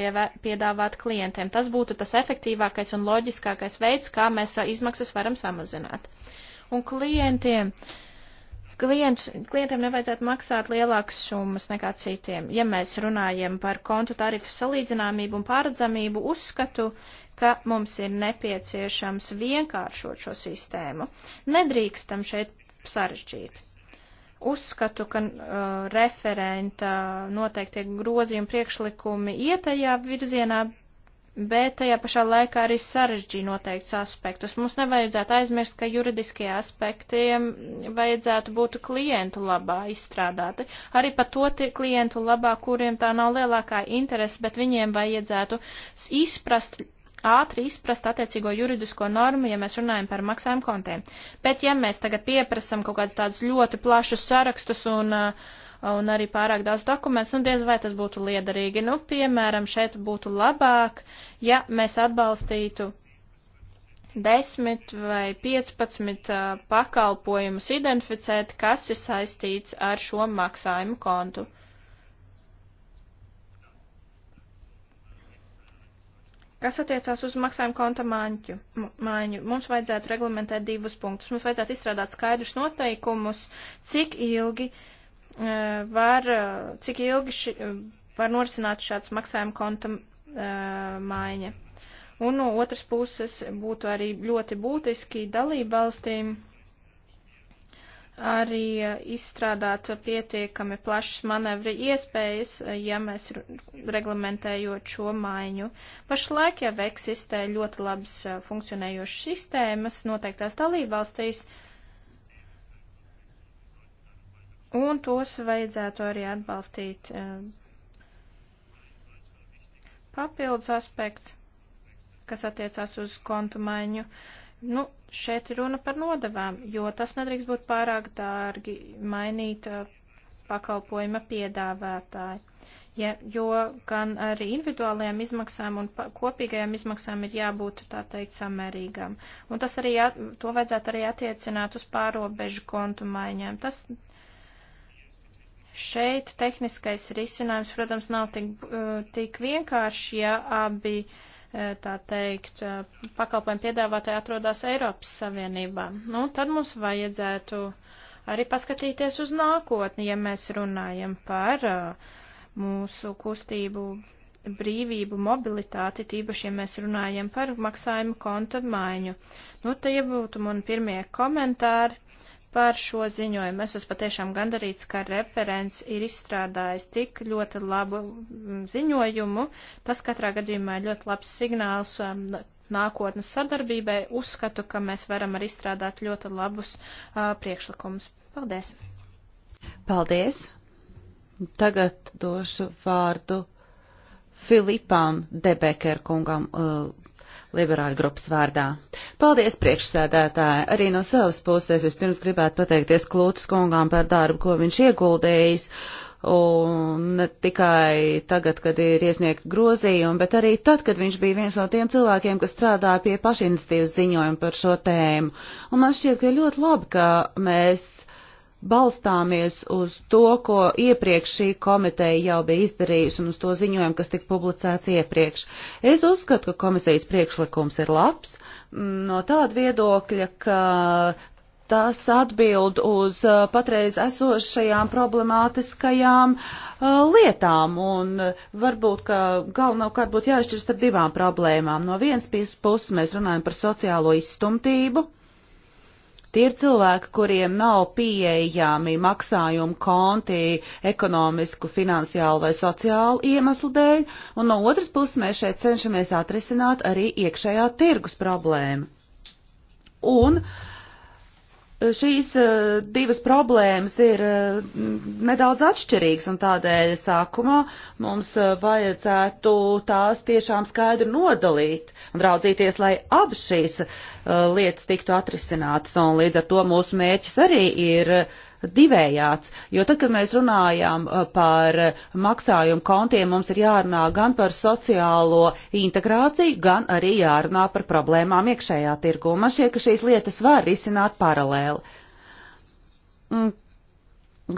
A: piedāvāt klientiem. Tas būtu tas efektīvākais un loģiskākais veids, kā mēs uh, izmaksas varam samazināt. Un klientiem. Uh, klients, klientiem nevajadzētu maksāt lielākas summas nekā citiem. Ja mēs runājam par kontu tarifu salīdzināmību un pārredzamību, uzskatu, ka mums ir nepieciešams vienkāršot šo sistēmu. Nedrīkstam šeit sarežģīt. Uzskatu, ka uh, referenta noteikti grozījuma priekšlikumi ietajā virzienā, bet tajā pašā laikā arī sarežģīja noteikts aspektus. Mums nevajadzētu aizmirst, ka juridiskie aspektiem vajadzētu būt klientu labā izstrādāti. Arī pa to klientu labā, kuriem tā nav lielākā interese, bet viņiem vajadzētu izprast ātri izprast attiecīgo juridisko normu, ja mēs runājam par maksājumu kontiem. Bet ja mēs tagad pieprasam kaut kādus tādus ļoti plašus sarakstus un uh, un arī pārāk daudz dokumentus, nu diez vai tas būtu liederīgi. Nu, piemēram, šeit būtu labāk, ja mēs atbalstītu 10 vai 15 uh, pakalpojumus identificēt, kas ir saistīts ar šo maksājumu kontu. Kas attiecās uz maksājumu konta māņu, māņu? Mums vajadzētu reglamentēt divus punktus. Mums vajadzētu izstrādāt skaidrus noteikumus, cik ilgi uh, var, cik ilgi ši, var norisināt šāds maksājuma konta maiņa. Un no otras puses būtu arī ļoti būtiski dalību valstīm arī izstrādāt pietiekami plašas manevri iespējas, ja mēs reglamentējot šo maiņu. Pašlaik jau eksistē ļoti labas funkcionējošas sistēmas noteiktās dalībvalstīs, valstīs, un tos vajadzētu arī atbalstīt. Eh, papildus aspekts, kas attiecās uz kontu maiņu, nu, šeit ir runa par nodavām, jo tas nedrīkst būt pārāk dārgi mainīt eh, pakalpojuma piedāvētāji. Ja, jo gan arī individuālajām izmaksām un kopīgajām izmaksām ir jābūt, tā teikt, samērīgām. Un tas arī, at, to vajadzētu arī attiecināt uz pārobežu kontu maiņām. Tas, uh, Šeit tehniskais risinājums, protams, nav tik, uh, tik vienkārši, ja abi, uh, tā teikt, uh, pakalpojumu piedāvātāji atrodas Eiropas Savienībā. Nu, tad mums vajadzētu arī paskatīties uz nākotni, ja mēs runājam par mūsu kustību brīvību, mobilitāti, tīpaši, ja mēs runājam par maksājumu konta maiņu. Nu, tie būtu mani pirmie komentāri par šo ziņojumu. Es esmu patiešām gandarīts, ka referents ir izstrādājis tik ļoti labu mm, ziņojumu. Tas katrā gadījumā ir ļoti labs signāls um, nākotnes sadarbībai. Uzskatu, ka mēs varam arī izstrādāt ļoti labus uh, priekšlikumus. Paldies!
C: Paldies! Tagad došu vārdu Filipam Debeker kungam, uh, liberāļu grupas vārdā. Paldies, priekšsēdētāji! Arī no savas puses vispirms gribētu pateikties Klūtas kungām par darbu, ko viņš ieguldījis. Un ne tikai tagad, kad ir iesniegt grozījumi, bet arī tad, kad viņš bija viens no tiem cilvēkiem, kas strādāja pie pašinstīvas ziņojuma par šo tēmu. Un man šķiet, ka ļoti labi, ka mēs uh, balstāmies uz to, ko iepriekš šī komiteja jau bija izdarījusi un uz to ziņojumu, kas tika publicēts iepriekš. Es uzskatu, ka komisijas priekšlikums ir labs no tāda viedokļa, ka tas atbild uz patreiz esošajām problemātiskajām lietām, un varbūt, ka galvenokārt būtu jāizšķirst ar divām problēmām. No vienas puses mēs runājam par sociālo izstumtību, Tie ir cilvēki, kuriem nav pieejami maksājumu konti ekonomisku, finansiālu vai sociālu iemeslu dēļ, un no otras puses mēs šeit cenšamies atrisināt arī iekšējā tirgus problēmu. Un uh, šīs eh, divas problēmas ir eh, nedaudz atšķirīgas, un tādēļ sākumā mums eh, vajadzētu tās tiešām skaidri nodalīt un raudzīties, lai abas šīs lietas tiktu atrisinātas, un līdz ar to mūsu mērķis arī ir divējāds, jo tad, kad mēs runājām uh, par maksājumu kontiem, mums ir jārunā gan par sociālo integrāciju, gan arī jārunā par problēmām iekšējā tirgu. Man šķiet, ka šīs lietas var risināt paralēli. Mm.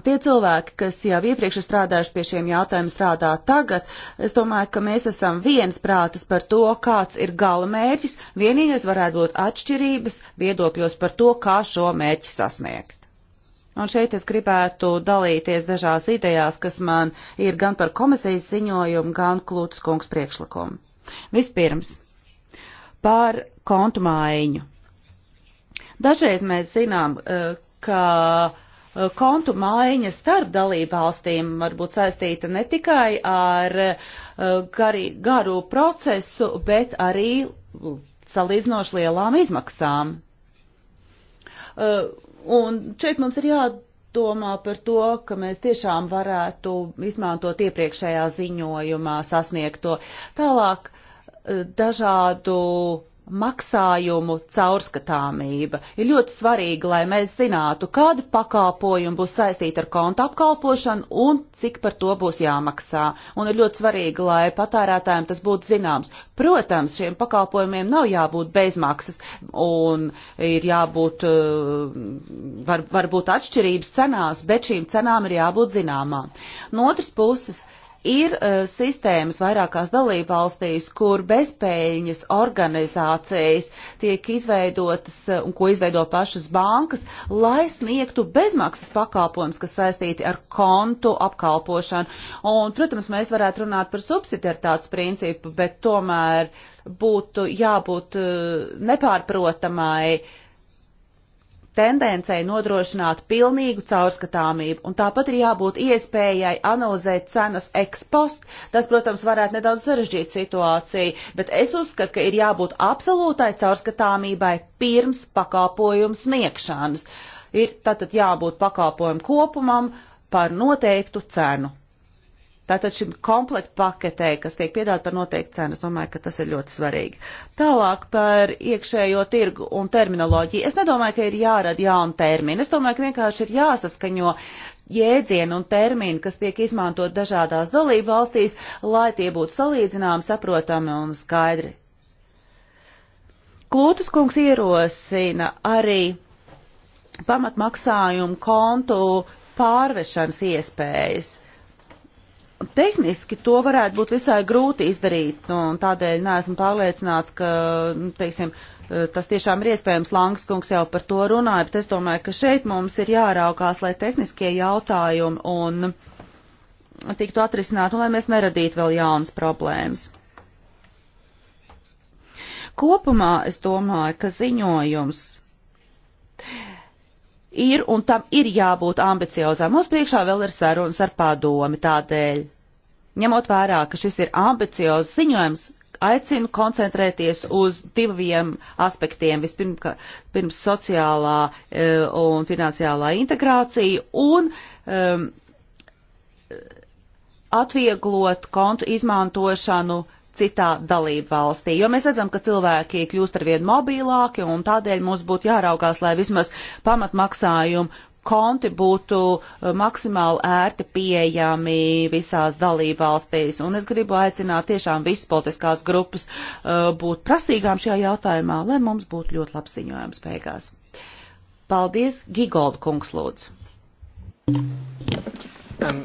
C: Tie cilvēki, kas jau iepriekš ir strādājuši pie šiem jautājumiem, strādā tagad. Es domāju, ka mēs esam viensprātis par to, kāds ir gala mērķis. Vienīgais varētu būt atšķirības viedokļos par to, kā šo mērķi sasniegt. Un šeit es gribētu dalīties dažās idejās, kas man ir gan par komisijas ziņojumu, gan Klūtas kungs priekšlikumu. Vispirms, par kontu mājiņu. Dažreiz mēs zinām, eh, ka eh, kontu mājiņa starp dalību valstīm var būt saistīta ne tikai ar eh, gari, garu procesu, bet arī salīdzinoši lielām izmaksām. Un šeit mums ir jādomā par to, ka mēs tiešām varētu izmantot iepriekšējā ziņojumā sasniegto tālāk eh, dažādu maksājumu caurskatāmība. Ir ļoti svarīgi, lai mēs zinātu, kādi pakāpojumi būs saistīti ar konta apkalpošanu un cik par to būs jāmaksā. Un ir ļoti svarīgi, lai patērētājiem tas būtu zināms. Protams, šiem pakāpojumiem nav jābūt bezmaksas un ir jābūt, eh, var, varbūt atšķirības cenās, bet šīm cenām ir jābūt zināmām. No otras puses, Ir uh, sistēmas vairākās dalībvalstīs, kur bezpēļņas organizācijas tiek izveidotas uh, un ko izveido pašas bankas, lai sniegtu bezmaksas pakāpojums, kas saistīti ar kontu apkalpošanu. Un, protams, mēs varētu runāt par subsidiaritātes principu, bet tomēr būtu jābūt uh, nepārprotamai uh, tendencei nodrošināt pilnīgu caurskatāmību, un tāpat ir jābūt iespējai analizēt cenas ekspost. Tas, protams, varētu nedaudz sarežģīt situāciju, bet es uzskatu, ka ir jābūt absolūtai caurskatāmībai pirms pakalpojumu sniegšanas. Ir tātad jābūt pakalpojumu kopumam par noteiktu cenu. Tātad šim komplektu paketē, kas tiek piedāvāt par noteiktu cenu, es domāju, ka tas ir ļoti svarīgi. Tālāk par iekšējo tirgu un terminoloģiju. Es nedomāju, ka ir jārada jauna termina. Es domāju, ka vienkārši ir jāsaskaņo jēdzieni un termini, kas tiek izmantot dažādās dalību valstīs, lai tie būtu salīdzināmi, saprotami un skaidri. Klūtas kungs ierosina arī pamatmaksājumu kontu pārvešanas iespējas. Tehniski to varētu būt visai grūti izdarīt, nu, un tādēļ neesmu pārliecināts, ka, nu, teiksim, eh, tas tiešām ir iespējams, Langs kungs jau par to runāja, bet es domāju, ka šeit mums ir jāraukās, lai tehniskie jautājumi un tiktu atrisināti, un lai mēs neradītu vēl jaunas problēmas. Kopumā es domāju, ka ziņojums ir un tam ir jābūt ambiciozām. Mums priekšā vēl ir sarunas ar padomi tādēļ. Ņemot vērā, ka šis ir ambiciozs ziņojums, aicinu koncentrēties uz diviem aspektiem. Vispirms sociālā e, un finansiālā integrācija un um, e, atvieglot kontu izmantošanu uh, citā dalību valstī, jo mēs redzam, ka cilvēki kļūst arvien mobilāki un tādēļ mums būtu jāraugās, lai vismaz pamatmaksājumu konti būtu uh, maksimāli ērti pieejami visās dalībvalstīs. Un es gribu aicināt tiešām visas politiskās grupas uh, būt prasīgām šajā jautājumā, lai mums būtu ļoti labs ziņojums beigās. Paldies, Gigolda kungs lūdzu. Um,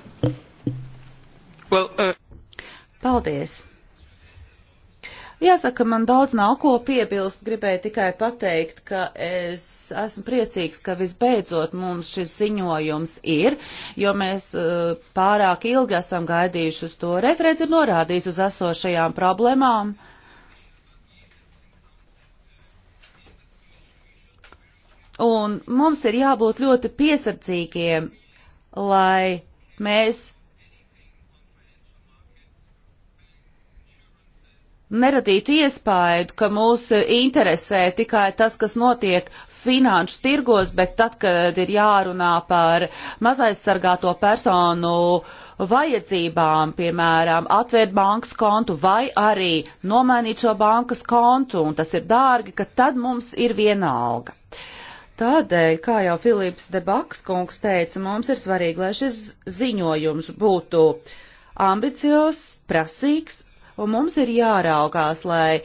C: well, uh... Paldies. Jāsaka, man daudz nav ko piebilst, gribēju tikai pateikt, ka es esmu priecīgs, ka visbeidzot mums šis ziņojums ir, jo mēs uh, pārāk ilgi esam gaidījuši uz to. Referents ir norādījis uz esošajām problēmām. Un mums ir jābūt ļoti piesardzīgiem, lai mēs neradītu iespēju, ka mūs interesē tikai tas, kas notiek finanšu tirgos, bet tad, kad ir jārunā par mazaizsargāto personu vajadzībām, piemēram, atvērt bankas kontu vai arī nomainīt šo bankas kontu, un tas ir dārgi, ka tad mums ir vienalga. Tādēļ, kā jau Filips Debaks kungs teica, mums ir svarīgi, lai šis ziņojums būtu ambiciozs, prasīgs un mums ir jāraugās, lai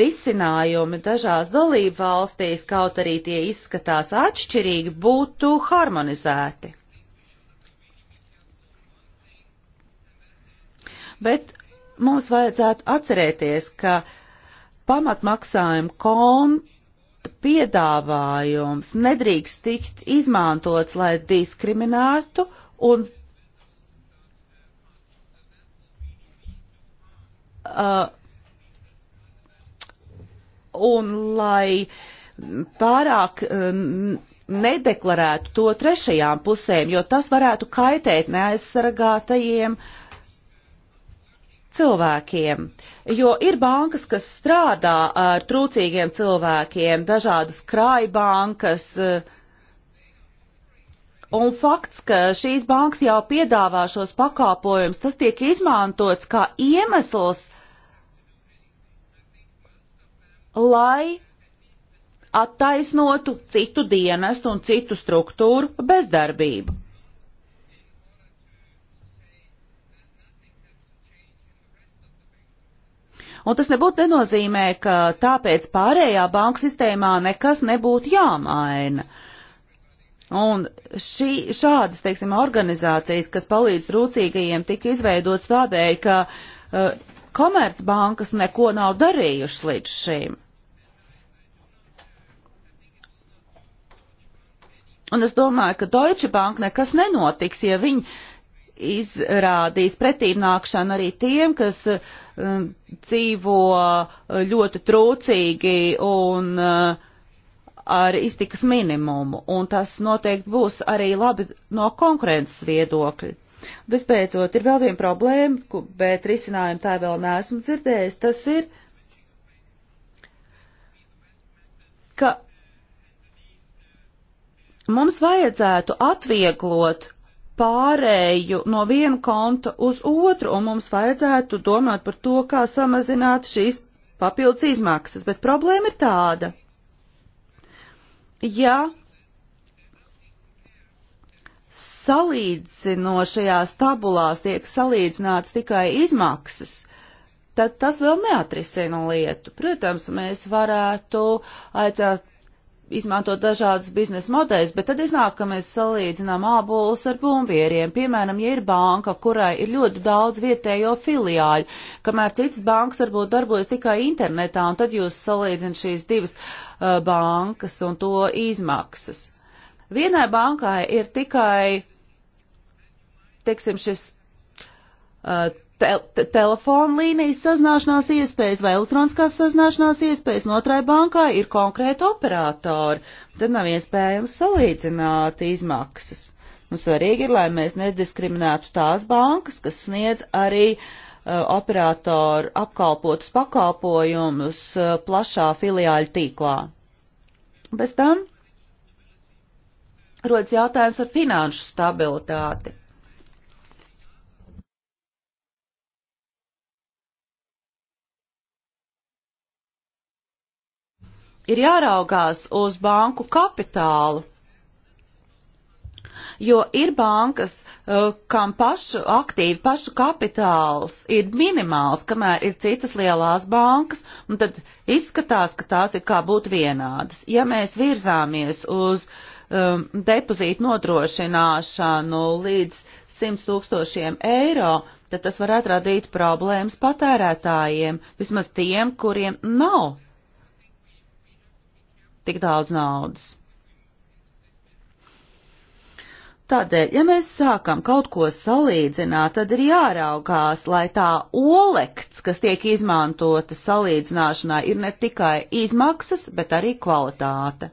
C: risinājumi dažās dalību valstīs, kaut arī tie izskatās atšķirīgi, būtu harmonizēti. Bet mums vajadzētu atcerēties, ka pamatmaksājuma konta piedāvājums nedrīkst tikt izmantots, lai diskriminētu un Uh, un lai pārāk um, nedeklarētu to trešajām pusēm, jo tas varētu kaitēt neaizsargātajiem cilvēkiem. Jo ir bankas, kas strādā ar trūcīgiem cilvēkiem, dažādas krājbankas, uh, Un fakts, ka šīs bankas jau piedāvā šos pakāpojumus, tas tiek izmantots kā iemesls, lai attaisnotu citu dienestu un citu struktūru bezdarbību. Un tas nebūtu nenozīmē, ka tāpēc pārējā banku sistēmā nekas nebūtu jāmaina. Uh, Un šī, šādas, teiksim, organizācijas, kas palīdz trūcīgajiem, tika izveidotas tādēļ, ka uh, komercbankas neko nav darījušas līdz šim. Un es domāju, ka Deutsche Bank nekas nenotiks, ja viņi izrādīs pretīmnākšanu arī tiem, kas um, dzīvo eh, ļoti trūcīgi un uh, ar iztikas minimumu, un tas noteikti būs arī labi no konkurences viedokļa. Visbeidzot, ir vēl viena problēma, bet risinājumu tā vēl neesmu dzirdējis, tas ir, ka mums vajadzētu atvieglot pārēju no viena konta uz otru, un mums vajadzētu domāt par to, kā samazināt šīs papildus izmaksas, bet problēma ir tāda – ja salīdzinošajās tabulās tiek salīdzināts tikai izmaksas, tad tas vēl neatrisina lietu. Protams, mēs varētu aicināt izmantot dažādas biznesa modeļas, bet tad iznāk, ka mēs salīdzinām ābolus ar bumbieriem. Piemēram, ja ir banka, kurai ir ļoti daudz vietējo filiāļu, kamēr citas bankas varbūt darbojas tikai internetā, un tad jūs salīdzināt šīs divas uh, Uh, bankas un to izmaksas. Vienai bankai ir tikai, teiksim, šis uh, te telefona līnijas sazināšanās iespējas vai elektroniskās sazināšanās iespējas, un otrai bankai ir konkrēti operatori. Tad nav iespējams salīdzināt izmaksas. Nu, svarīgi ir, lai mēs nediskriminētu tās bankas, kas sniedz arī uh, Uh, operatoru apkalpotus pakalpojumus uh, plašā filiāļu tīklā. Bez tam rodas jautājums ar finanšu stabilitāti. Ir jāraugās uz banku kapitālu, jo ir bankas, eh, kam pašu aktīvi, pašu kapitāls ir minimāls, kamēr ir citas lielās bankas, un tad izskatās, ka tās ir kā būtu vienādas. Ja mēs virzāmies uz um, depozītu nodrošināšanu līdz 100 tūkstošiem eiro, tad tas varētu radīt problēmas patērētājiem, vismaz tiem, kuriem nav tik daudz naudas. Tādēļ, ja mēs sākam kaut ko salīdzināt, tad ir jāraugās, lai tā olekts, kas tiek izmantota salīdzināšanā, ir ne tikai izmaksas, bet arī kvalitāte.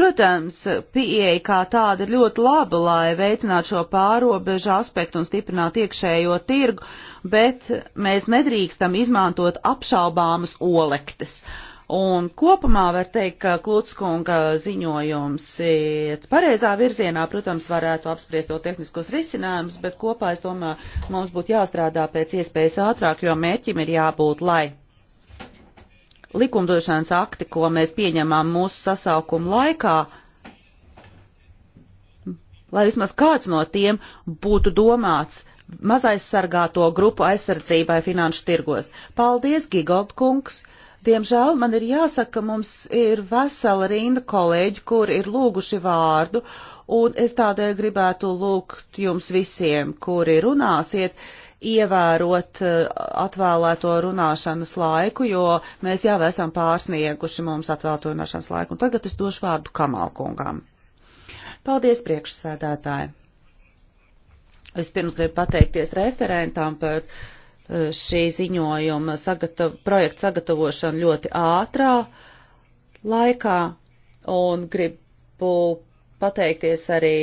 C: Protams, pieeja kā tāda ir ļoti laba, lai veicinātu šo pārobežu aspektu un stiprinātu iekšējo tirgu, bet mēs nedrīkstam izmantot apšaubāmas olektes. Uh, Un kopumā var teikt, ka Klutskunga ziņojums iet pareizā virzienā, protams, varētu apspriest to tehniskos risinājumus, bet kopā, es domāju, mums būtu jāstrādā pēc iespējas ātrāk, jo mērķim ir jābūt, lai likumdošanas akti, ko mēs pieņemam mūsu sasaukuma laikā, lai vismaz kāds no tiem būtu domāts mazaizsargāto grupu aizsardzībai finanšu tirgos. Paldies, Gigold kungs! Diemžēl man ir jāsaka, ka mums ir vesela rinda kolēģi, kur ir lūguši vārdu, un es tādēļ gribētu lūgt jums visiem, kuri runāsiet, ievērot eh, atvēlēto runāšanas laiku, jo mēs jau esam pārsnieguši mums atvēlēto runāšanas laiku. Un tagad es došu vārdu Kamalkungam. Paldies, priekšsēdētāji! Vispirms gribu pateikties referentām par šī ziņojuma sagatav, projekta sagatavošanu ļoti ātrā laikā un gribu pateikties arī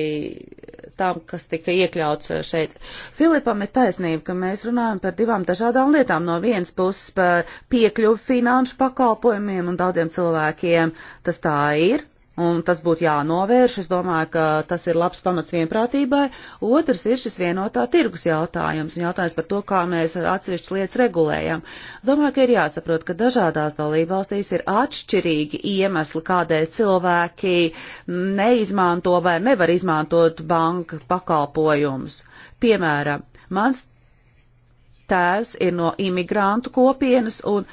C: tam, kas tika iekļauts šeit. Filipam ir taisnība, ka mēs runājam par divām dažādām lietām. No vienas puses par piekļuvu finanšu pakalpojumiem un daudziem cilvēkiem tas tā ir, un tas būtu jānovērš. Es domāju, ka tas ir labs pamats vienprātībai. Otrs ir šis vienotā tirgus jautājums un jautājums par to, kā mēs atsevišķas lietas regulējam. Domāju, ka ir jāsaprot, ka dažādās dalībvalstīs ir atšķirīgi iemesli, kādēļ cilvēki neizmanto vai nevar izmantot banka pakalpojumus. Piemēram, mans tēvs ir no imigrantu kopienas un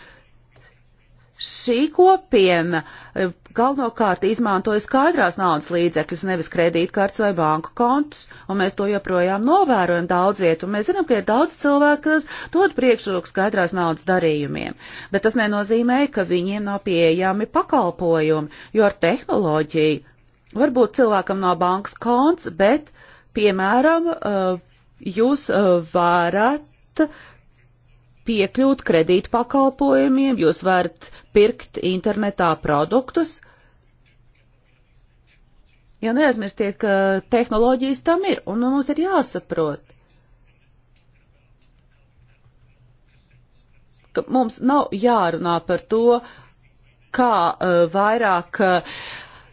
C: Šī kopiena eh, galvenokārt izmantoja skaidrās naudas līdzekļus, nevis kredītkartes vai banku kontus, un mēs to joprojām novērojam daudz vietu, un mēs zinām, ka ir daudz cilvēku, kas dod priekšroku skaidrās naudas darījumiem, bet tas nenozīmē, ka viņiem nav pieejami pakalpojumi, jo ar tehnoloģiju varbūt cilvēkam nav bankas konts, bet, piemēram, eh, jūs eh, varat piekļūt kredīt pakalpojumiem, jūs varat pirkt internetā produktus. Ja neaizmirstiet, ka tehnoloģijas tam ir, un nu, mums ir jāsaprot, ka mums nav jārunā par to, kā uh, vairāk uh,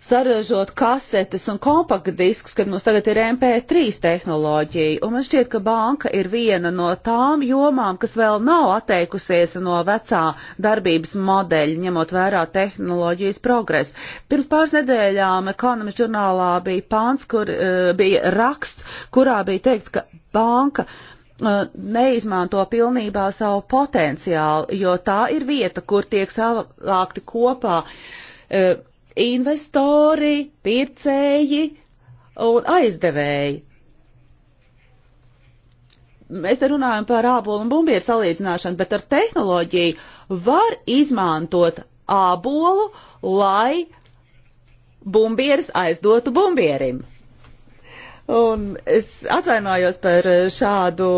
C: saražot kasetes un kompaktdiskus, kad mums tagad ir MP3 tehnoloģija. Un man šķiet, ka banka ir viena no tām jomām, kas vēl nav atteikusies no vecā darbības modeļa, ņemot vērā tehnoloģijas progresu. Pirms pāris nedēļām ekonomikas žurnālā bija pāns, kur uh, bija raksts, kurā bija teikts, ka banka eh, neizmanto pilnībā savu potenciālu, jo tā ir vieta, kur tiek savākti kopā uh, investori, pircēji un aizdevēji. Mēs te runājam par ābolu un bumbieru salīdzināšanu, bet ar tehnoloģiju var izmantot ābolu, lai bumbieris aizdotu bumbierim. Un es atvainojos par šādu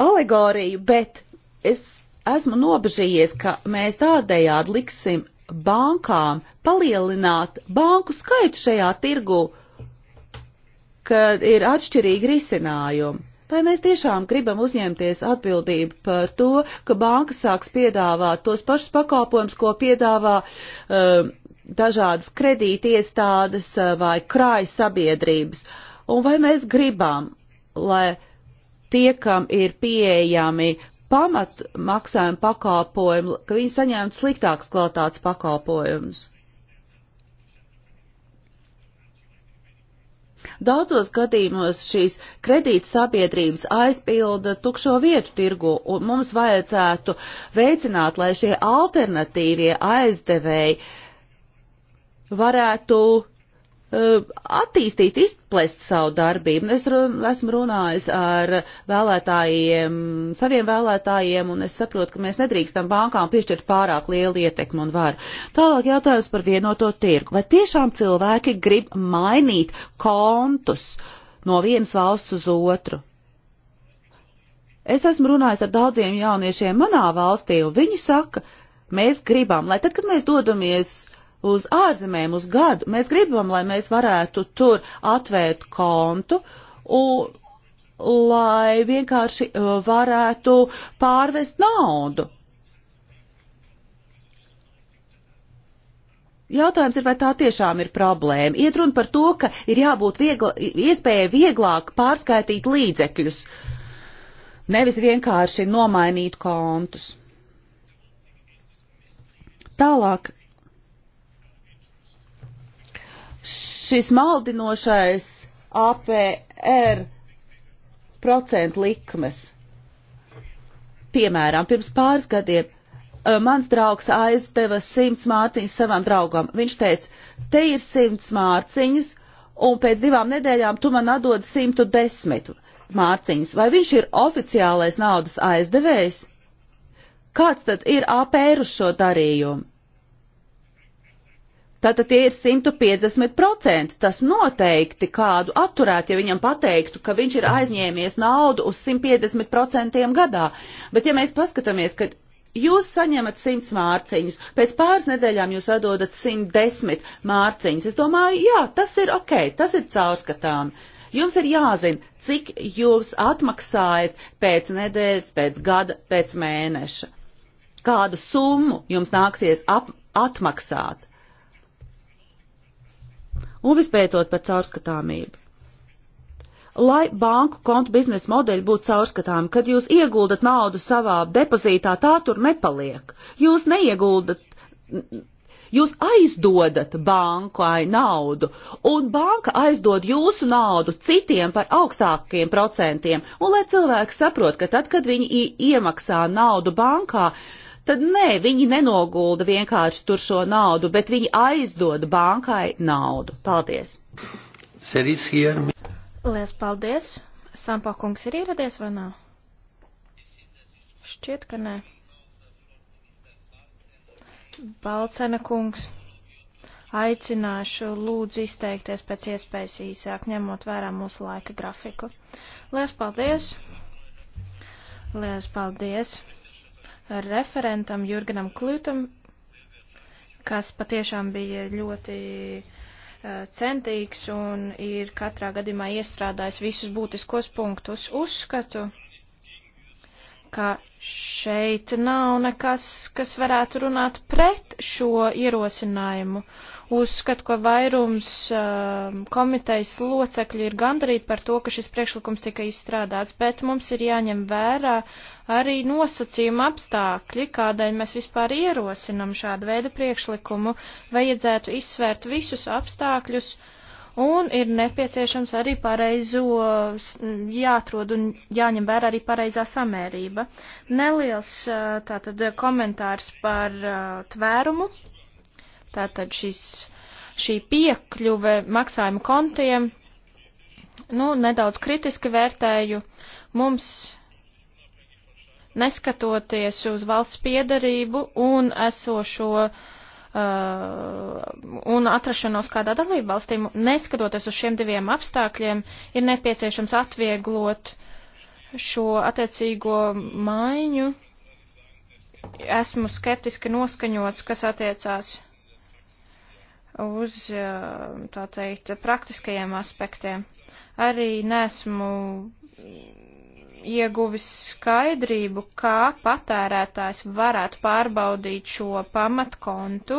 C: alegoriju, bet es esmu nobežījies, ka mēs tādējādi liksim bankām palielināt banku skaitu šajā tirgu, kad ir atšķirīgi risinājumi. Vai mēs tiešām gribam uzņemties atbildību par to, ka banka sāks piedāvāt tos pašus pakalpojumus, ko piedāvā uh, dažādas kredīti iestādes uh, eh, vai krāja sabiedrības? Un vai mēs gribam, lai tie, kam ir pieejami pamat maksājumu pakalpojumu, ka viņi saņēma sliktāks kvalitātes pakalpojumus. Daudzos gadījumos šīs kredītsabiedrības aizpilda tukšo vietu tirgu, un mums vajadzētu veicināt, lai šie alternatīvie aizdevēji varētu Uh, attīstīt, izplest savu darbību. Es run, esmu runājis ar vēlētājiem, saviem vēlētājiem, un es saprotu, ka mēs nedrīkstam bankām piešķirt pārāk lielu ietekmu un varu. Tālāk jautājums par vienoto tirgu. Vai tiešām cilvēki grib mainīt kontus no vienas valsts uz otru? Es esmu runājis ar daudziem jauniešiem manā valstī, un viņi saka, mēs gribam, lai tad, kad mēs dodamies uh, uz ārzemēm uz gadu. Mēs gribam, lai mēs varētu tur atvērt kontu, un, lai vienkārši uh, varētu pārvest naudu. Jautājums ir, vai tā tiešām ir problēma. Iet runa par to, ka ir jābūt viegla, iespēja vieglāk pārskaitīt līdzekļus, nevis vienkārši nomainīt kontus. Tālāk šis maldinošais APR procentu likmes. Piemēram, pirms pāris gadiem eh, mans draugs aizdeva simts mārciņas savam draugam. Viņš teica, te ir simts mārciņas, un pēc divām nedēļām tu man atdod simtu desmit mārciņas. Vai viņš ir oficiālais naudas aizdevējs? Kāds tad ir apēru šo darījumu? Tātad tie ir 150%. Tas noteikti kādu atturētu, ja viņam pateiktu, ka viņš ir aizņēmies naudu uz 150% gadā. Bet ja mēs paskatāmies, ka jūs saņemat 100 mārciņas, pēc pāris nedēļām jūs atdodat 110 mārciņas, es domāju, jā, tas ir ok, tas ir caurskatām. Jums ir jāzina, cik jūs atmaksājat pēc nedēļas, pēc gada, pēc mēneša. Kādu summu jums nāksies ap, atmaksāt? Un visbeidzot par caurskatāmību. Lai banku kontu biznesa modeļi būtu caurskatāmi, kad jūs ieguldat naudu savā depozītā, tā tur nepaliek. Jūs neieguldat Jūs aizdodat bankai naudu, un banka aizdod jūsu naudu citiem par augstākiem procentiem. Un lai cilvēki saprot, ka tad, kad viņi iemaksā naudu bankā, tad nē, viņi nenogulda vienkārši tur šo naudu, bet viņi aizdod bankai naudu. Paldies!
B: Lielas
A: paldies! Sampo kungs ir ieradies vai nav? Šķiet, ka nē. Balcena kungs, aicināšu lūdzu izteikties pēc iespējas īsāk, ņemot vērā mūsu laika grafiku. Lielas paldies! Lielas paldies! referentam Jurganam Klūtam, kas patiešām bija ļoti eh, centīgs un ir katrā gadījumā iestrādājis visus būtiskos punktus. Uzskatu, ka šeit nav nekas, kas varētu runāt pret šo ierosinājumu. Uzskatu, ka vairums um, komitejas locekļi ir gandarīti par to, ka šis priekšlikums tika izstrādāts, bet mums ir jāņem vērā arī nosacījuma apstākļi, kādēļ mēs vispār ierosinam šādu veidu priekšlikumu. Vajadzētu izsvērt visus apstākļus un ir nepieciešams arī pareizo, jāatrod un jāņem vērā arī pareizā samērība. Neliels uh, tātad komentārs par uh, tvērumu. Tātad šis, šī piekļuve maksājumu kontiem, nu, nedaudz kritiski vērtēju. Mums, neskatoties uz valsts piedarību un esošo uh, un atrašanos kādā dalību valstī, neskatoties uz šiem diviem apstākļiem, ir nepieciešams atvieglot šo attiecīgo maiņu. Esmu skeptiski noskaņots, kas attiecās uz, eh, tā teikt, praktiskajiem aspektiem. Arī nesmu ieguvis skaidrību, kā patērētājs varētu pārbaudīt šo pamatkontu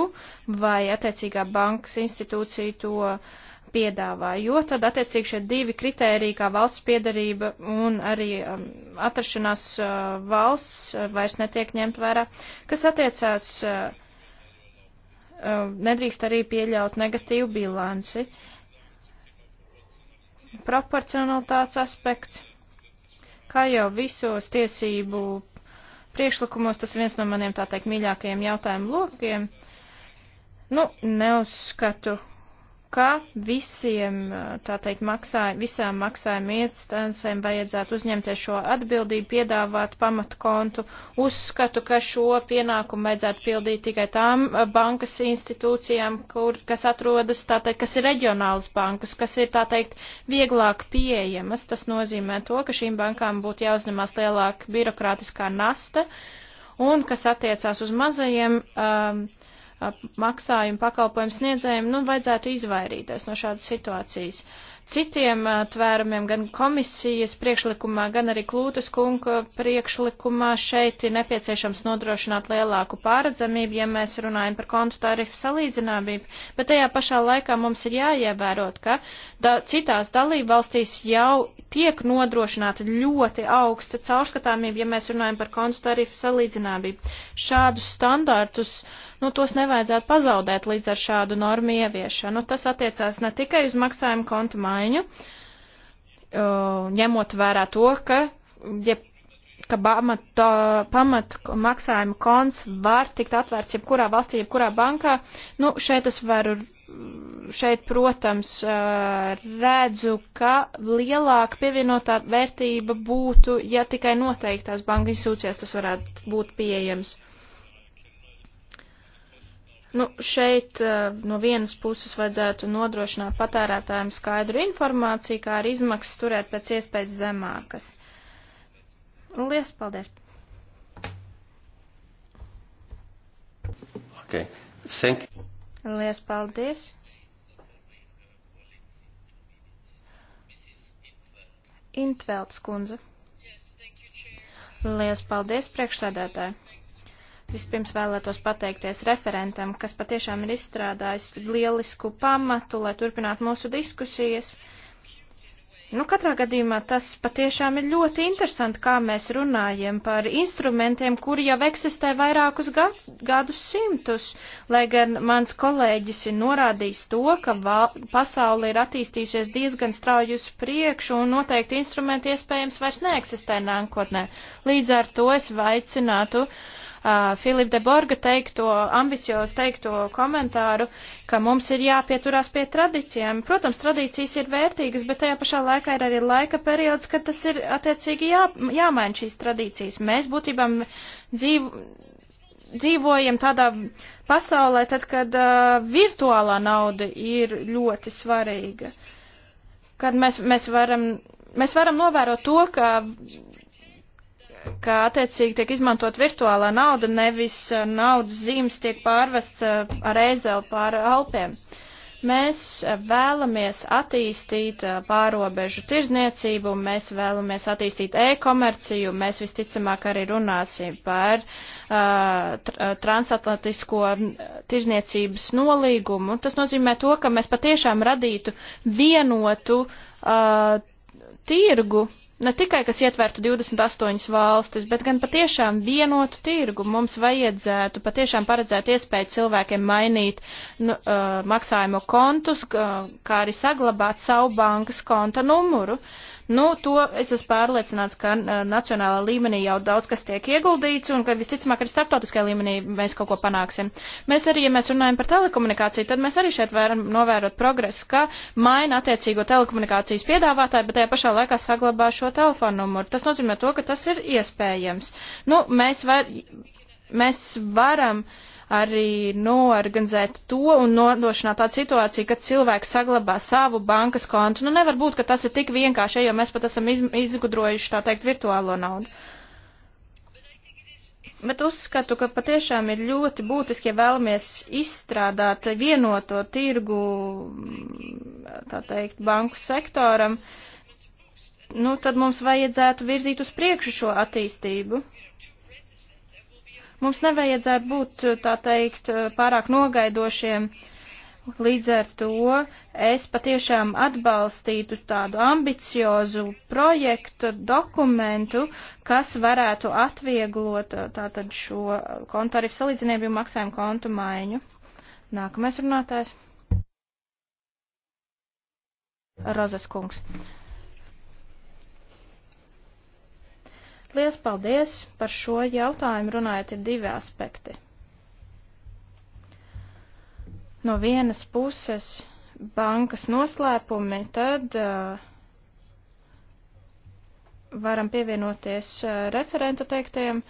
A: vai attiecīgā bankas institūcija to piedāvā, jo tad attiecīgi šie divi kritēriji, kā valsts piedarība un arī um, atrašanās uh, valsts, eh, vairs netiek ņemt vērā, kas attiecās uh, Um, nedrīkst arī pieļaut negatīvu bilanci. Proporcionalitātes aspekts. Kā jau visos tiesību priekšlikumos, tas viens no maniem tā teikt mīļākajiem jautājumu lokiem. Nu, neuzskatu, ka visiem, tā teikt, maksāj, visām maksājuma iestādēm vajadzētu uzņemties šo atbildību, piedāvāt pamatkontu. Uzskatu, ka šo pienākumu vajadzētu pildīt tikai tām bankas institūcijām, kur, kas atrodas, tā teikt, kas ir reģionāls bankas, kas ir, tā teikt, vieglāk pieejamas. Tas nozīmē to, ka šīm bankām būtu jāuzņemās lielāka birokrātiskā nasta. Un kas attiecās uz mazajiem. Um, maksājumu pakalpojumu sniedzējiem, nu, vajadzētu izvairīties no šādas situācijas. Citiem tvērumiem, gan komisijas priekšlikumā, gan arī Klūtas kunga priekšlikumā šeit ir nepieciešams nodrošināt lielāku pāredzamību, ja mēs runājam par kontu tarifu salīdzināmību, bet tajā pašā laikā mums ir jāievērot, ka da citās dalībvalstīs jau tiek nodrošināta ļoti augsta caurskatāmība, ja mēs runājam par kontu tarifu salīdzināmību. Šādus standartus uh, nu, tos nevajadzētu pazaudēt līdz ar šādu normu ieviešanu. Nu, tas attiecās ne tikai uz maksājumu kontu maiņu, uh, ņemot vērā to, ka, ja ka pamat, pamat maksājuma konts var tikt atvērts jebkurā valstī, jebkurā bankā. Nu, šeit es varu, šeit, protams, uh, redzu, ka lielāka pievienotā vērtība būtu, ja tikai noteiktās banka institūcijās tas varētu būt pieejams. Uh, Nu, šeit eh, no vienas puses vajadzētu nodrošināt patērētājiem skaidru informāciju, kā arī izmaksas turēt pēc iespējas zemākas. Lielas paldies! Okay. Thank you. Lielas paldies! Intvelds kundze. Lielas paldies priekšsēdētāji! Vispirms vēlētos pateikties referentam, kas patiešām ir izstrādājis lielisku pamatu, lai turpinātu mūsu diskusijas. Nu, katrā gadījumā tas patiešām ir ļoti interesanti, kā mēs runājam par instrumentiem, kuri jau eksistē vairākus gad, gadus simtus, lai gan mans kolēģis ir norādījis to, ka val, pasauli ir attīstījušies diezgan strauji uz priekšu un noteikti instrumenti iespējams vairs neeksistē nākotnē. Līdz ar to es vaicinātu uh, Filipa de Borga teikto, ambiciozu teikto komentāru, ka mums ir jāpieturās pie tradīcijām. Protams, tradīcijas ir vērtīgas, bet tajā pašā laikā ir arī laika periods, kad tas ir attiecīgi jā, jāmaina šīs tradīcijas. Mēs būtībā dzīv, dzīvojam tādā pasaulē, tad, kad uh, virtuālā nauda ir ļoti svarīga. Kad mēs, mēs varam mēs varam novērot to, ka ka attiecīgi tiek izmantot virtuālā nauda, nevis uh, naudas zīmes tiek pārvests uh, ar ēzeli pāri Alpiem. Mēs uh, vēlamies attīstīt pārobežu tirzniecību, mēs vēlamies attīstīt e-komerciju, mēs visticamāk arī runāsim par uh, transatlantisko tirzniecības nolīgumu. Tas nozīmē to, ka mēs patiešām radītu vienotu uh, tirgu ne tikai, kas ietvertu 28 valstis, bet gan patiešām vienotu tirgu. Mums vajadzētu patiešām paredzēt iespēju cilvēkiem mainīt nu, uh, maksājumu kontus, kā arī saglabāt savu bankas konta numuru. Uh, Nu, to es esmu pārliecināts, ka uh, nacionālā līmenī jau daudz kas tiek ieguldīts un ka visticamāk arī starptautiskajā līmenī mēs kaut ko panāksim. Mēs arī, ja mēs runājam par telekomunikāciju, tad mēs arī šeit varam novērot progresu, ka maina attiecīgo telekomunikācijas piedāvātāju, bet tajā pašā laikā saglabā šo telefonu numuru. Tas nozīmē to, ka tas ir iespējams. Nu, mēs, var, mēs varam. Uh, arī noorganizēt to un nodrošināt tādu situāciju, ka cilvēks saglabā savu bankas kontu. Nu, nevar būt, ka tas ir tik vienkārši, jo mēs pat esam iz, izgudrojuši, tā teikt, virtuālo naudu. Bet uzskatu, ka patiešām ir ļoti būtiski, ja vēlamies izstrādāt vienoto tirgu, tā teikt, banku sektoram, nu, tad mums vajadzētu virzīt uz priekšu šo attīstību. Uh, Mums nevajadzētu būt, tā teikt, pārāk nogaidošiem. Līdz ar to es patiešām atbalstītu tādu ambiciozu projektu dokumentu, kas varētu atvieglot tātad šo kontu tarifu salīdzinību maksājumu kontu maiņu. Nākamais runātājs. Rozes kungs. Lielas paldies! Par šo jautājumu runājot ir divi aspekti. No vienas puses bankas noslēpumi, tad uh, varam pievienoties uh, referenta teiktajam,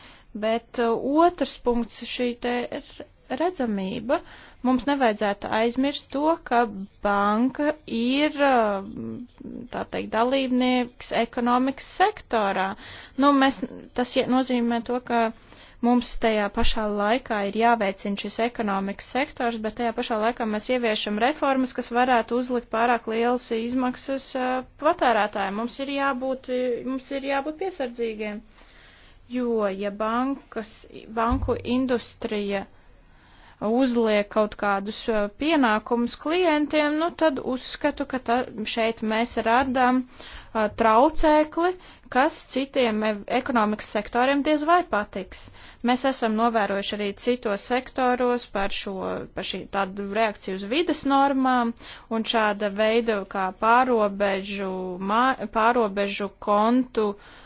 A: bet uh, otrs punkts šī te redzamība. Mums nevajadzētu aizmirst to, ka banka ir, tā teikt, dalībnieks ekonomikas sektorā. Nu, mēs, tas nozīmē to, ka mums tajā pašā laikā ir jāveicina šis ekonomikas sektors, bet tajā pašā laikā mēs ieviešam reformas, kas varētu uzlikt pārāk lielas izmaksas patērētājiem. Mums ir jābūt, mums ir jābūt piesardzīgiem, jo ja bankas, banku industrija uzliek kaut kādus eh, pienākumus klientiem, nu tad uzskatu, ka ta, šeit mēs radām uh, traucēkli, kas citiem ekonomikas sektoriem diez vai patiks. Mēs esam novērojuši arī citos sektoros par šo, par šī tādu reakciju uz vidas normām un šāda veida kā pārobežu, mā, pārobežu kontu uh,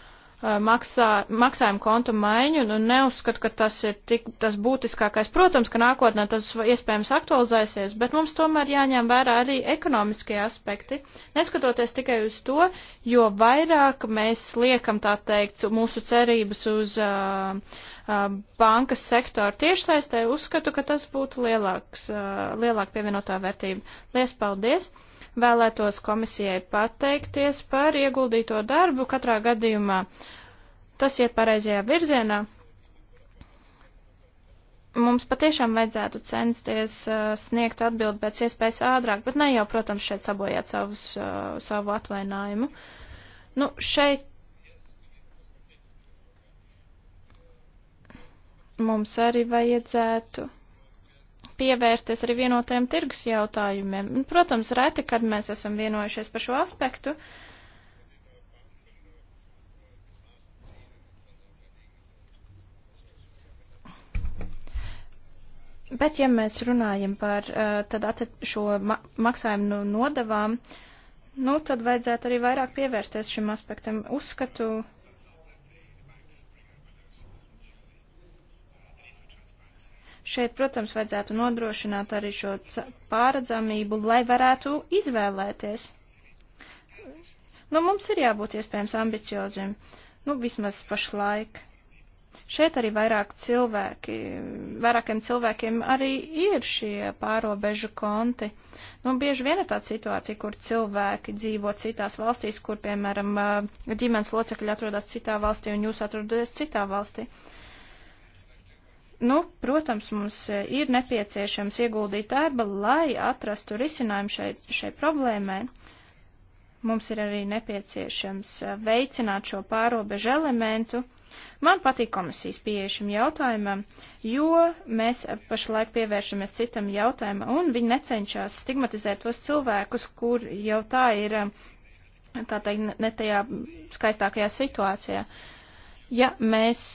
A: Uh, maksā, maksājumu kontu maiņu un nu, neuzskatu, ka tas ir tik, tas būtiskākais. Protams, ka nākotnē tas iespējams aktualizēsies, bet mums tomēr jāņem vērā arī ekonomiskie aspekti, neskatoties tikai uz to, jo vairāk mēs liekam, tā teikt, mūsu cerības uz uh, uh, bankas sektoru tiešsaistē, uzskatu, ka tas būtu lielāks, uh, lielāk pievienotā vērtība. Lies paldies! Vēlētos komisijai pateikties par ieguldīto darbu katrā gadījumā. Tas iet pareizajā virzienā. Mums patiešām vajadzētu censties uh, sniegt atbildi pēc iespējas ātrāk, bet ne jau, protams, šeit sabojāt savus, uh, savu atvainājumu. Nu, šeit mums arī vajadzētu pievērsties arī vienotajiem tirgus jautājumiem. Protams, reti, kad mēs esam vienojušies par šo aspektu. Bet, ja mēs runājam par uh, tad atcet šo ma maksājumu no nodavām, nu, tad vajadzētu arī vairāk pievērsties šim aspektam. Uzskatu, Šeit, protams, vajadzētu nodrošināt arī šo pāredzamību, lai varētu izvēlēties. Nu, mums ir jābūt iespējams ambicioziem, nu, vismaz pašlaik. Šeit arī vairāk cilvēki, vairākiem cilvēkiem arī ir šie pārobežu konti. Nu, bieži vien ir tāda situācija, kur cilvēki dzīvo citās valstīs, kur, piemēram, ģimenes locekļi atrodas citā valstī un jūs atrodaties citā valstī. Uh, Nu, protams, mums e, ir nepieciešams ieguldīt darba, lai atrastu risinājumu šai, šai problēmai. Mums ir arī nepieciešams e, veicināt šo pārobežu elementu. Man patīk komisijas pieeja šim jautājumam, jo mēs pašlaik pievēršamies citam jautājumam, un viņi necenšas stigmatizēt tos cilvēkus, kur jau tā ir, e, tā teikt, ne tajā skaistākajā situācijā. Ja mēs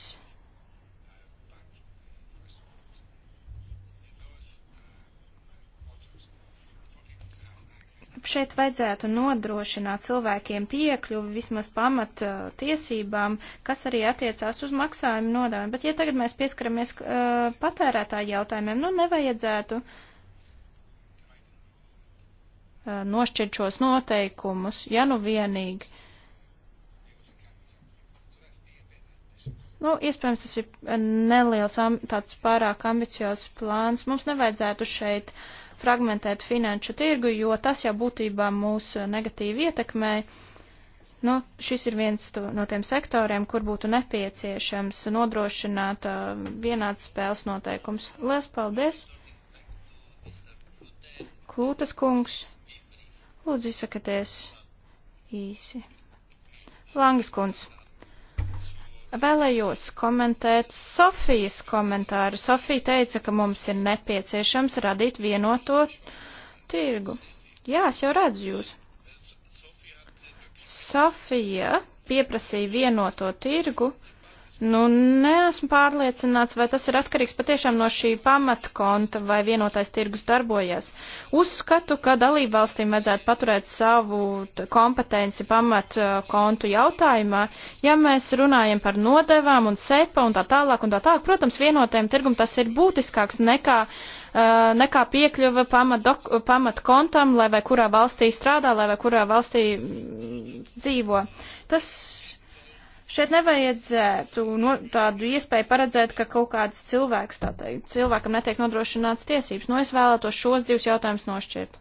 A: Šeit vajadzētu nodrošināt cilvēkiem piekļuvi vismaz pamat uh, tiesībām, kas arī attiecās uz maksājumu nodāviem. Bet ja tagad mēs pieskaramies uh, patērētāju jautājumiem, nu nevajadzētu uh, nošķirt šos noteikumus, ja nu vienīgi. Nu, iespējams, tas ir neliels, tāds pārāk ambiciozs plāns. Mums nevajadzētu šeit uh, fragmentēt finanšu tirgu, jo tas jau būtībā mūs negatīvi ietekmē. Nu, šis ir viens no tiem sektoriem, kur būtu nepieciešams nodrošināt uh, vienāds spēles noteikums. Lielas paldies! Klūtas kungs, lūdzu izsakaties īsi. Langas kungs. Vēlējos komentēt Sofijas komentāru. Sofija teica, ka mums ir nepieciešams radīt vienoto tirgu. Jā, es jau redzu jūs. Sofija pieprasīja vienoto tirgu, uh, Nu, neesmu pārliecināts, vai tas ir atkarīgs patiešām no šī pamatkonta, vai vienotais tirgus darbojas. Uzskatu, ka dalību valstīm vajadzētu paturēt savu kompetenci pamatkontu uh, jautājumā. Ja mēs runājam par nodevām un sepa un tā tālāk un tā tālāk, protams, vienotajam tirgum tas ir būtiskāks nekā uh, nekā piekļuva pamatkontam, pamat, pamat lai vai kurā valstī strādā, lai vai kurā valstī mm, dzīvo. Tas Šeit nevajadzētu no, tādu iespēju paredzēt, ka kaut kāds cilvēks, tā teikt, cilvēkam netiek nodrošināts tiesības. Nu, es vēlētos šos divus jautājumus nošķirt.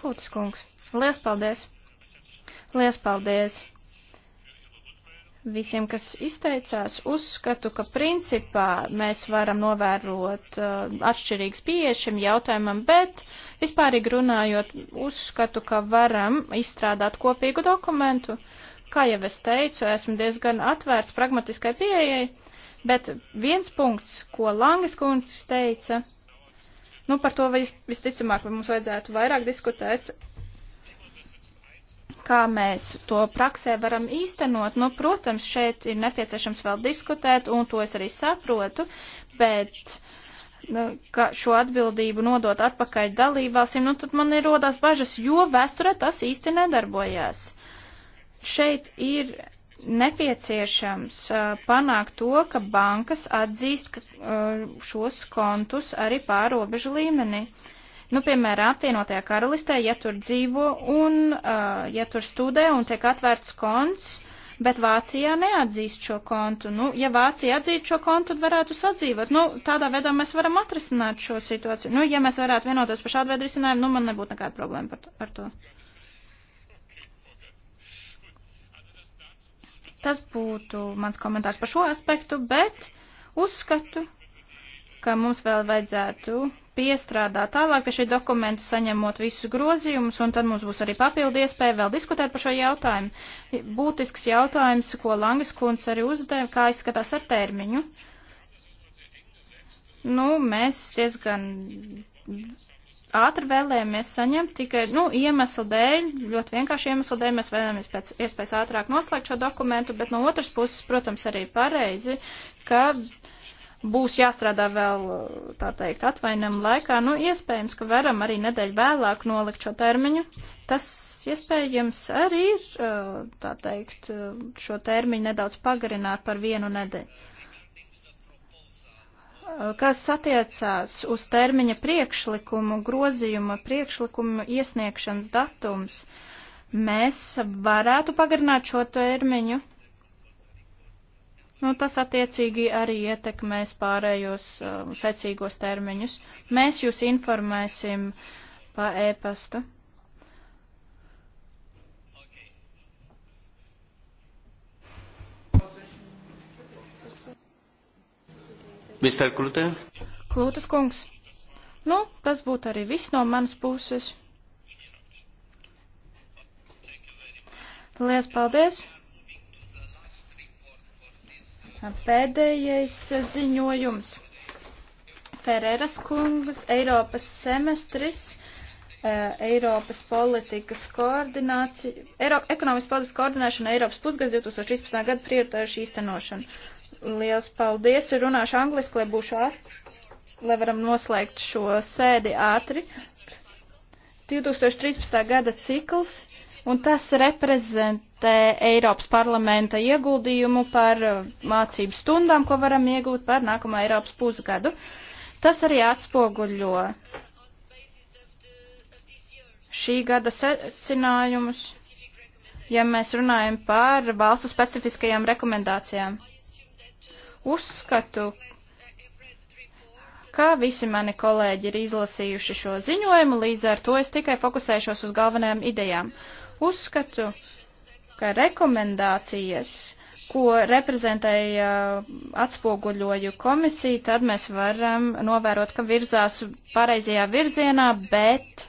A: Klūtas kungs, liels paldies! Liels paldies! visiem, kas izteicās, uzskatu, ka principā mēs varam novērot uh, atšķirīgas pieejas šim jautājumam, bet vispārīgi runājot, uzskatu, ka varam izstrādāt kopīgu dokumentu. Kā jau es teicu, esmu diezgan atvērts pragmatiskai pieejai, bet viens punkts, ko Langas kundze teica, nu par to vis, visticamāk mums vajadzētu vairāk diskutēt, kā mēs to praksē varam īstenot. Nu, protams, šeit ir nepieciešams vēl diskutēt, un to es arī saprotu, bet nu, ka šo atbildību nodot atpakaļ dalībvalstīm, nu tad man ir rodās bažas, jo vēsturē tas īsti nedarbojās. Šeit ir nepieciešams uh, panākt to, ka bankas atzīst ka, uh, šos kontus arī pārobežu līmenī. Uh, Nu, piemēram, apvienotajā karalistē, ja tur dzīvo un uh, ja tur studē un tiek atvērts konts, bet Vācijā neatzīst šo kontu. Nu, ja Vācija atzīst šo kontu, tad varētu sadzīvot. Nu, tādā veidā mēs varam atrisināt šo situāciju. Nu, ja mēs varētu vienoties par šādu veidu risinājumu, nu, man nebūtu nekāda problēma par, par to. Tas būtu mans komentārs par šo aspektu, bet uzskatu, ka mums vēl vajadzētu piestrādāt tālāk pie šī dokumenta, saņemot visus grozījumus, un tad mums būs arī papildi iespēja vēl diskutēt par šo jautājumu. Būtisks jautājums, ko Langas kundze arī uzdeva, kā izskatās ar termiņu. Nu, mēs diezgan ātri vēlējāmies saņemt tikai, nu, iemeslu dēļ, ļoti vienkārši iemeslu dēļ mēs vēlējāmies pēc iespējas ātrāk noslēgt šo dokumentu, bet no otras puses, protams, arī pareizi, ka uh, būs jāstrādā vēl, tā teikt, atvainam laikā. Nu, iespējams, ka varam arī nedēļu vēlāk nolikt šo termiņu. Tas iespējams arī ir, tā teikt, šo termiņu nedaudz pagarināt par vienu nedēļu. Kas attiecās uz termiņa priekšlikumu, grozījuma priekšlikumu iesniegšanas datums, mēs varētu pagarināt šo termiņu Nu, tas attiecīgi arī ietekmēs pārējos uh, secīgos termiņus. Mēs jūs informēsim pa e-pastu. Mr. Klute? Klūtas kungs. Nu, tas būtu arī viss no manas puses. Lielas paldies! Pēdējais ziņojums. Ferreras kungas Eiropas semestris, eh, Eiropas politikas koordinācija, Eiro, ekonomiskas politikas koordinēšana, Eiropas pusgads 2016. gada prioritāšu īstenošana. Liels paldies, runāšu angliski, lai būšu ātri, lai varam noslēgt šo sēdi ātri. 2013. gada cikls un tas reprezentē Eiropas parlamenta ieguldījumu par uh, mācību stundām, ko varam iegūt par nākamo Eiropas pusgadu. Tas arī atspoguļo šī gada secinājumus, ja mēs runājam par valstu specifiskajām rekomendācijām. Uzskatu, kā visi mani kolēģi ir izlasījuši šo ziņojumu, līdz ar to es tikai fokusēšos uz galvenajām idejām. Uzskatu, ka rekomendācijas, ko reprezentēja atspoguļoju komisija, tad mēs varam novērot, ka virzās pareizajā virzienā, bet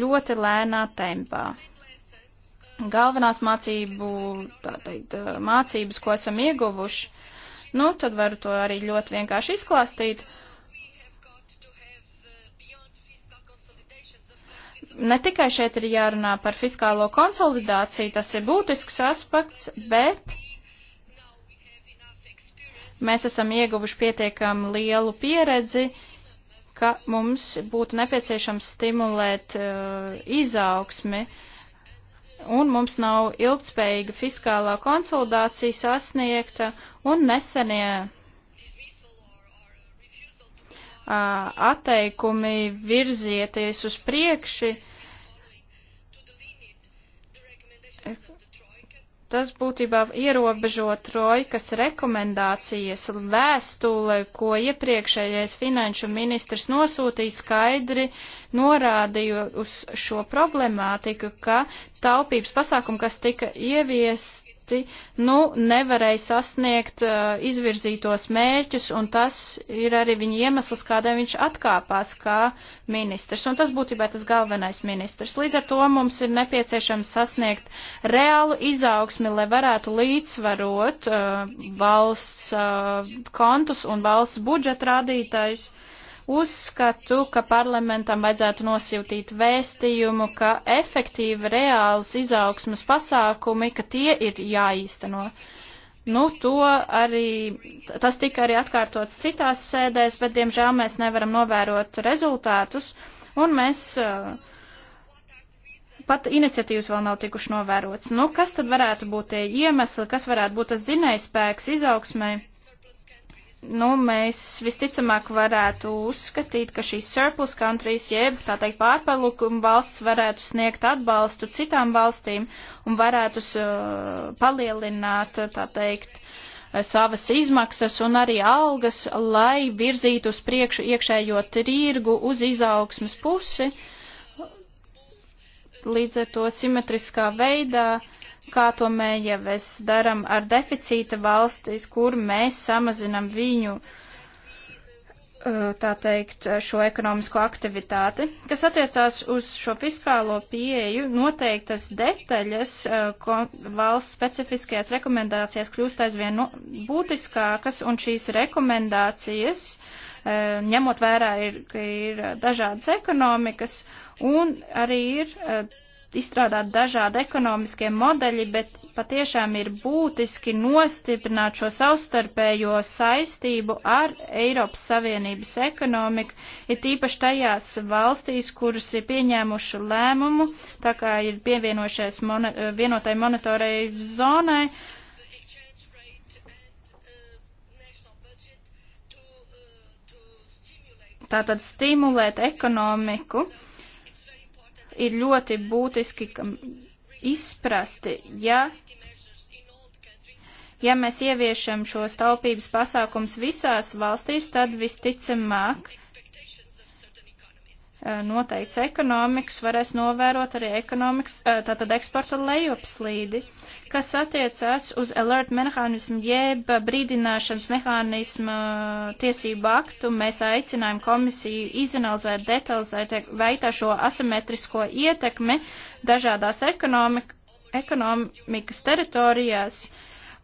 A: ļoti lēnā tempā. Galvenās mācību, tātad mācības, ko esam ieguvuši, nu, tad varu to arī ļoti vienkārši izklāstīt. Uh, ne tikai šeit ir jārunā par fiskālo konsolidāciju, tas ir būtisks aspekts, bet mēs esam ieguvuši pietiekam lielu pieredzi, ka mums būtu nepieciešams stimulēt uh, izaugsmi, un mums nav ilgtspējīga fiskālā konsolidācija sasniegta, un nesenie atteikumi virzieties uz priekši. Tas būtībā ierobežo trojkas rekomendācijas vēstule, ko iepriekšējais finanšu ministrs nosūtīja skaidri norādīja uz šo problemātiku, ka taupības pasākumi, kas tika ieviest, valsti nu, nevarēja sasniegt uh, izvirzītos mērķus, un tas ir arī viņa iemesls, kādēļ viņš atkāpās kā ministrs. Un tas būtībā tas galvenais ministrs. Līdz ar to mums ir nepieciešams sasniegt reālu izaugsmi, lai varētu līdzsvarot uh, valsts uh, kontus un valsts budžeta rādītājus. Uh, Uzskatu, ka parlamentam vajadzētu nosūtīt vēstījumu, ka efektīvi reāls izaugsmas pasākumi, ka tie ir jāīsteno. Nu, to arī, tas tika arī atkārtots citās sēdēs, bet, diemžēl, mēs nevaram novērot rezultātus, un mēs uh, pat iniciatīvas vēl nav tikuši novērots. Nu, kas tad varētu būt tie iemesli, kas varētu būt tas dzinējspēks izaugsmai? nu, mēs visticamāk varētu uzskatīt, ka šīs surplus countries, jeb tā teikt pārpalikuma valsts, varētu sniegt atbalstu citām valstīm un varētu uh, palielināt, tā teikt, uh, savas izmaksas un arī algas, lai virzītu uz priekšu iekšējo tirgu uz izaugsmas pusi. Līdz ar to simetriskā veidā uh, kā to mēs darām ar deficīta valstis, kur mēs samazinam viņu tā teikt, šo ekonomisko aktivitāti, kas attiecās uz šo fiskālo pieeju, noteiktas detaļas ko, valsts specifiskajās rekomendācijās kļūst aizvien no, būtiskākas, un šīs rekomendācijas uh, ņemot vērā, ir, ka ir dažādas ekonomikas un arī ir izstrādāt dažādi ekonomiskie modeļi, bet patiešām ir būtiski nostiprināt šo savstarpējo saistību ar Eiropas Savienības ekonomiku, ir tīpaši tajās valstīs, kuras ir pieņēmuši lēmumu, tā kā ir pievienojušies moni vienotai monitorai zonai, tātad stimulēt ekonomiku ir ļoti būtiski izprasti, ja, ja mēs ieviešam šos taupības pasākums visās valstīs, tad visticamāk, uh, Eh, noteikts ekonomikas, varēs novērot arī ekonomikas, eh, tātad eksporta lejupslīdi, kas attiecās uz alert mehānismu jeb brīdināšanas mehānismu eh, tiesību aktu. Mēs aicinājām komisiju izanalizēt detalizēt veitā šo asimetrisko ietekmi dažādās ekonomik ekonomikas teritorijās. Uh,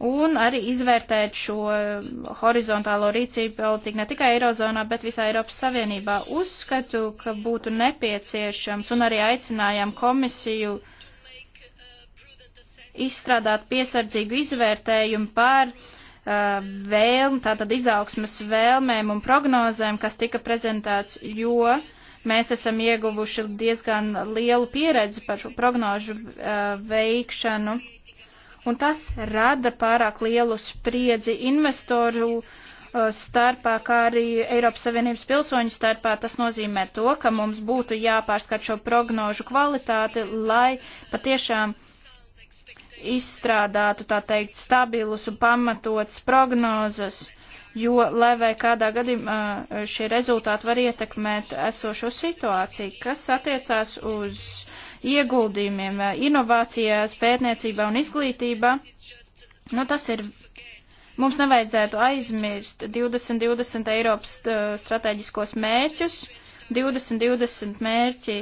A: un arī izvērtēt šo horizontālo rīcību politiku ne tikai Eirozonā, bet visā Eiropas Savienībā. Uzskatu, ka būtu nepieciešams un arī aicinājām komisiju izstrādāt piesardzīgu izvērtējumu par uh, vēlmu, tātad izaugsmas vēlmēm un prognozēm, kas tika prezentēts, jo uh, mēs esam ieguvuši diezgan lielu pieredzi par šo prognožu uh, veikšanu un tas rada pārāk lielu spriedzi investoru uh, starpā, kā arī Eiropas Savienības pilsoņu starpā. Tas nozīmē to, ka mums būtu jāpārskat šo prognožu kvalitāti, lai patiešām izstrādātu, tā teikt, stabilus un pamatots prognozes, jo, lai vai kādā gadījumā uh, šie rezultāti var ietekmēt esošo situāciju, kas attiecās uz ieguldījumiem, inovācijās, pētniecībā un izglītībā. Nu, tas ir mums nevajadzētu aizmirst 2020 Eiropas strateģiskos mērķus. 2020 mērķi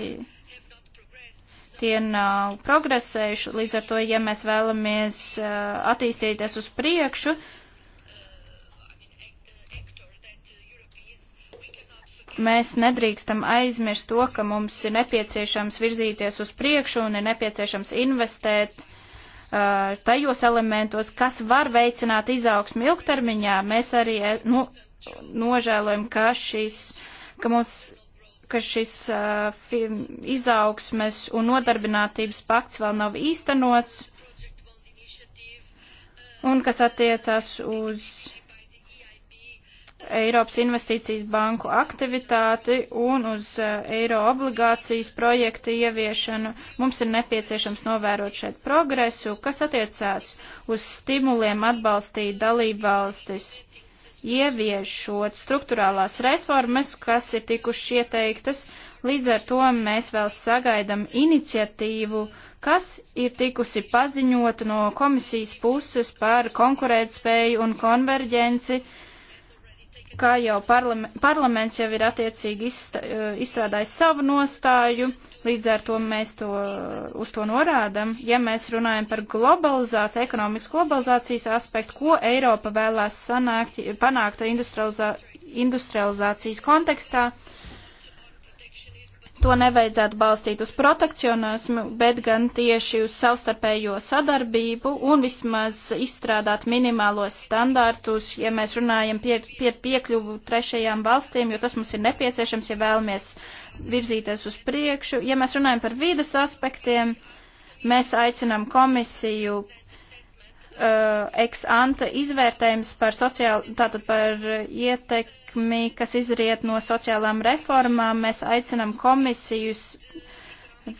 A: tie nav progresējuši, līdz ar to, ja mēs vēlamies uh, attīstīties uz priekšu, mēs nedrīkstam aizmirst to, ka mums ir nepieciešams virzīties uz priekšu un ir nepieciešams investēt uh, tajos elementos, kas var veicināt izaugsmu ilgtermiņā. Mēs arī eh, nu, nožēlojam, ka šis, ka mums, ka šis uh, izaugsmes un nodarbinātības pakts vēl nav īstenots un kas attiecas uz Eiropas investīcijas banku aktivitāti un uz e, eiro obligācijas projektu ieviešanu. Mums ir nepieciešams novērot šeit progresu, kas attiecās uz stimuliem atbalstīt dalību valstis, ieviešot struktūrālās reformas, kas ir tikuši ieteiktas. Līdz ar to mēs vēl sagaidam iniciatīvu, kas ir tikusi paziņota no komisijas puses par konkurētspēju un konverģenci kā jau parlam parlaments jau ir attiecīgi izstrādājis savu nostāju, līdz ar to mēs to, uz to norādam. Ja mēs runājam par globalizāciju, ekonomikas globalizācijas aspektu, ko Eiropa vēlās sanākt, panākt industrializā, industrializācijas kontekstā, uh, To nevajadzētu balstīt uz protekcionismu, bet gan tieši uz savstarpējo sadarbību un vismaz izstrādāt minimālos standārtus, ja mēs runājam pie, pie piekļuvu trešajām valstīm, jo tas mums ir nepieciešams, ja vēlamies virzīties uz priekšu. Ja mēs runājam par vīdes aspektiem, mēs aicinām komisiju Uh, ex-ante izvērtējums par, sociāli, tātad par ietekmi, kas izriet no sociālām reformām. Mēs aicinam komisijus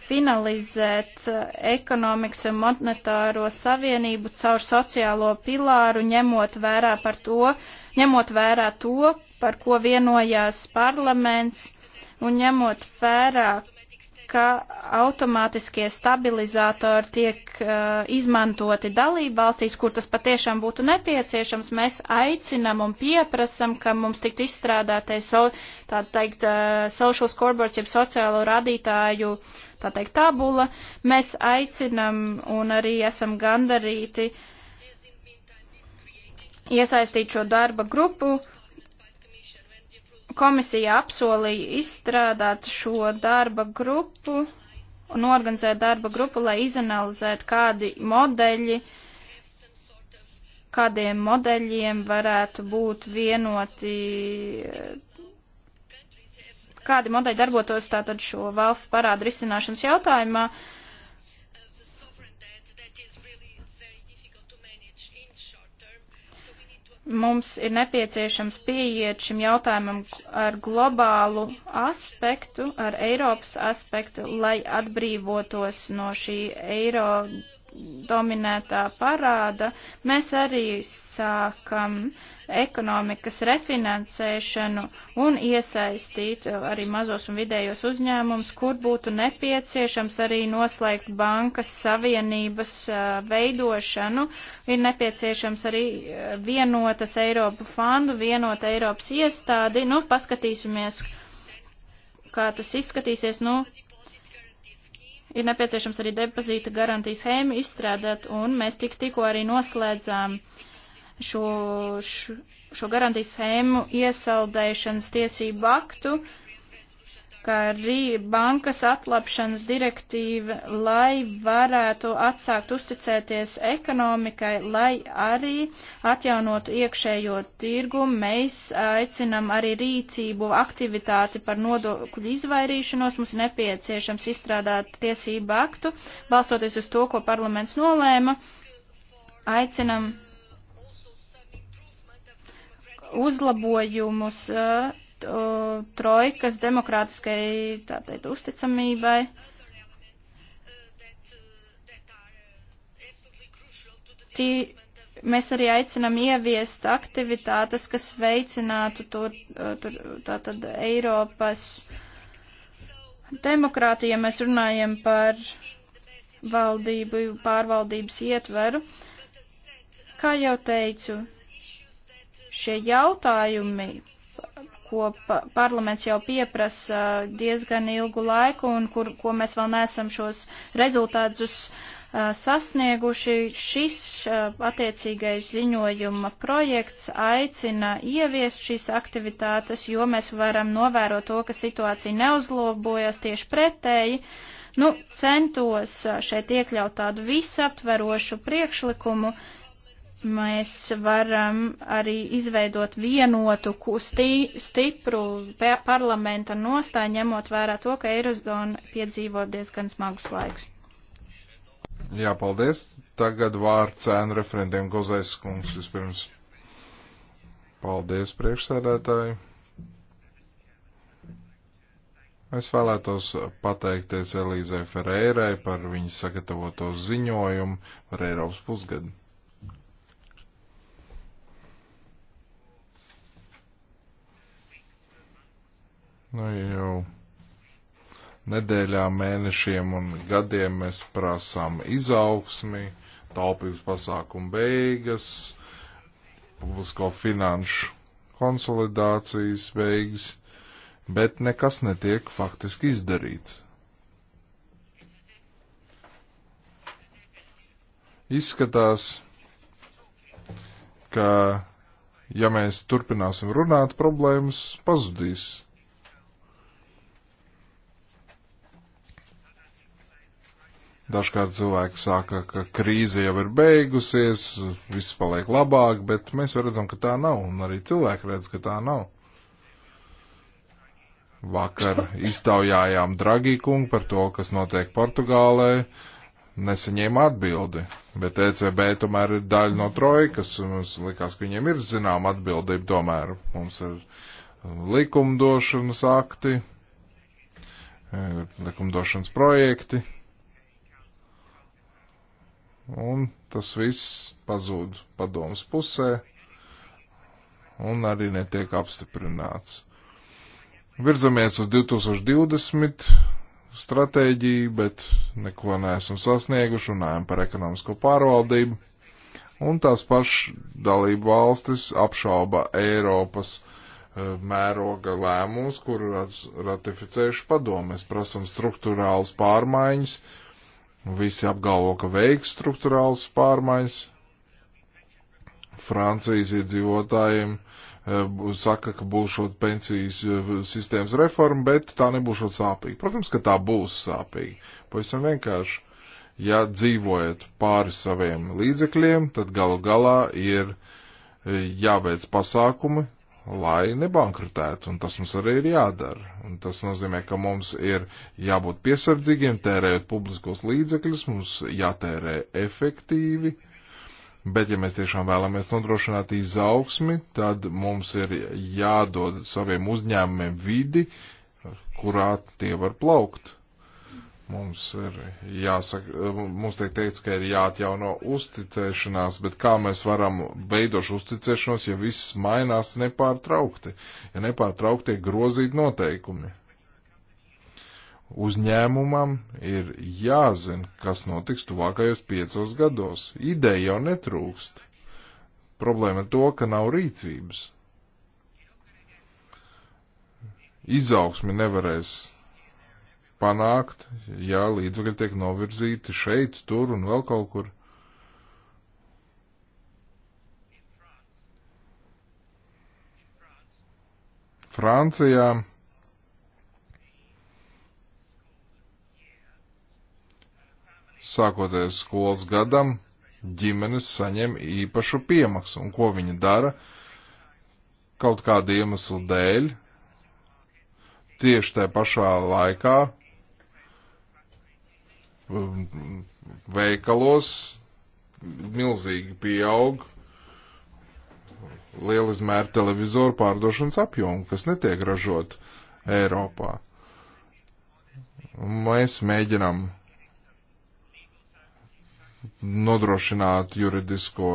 A: finalizēt uh, ekonomikas un monetāro savienību caur sociālo pilāru, ņemot vērā, par to, ņemot vērā to, par ko vienojās parlaments, un ņemot vērā, ka automātiskie stabilizatori tiek uh, izmantoti dalību valstīs, kur tas patiešām būtu nepieciešams, mēs aicinam un pieprasam, ka mums tiktu izstrādātais, so, tā teikt, uh, social scoreboards, jeb sociālo radītāju, tā teikt, tabula. Mēs aicinam un arī esam gandarīti iesaistīt šo darba grupu. Uh, Komisija apsolīja izstrādāt šo darba grupu un organizēt darba grupu, lai izanalizētu, kādi modeļi, kādiem modeļiem varētu būt vienoti, kādi modeļi darbotos tātad šo valsts parādu risināšanas jautājumā. Uh, mums ir nepieciešams pieiet šim jautājumam ar globālu aspektu, ar Eiropas aspektu, lai atbrīvotos no šī eiro dominētā parāda, mēs arī sākam ekonomikas refinansēšanu un iesaistīt arī mazos un vidējos uzņēmumus, kur būtu nepieciešams arī noslēgt bankas savienības veidošanu. Ir nepieciešams arī vienotas Eiropu fondu, vienota Eiropas iestādi. Nu, paskatīsimies, kā tas izskatīsies. Nu, ir nepieciešams arī depozīta garantijas schēmu izstrādāt, un mēs tik, tikko arī noslēdzām šo, šo, šo garantijas schēmu iesaldēšanas tiesību aktu, uh, ka arī bankas atlapšanas direktīva, lai varētu atsākt uzticēties ekonomikai, lai arī atjaunotu iekšējo tirgu, mēs aicinam arī rīcību aktivitāti par nodokļu izvairīšanos. Mums nepieciešams izstrādāt tiesību aktu, balstoties uz to, ko parlaments nolēma. Aicinam uzlabojumus uh, uh, trojkas demokrātiskai tātad, uzticamībai. Tī, mēs arī aicinam ieviest aktivitātes, kas veicinātu tur, uh, tur tātad Eiropas demokrātiju, ja mēs runājam par valdību, pārvaldības ietveru. Kā jau teicu, šie jautājumi, ko pa parlaments jau pieprasa diezgan ilgu laiku un kur, ko mēs vēl neesam šos rezultātus uh, sasnieguši. Šis uh, attiecīgais ziņojuma projekts aicina ieviest šīs aktivitātes, jo mēs varam novērot to, ka situācija neuzlobojas tieši pretēji. Nu, centos šeit iekļaut tādu visaptverošu priekšlikumu, uh, mēs varam arī izveidot vienotu, stī, stipru parlamenta nostāju, ņemot vērā to, ka Eirozona piedzīvo diezgan smagus laikus.
B: Jā, paldies. Tagad vārds ēnu referentiem Gozais kungs vispirms. Paldies, priekšsēdētāji. Es vēlētos pateikties Elīzai Ferreirai par viņas sagatavoto ziņojumu par Eiropas pusgadu. Nu, jau nedēļām, mēnešiem un gadiem mēs prasām izaugsmi, taupības pasākumu beigas, publisko finanšu konsolidācijas beigas, bet nekas netiek faktiski izdarīts. Izskatās, ka ja mēs turpināsim runāt, problēmas pazudīs. Dažkārt cilvēki saka, ka krīze jau ir beigusies, viss paliek labāk, bet mēs redzam, ka tā nav, un arī cilvēki redz, ka tā nav. Vakar iztaujājām Dragī kungu par to, kas notiek Portugālē, nesaņēma atbildi, bet ECB tomēr ir daļa no trojkas, un mums likās, ka viņiem ir zinām atbildība tomēr. Mums ir likumdošanas akti, e, likumdošanas projekti un tas viss pazūd padomas pusē un arī netiek apstiprināts. Virzamies uz 2020 stratēģiju, bet neko neesam sasnieguši, runājam par ekonomisko pārvaldību, un tās pašas dalību valstis apšauba Eiropas e, mēroga lēmumus, kur ratificējuši padomēs, prasam struktūrāls pārmaiņas, uh, Nu, visi apgalvo, ka veiks struktūrāls pārmaiņas. Francijas iedzīvotājiem e, saka, ka būšot pensijas e, sistēmas reforma, bet tā nebūšot sāpīga. Protams, ka tā būs sāpīga. Pavisam vienkārši. Ja dzīvojat pāri saviem līdzekļiem, tad galu galā ir e, jāveic pasākumi, lai nebankrutētu, un tas mums arī ir jādara. Un tas nozīmē, ka mums ir jābūt piesardzīgiem, tērējot publiskos līdzekļus, mums jātērē efektīvi, bet ja mēs tiešām vēlamies nodrošināt izaugsmi, tad mums ir jādod saviem uzņēmumiem vidi, kurā tie var plaukt. Mums ir jāsaka, mums tiek teikts, ka ir jāatjauno uzticēšanās, bet kā mēs varam beidošu uzticēšanos, ja viss mainās nepārtraukti, ja nepārtraukti tiek grozīt noteikumi? Uzņēmumam ir jāzina, kas notiks tuvākajos piecos gados. Ideja jau netrūkst. Problēma ir to, ka nav rīcības. Izaugsmi nevarēs panākt, ja līdzekļi tiek novirzīti šeit, tur un vēl kaut kur. Francijā sākoties skolas gadam, ģimenes saņem īpašu piemaksu, un ko viņi dara kaut kāda iemesla dēļ, tieši tajā pašā laikā Um, veikalos milzīgi pieaug lielizmēra televizoru pārdošanas apjomu, kas netiek ražot Eiropā. Mēs mēģinam nodrošināt juridisko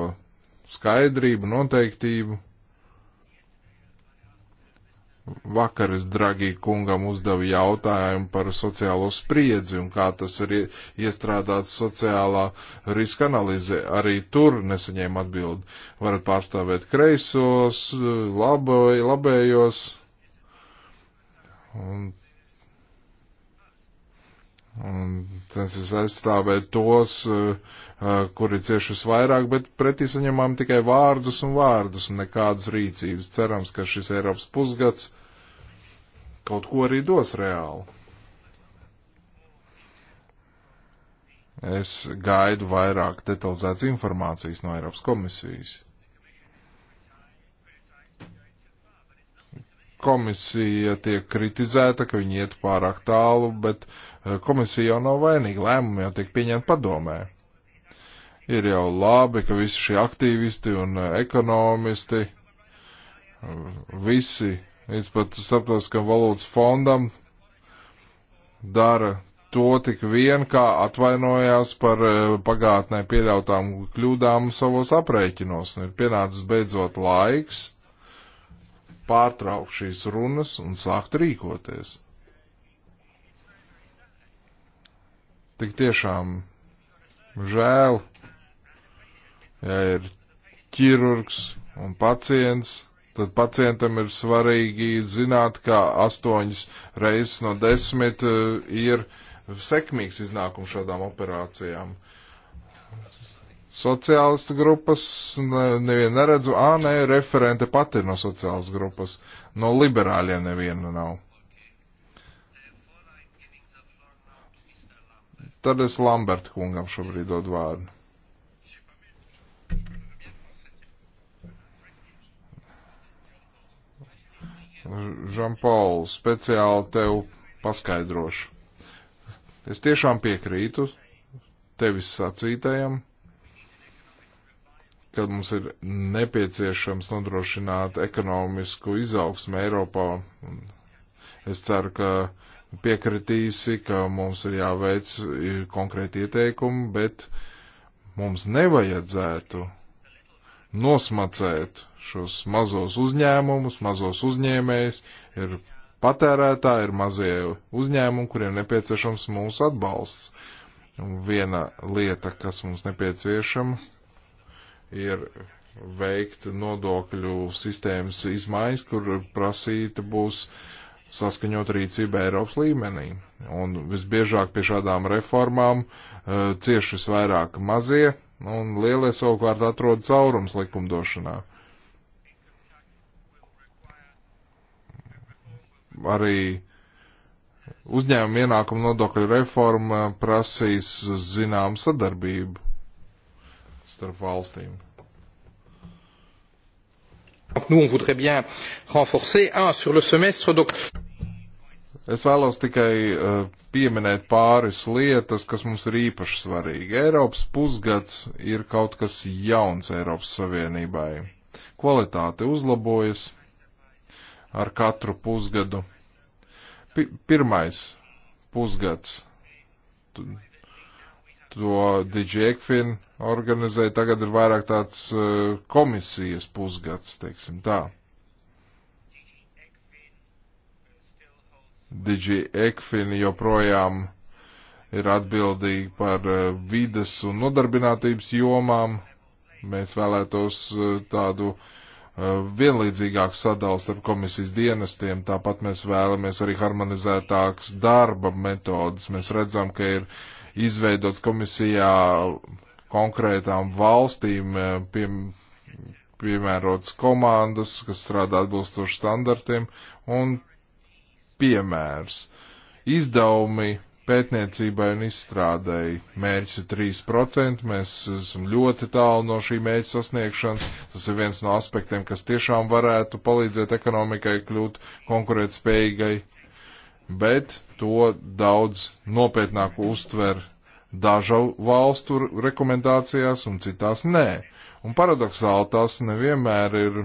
B: skaidrību, noteiktību, Vakar es Dragī kungam uzdevu jautājumu par sociālo spriedzi un kā tas ir iestrādāts sociālā riska analīze. Arī tur nesaņēma atbildi. Varat pārstāvēt kreisos, labo, labējos. Un Un tas ir aizstāvēt tos, eh, eh, kuri cieši visvairāk, bet pretī saņemām tikai vārdus un vārdus un nekādas rīcības. Cerams, ka šis Eiropas pusgads kaut ko arī dos reāli. Es gaidu vairāk detalizētas informācijas no Eiropas komisijas. Komisija tiek kritizēta, ka viņi iet pārāk tālu, bet uh, Eh, komisija jau nav vainīga, lēmumi jau tiek pieņemti padomē. Ir jau labi, ka visi šie aktīvisti un eh, ekonomisti, eh, visi, līdz pat starptautiskam valūtas fondam, dara to tik vien, kā atvainojās par pagātnē pieļautām kļūdām savos aprēķinos. Ir pienācis beidzot laiks pārtraukt šīs runas un sākt rīkoties. Tik tiešām žēl, ja ir ķirurgs un pacients, tad pacientam ir svarīgi zināt, ka astoņas reizes no desmit eh, ir sekmīgs iznākums šādām operācijām. Sociālistu grupas nevienu neredzu, ā, nē, ne, referente pati ir no sociālistu grupas, no liberāļiem neviena nav. Tad es Lamberta kungam šobrīd dod vārdu. Žanpaul, speciāli tev paskaidrošu. Es tiešām piekrītu tevis sacītajam, ka mums ir nepieciešams nodrošināt ekonomisku izaugsmu Eiropā. Es ceru, ka uh, piekritīsi, ka mums ir jāveic konkrēti ieteikumi, bet mums nevajadzētu nosmacēt šos mazos uzņēmumus, mazos uzņēmējus, ir patērētāji, ir mazie uzņēmumi, kuriem nepieciešams mūsu atbalsts. Un viena lieta, kas mums nepieciešama, ir veikt nodokļu sistēmas izmaiņas, kur prasīta būs uh, saskaņot rīcību Eiropas līmenī. Un visbiežāk pie šādām reformām uh, eh, cieši visvairāk mazie un lielie savukārt atrod caurums likumdošanā. Arī uzņēmuma ienākuma nodokļu reforma prasīs zinām sadarbību starp valstīm que nous on voudrait bien renforcer. Un, ah, sur le semestre, donc... Es vēlos tikai uh, pieminēt pāris lietas, kas mums ir īpaši svarīgi. Eiropas pusgads ir kaut kas jauns Eiropas Savienībai. Kvalitāte uzlabojas ar katru pusgadu. P pirmais pusgads to DigiEkfin organizēja, tagad ir vairāk tāds e, komisijas pusgads, teiksim tā. DigiEkfin joprojām ir atbildīgi par e, vides un nodarbinātības jomām. Mēs vēlētos e, tādu vienlīdzīgāku sadalu starp komisijas dienestiem, tāpat mēs vēlamies arī harmonizētākas darba metodas. Mēs redzam, ka ir uh, izveidots komisijā konkrētām valstīm eh, pie, piemērots komandas, kas strādā atbilstoši standartiem, un piemērs. Izdevumi pētniecībai un izstrādēji mērķis ir 3%, mēs esam ļoti tālu no šī mērķa sasniegšanas, tas ir viens no aspektiem, kas tiešām varētu palīdzēt ekonomikai kļūt konkurētspējīgai bet to daudz nopietnāk uztver dažu valstu rekomendācijās un citās nē. Un paradoxāli tās nevienmēr ir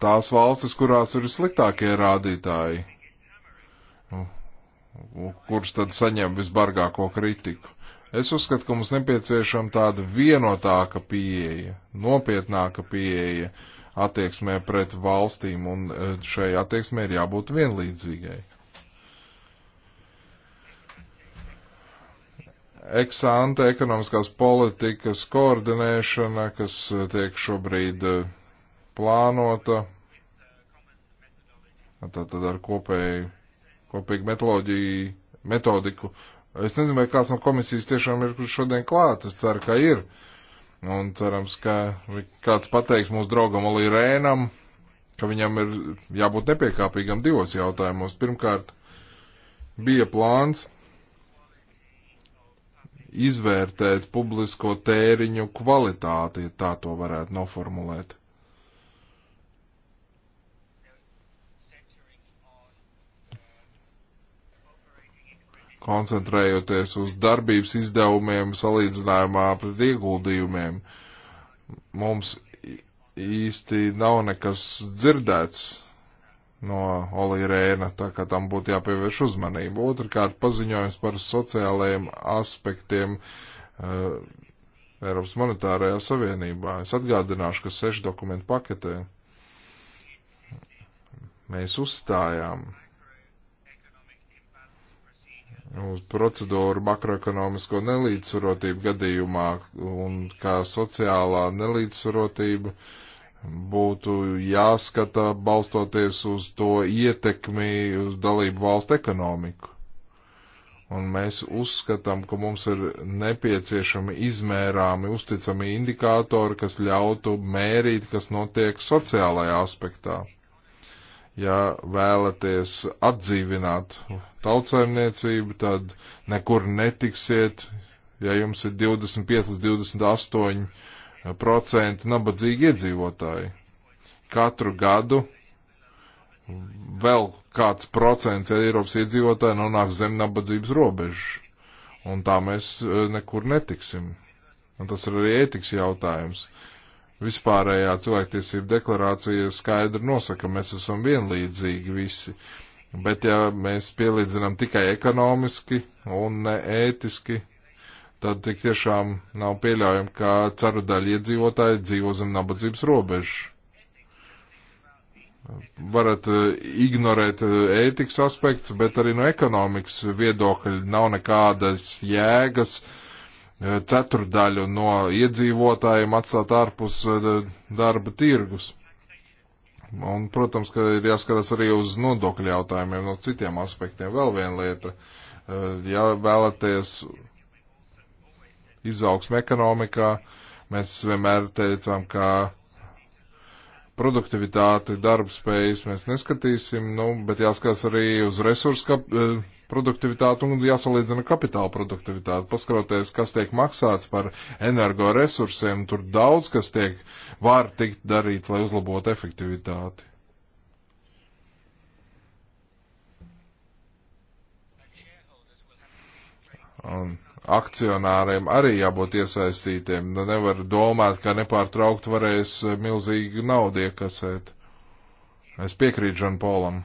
B: tās valstis, kurās ir sliktākie rādītāji, nu, kurš tad saņem visbargāko kritiku. Es uzskatu, ka mums nepieciešama tāda vienotāka pieeja, nopietnāka pieeja, uh, attieksmē pret valstīm, un e, šai attieksmē ir jābūt vienlīdzīgai. Eksante ekonomiskās politikas koordinēšana, kas e, tiek šobrīd e, plānota, tātad ar kopēju, kopīgu metoloģiju, metodiku. Es nezinu, vai kāds no komisijas tiešām ir šodien klāt, es ceru, ka ir. Uh, Un cerams, ka kāds pateiks mūsu draugam Olī Rēnam, ka viņam ir jābūt nepiekāpīgam divos jautājumos. Pirmkārt, bija plāns izvērtēt publisko tēriņu kvalitāti, ja tā to varētu noformulēt. koncentrējoties uz darbības izdevumiem salīdzinājumā pret ieguldījumiem. Mums īsti nav nekas dzirdēts no Olī Rēna, tā kā tam būtu jāpievērš uzmanība. Otrakārt, paziņojums par sociālajiem aspektiem uh, Eiropas monetārajā savienībā. Es atgādināšu, ka sešu dokumentu paketē mēs uzstājām uz procedūru makroekonomisko nelīdzsvarotību gadījumā un kā sociālā nelīdzsvarotība būtu jāskata balstoties uz to ietekmi uz dalību valstu ekonomiku. Un mēs uzskatām, ka mums ir nepieciešami izmērāmi, uzticami indikātori, kas ļautu mērīt, kas notiek sociālajā aspektā ja vēlaties atdzīvināt tautsēmniecību, tad nekur netiksiet, ja jums ir 25 līdz 28 procenti nabadzīgi iedzīvotāji. Katru gadu vēl kāds procents Eiropas iedzīvotāji nonāk zem nabadzības robežas. Un tā mēs e, nekur netiksim. Un tas ir arī ētikas jautājums. Uh, Vispārējā cilvēktiesība deklarācija skaidri nosaka, mēs esam vienlīdzīgi visi. Bet ja mēs pielīdzinām tikai ekonomiski un ne ētiski, tad tik tiešām nav pieļaujami, ka ceru daļa iedzīvotāji dzīvo zem nabadzības robežas. Varat eh, ignorēt eh, ētikas aspekts, bet arī no ekonomikas viedokļa nav nekādas jēgas uh, Eh, ceturdaļu no iedzīvotājiem atstāt ārpus eh, darba tirgus. Un, protams, ka ir jāskatās arī uz nodokļu jautājumiem no citiem aspektiem. Vēl viena lieta, eh, ja vēlaties izaugsmu ekonomikā, mēs vienmēr teicām, ka produktivitāti, darba spējas mēs neskatīsim, nu, bet jāskatās arī uz resursu produktivitāti un jāsalīdzina kapitāla produktivitāti. Paskaroties, kas tiek maksāts par energoresursiem, tur daudz kas tiek, var tikt darīts, lai uzlabotu efektivitāti. Un akcionāriem arī jābūt iesaistītiem. Nu, nevar domāt, ka nepārtraukt varēs milzīgi naudu iekasēt. Es piekrītu Žanpolam. Polam.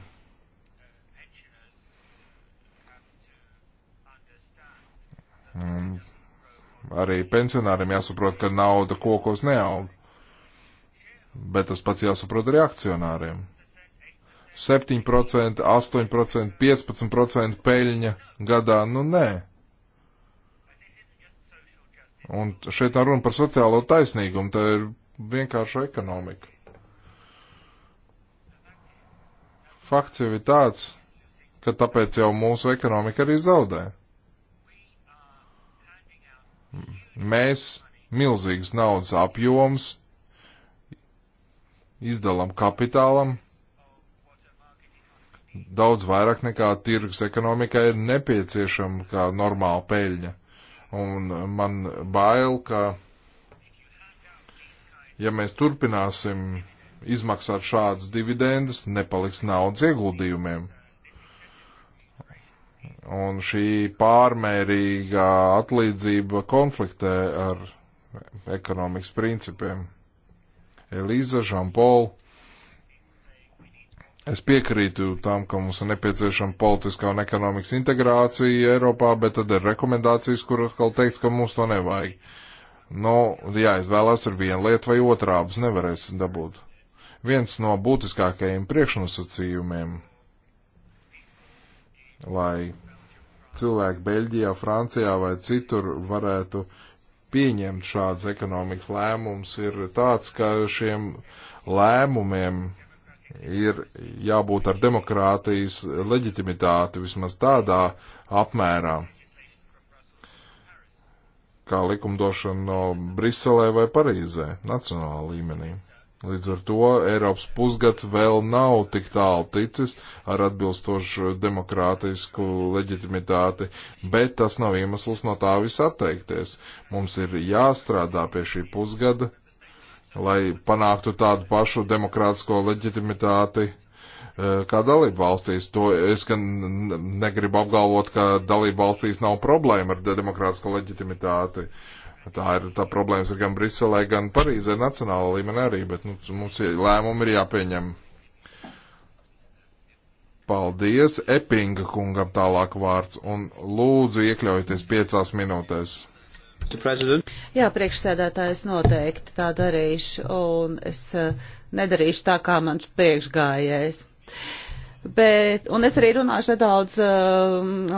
B: Arī pensionāriem jāsaprot, ka nauda kokos neaug. Bet tas pats jāsaprot arī akcionāriem. 7%, 8%, 15% peļņa gadā, nu nē. Un šeit nav runa par sociālo taisnīgumu, tā ir vienkārša ekonomika. Fakts jau ir tāds, ka tāpēc jau mūsu ekonomika arī zaudē. Mēs milzīgs naudas apjoms izdalam kapitālam daudz vairāk nekā tirgus ekonomikai ir nepieciešama kā normāla peļņa. Un man bail, ka ja mēs turpināsim izmaksāt šādas dividendes, nepaliks naudas ieguldījumiem. Un šī pārmērīgā atlīdzība konfliktē ar ekonomikas principiem. Elīza, Žanpola, Es piekrītu tam, ka mums ir nepieciešama politiskā un ekonomikas integrācija Eiropā, bet tad ir rekomendācijas, kur atkal teiks, ka mums to nevajag. Nu, jā, izvēlēs ar vienu lietu vai otrā, abas nevarēs dabūt. Viens no būtiskākajiem priekšnosacījumiem lai cilvēki Beļģijā, Francijā vai citur varētu pieņemt šādas ekonomikas lēmumus, ir tāds, ka šiem lēmumiem ir jābūt ar demokrātijas leģitimitāti vismaz tādā apmērā, kā likumdošana no Briselē vai Parīzē, nacionālā līmenī. Līdz ar to Eiropas pusgads vēl nav tik tālu ticis ar atbilstošu demokrātisku leģitimitāti, bet tas nav iemesls no tā visa atteikties. Mums ir jāstrādā pie šī pusgada, lai panāktu tādu pašu demokrātisko leģitimitāti eh, kā dalību valstīs. To es gan negribu apgalvot, ka dalību valstīs nav problēma ar demokrātisko leģitimitāti. Uh, Tā ir tā problēmas ir gan Briselē, gan Parīzē, nacionāla līmenī arī, bet nu, mums lēmumi ir jāpieņem. Paldies Epinga kungam tālāk vārds un lūdzu iekļaujieties piecās minūtēs.
C: Jā, priekšsēdētājs noteikti tā darīšu un es eh, nedarīšu tā, kā mans priekšgājējs. Bet, un es arī runāšu nedaudz uh,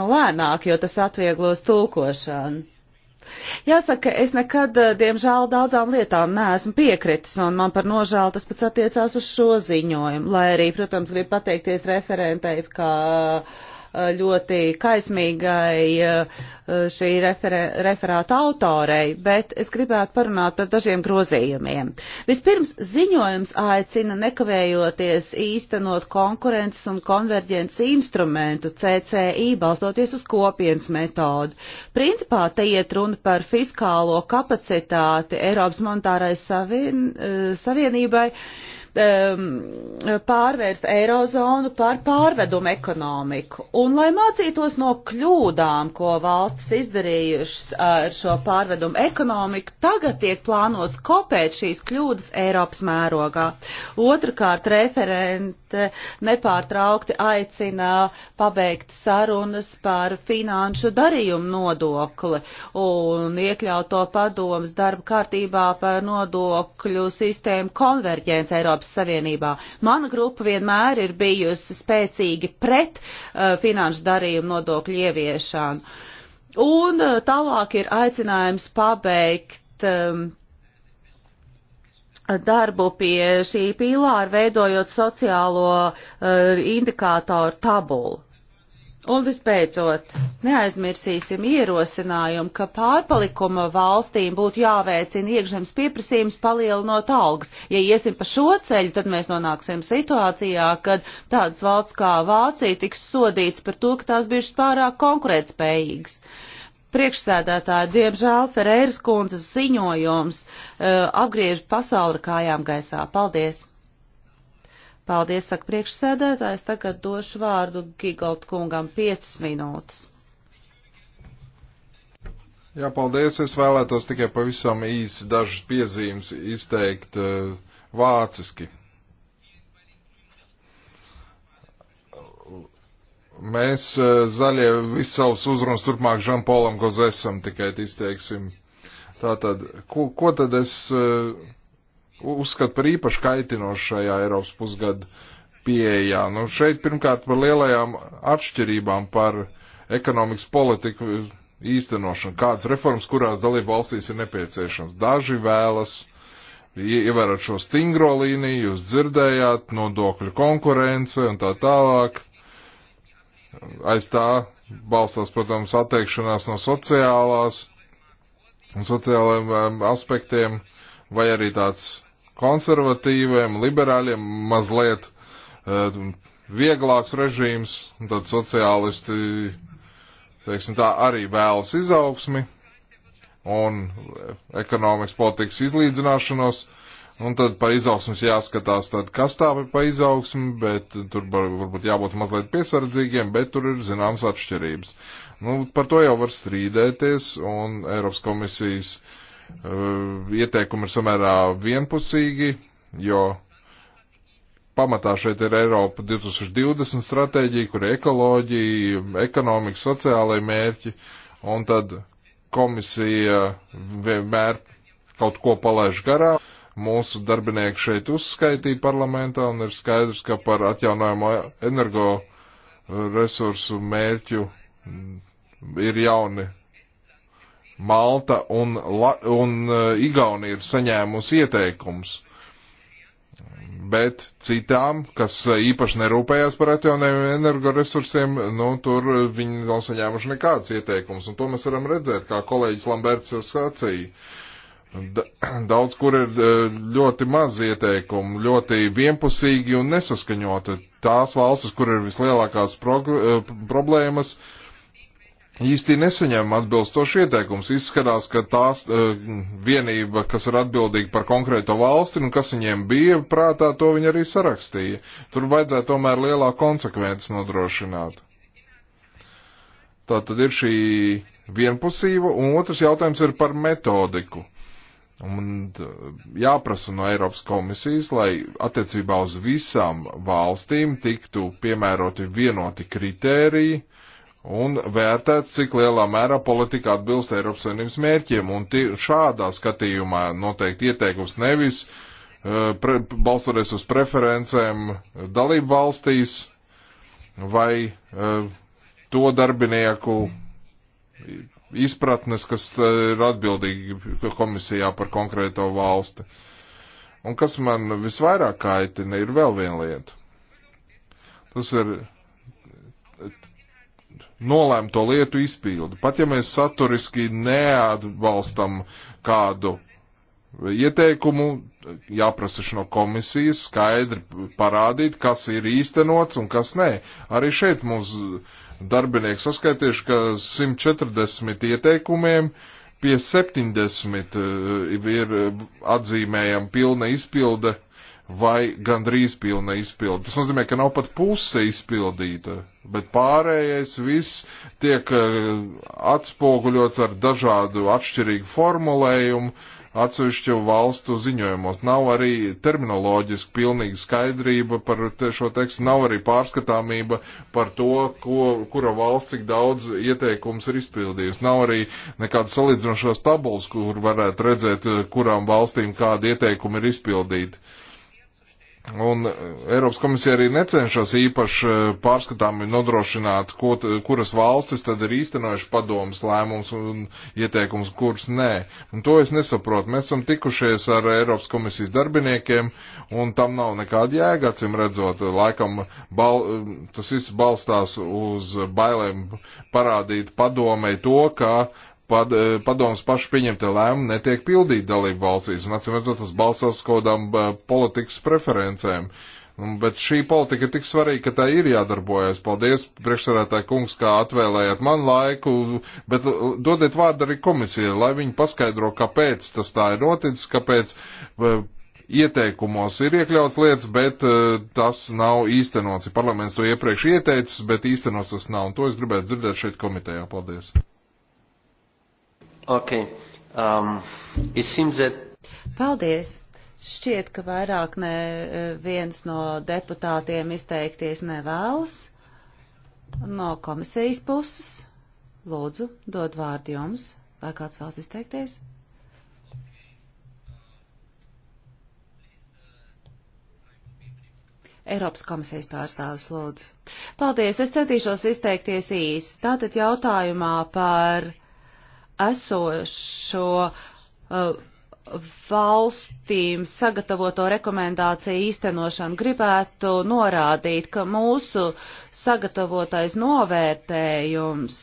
C: lēnāk, jo tas atvieglos tulkošanu. Jāsaka, es nekad, eh, diemžēl, daudzām lietām neesmu piekritis, un man par nožēlu tas pats attiecās uz šo ziņojumu, lai arī, protams, gribu pateikties referentei, ka uh, ļoti kaismīgai eh, šī referē, referāta autorei, bet es gribētu parunāt par dažiem grozījumiem. Vispirms ziņojums aicina nekavējoties īstenot konkurences un konverģences instrumentu CCI balstoties uz kopienas metodu. Principā te iet runa par fiskālo kapacitāti Eiropas monetārai savien, eh, savienībai. Uh, Um, pārvērst eirozonu par pārvedumu ekonomiku. Un lai mācītos no kļūdām, ko valstis izdarījušas ar šo pārvedumu ekonomiku, tagad tiek plānots kopēt šīs kļūdas Eiropas mērogā. Otrakārt, referente nepārtraukti aicina pabeigt sarunas par finanšu darījumu nodokli un iekļaut to padomas darba kārtībā par nodokļu sistēmu konverģents Eiropas Eiropas Savienībā. Mana grupa vienmēr ir bijusi spēcīgi pret uh, finanšu darījumu nodokļu ieviešanu. Un uh, tālāk ir aicinājums pabeigt um, darbu pie šī pīlāra, veidojot sociālo uh, indikātoru tabulu. Un vispēcot, neaizmirsīsim ierosinājumu, ka pārpalikuma valstīm būtu jāveicina iekšzemes pieprasījums palielinot algas. Ja iesim pa šo ceļu, tad mēs nonāksim situācijā, kad tādas valsts kā Vācija tiks sodīts par to, ka tās bijušas pārāk konkurētspējīgas. Priekšsēdētāji, diemžēl Ferēras kundzes ziņojums uh, apgriež pasauli kājām gaisā. Paldies! Paldies, saka priekšsēdētājs. Tagad došu vārdu Gigolt kungam 5 minūtes.
B: Jā, paldies. Es vēlētos tikai pavisam īsi dažas piezīmes izteikt eh, vāciski. Mēs eh, zaļie visu savus uzrunas turpmāk Žanpolam Gozesam tikai izteiksim. Tātad, ko, ko tad es. Uh, uzskata par īpaši kaitinošajā Eiropas pusgada pieejā. Nu, šeit pirmkārt par lielajām atšķirībām par ekonomikas politiku īstenošanu, kādas reformas, kurās dalību valstīs ir nepieciešams. Daži vēlas ievērot šo stingro līniju, jūs dzirdējāt, nodokļu konkurence un tā tālāk. Aiz tā balstās, protams, atteikšanās no sociālās un sociālajiem um, aspektiem, vai arī tāds konservatīviem, liberāļiem mazliet eh, vieglāks režīms, un tad sociālisti, teiksim tā, arī vēlas izaugsmi un ekonomikas politikas izlīdzināšanos. Un tad pa izaugsmus jāskatās, tad kas tā ir pa izaugsmu, bet tur varbūt jābūt mazliet piesardzīgiem, bet tur ir zināmas atšķirības. Nu, par to jau var strīdēties, un Eiropas komisijas uh, Eh, ieteikumi ir samērā vienpusīgi, jo pamatā šeit ir Eiropa 2020 stratēģija, kur ir ekoloģija, ekonomika, sociālai mērķi, un tad komisija vienmēr kaut ko palaiž garā. Mūsu darbinieki šeit uzskaitīja parlamentā, un ir skaidrs, ka par atjaunojamo energo resursu mērķu ir jauni Malta un, La un eh, Igaunija ir saņēmusi ieteikums. Bet citām, kas eh, īpaši nerūpējās par atjaunējumiem energoresursiem, nu, tur eh, viņi nav saņēmuši nekādas ieteikumus. Un to mēs varam redzēt, kā kolēģis Lamberts ir sacīja. Daudz kur ir ļoti maz ieteikumu, ļoti vienpusīgi un nesaskaņoti. Tās valstis, kur ir vislielākās problēmas, uh, īsti nesaņem atbilstošu ieteikumus. Izskatās, ka tās uh, vienība, kas ir atbildīga par konkrēto valsti un kas viņiem bija prātā, to viņi arī sarakstīja. Tur vajadzētu tomēr lielā konsekvences nodrošināt. Tā tad ir šī vienpusība, un otrs jautājums ir par metodiku. Un eh, jāprasa no Eiropas komisijas, lai attiecībā uz visām valstīm tiktu piemēroti vienoti kritēriji, uh, un vērtēts, cik lielā mērā politika atbilst Eiropas Savienības mērķiem. Un šādā skatījumā noteikti ieteikums nevis eh, pre, balstoties uz preferencēm dalību valstīs vai eh, to darbinieku izpratnes, kas eh, ir atbildīgi komisijā par konkrēto valsti. Un kas man visvairāk kaitina, ir vēl viena lieta. Tas ir nolēmto lietu izpildi. Pat ja mēs saturiski neatbalstam kādu ieteikumu, jāprasa no komisijas skaidri parādīt, kas ir īstenots un kas nē. Arī šeit mums darbinieki saskaitījuši, ka 140 ieteikumiem pie 70 eh, ir eh, atzīmējama pilna izpilde vai gandrīz pilna izpilde. Tas nozīmē, ka nav pat puse izpildīta, bet pārējais viss tiek eh, atspoguļots ar dažādu atšķirīgu formulējumu atsevišķu valstu ziņojumos. Nav arī terminoloģiski pilnīga skaidrība par te šo tekstu, nav arī pārskatāmība par to, ko, kura valsts cik daudz ieteikums ir izpildījusi. Nav arī nekādas salīdzinošās tabulas, kur varētu redzēt, eh, kurām valstīm kādi ieteikumi ir izpildīti. Uh, Un e, Eiropas komisija arī necenšas īpaši e, pārskatāmi nodrošināt, ko, kuras valstis tad ir īstenojuši padomus lēmums un ieteikums, kuras nē. Un to es nesaprotu. Mēs esam tikušies ar Eiropas komisijas darbiniekiem, un tam nav nekāda jēga, acim redzot. Laikam bal, e, tas viss balstās uz bailēm parādīt padomē to, ka pad, e, padoms pašu pieņemtie lēmumi netiek pildīti dalību valstīs, un acīm redzot, tas balstās kaut kādām e, politikas preferencēm. Un, nu, bet šī politika ir tik svarīga, ka tā ir jādarbojas. Paldies, priekšsarētāji kungs, kā atvēlējāt man laiku, bet e, dodiet vārdu arī komisijai, lai viņi paskaidro, kāpēc tas tā ir noticis, kāpēc ieteikumos ir iekļauts lietas, bet uh, tas nav īstenots. Parlaments to iepriekš ieteicis, bet īstenots tas nav. Un to es gribētu dzirdēt šeit komitejā. Paldies! Okay. Um, that...
C: Paldies! Šķiet, ka vairāk ne eh, viens no deputātiem izteikties nevēlas. No komisijas puses, lūdzu, dod vārdu jums. Vai kāds vēlas izteikties? Eiropas komisijas pārstāvis lūdzu. Paldies, es centīšos izteikties īsi. Tātad jautājumā par esošo uh, valstīm sagatavoto rekomendāciju īstenošanu gribētu norādīt, ka mūsu sagatavotais novērtējums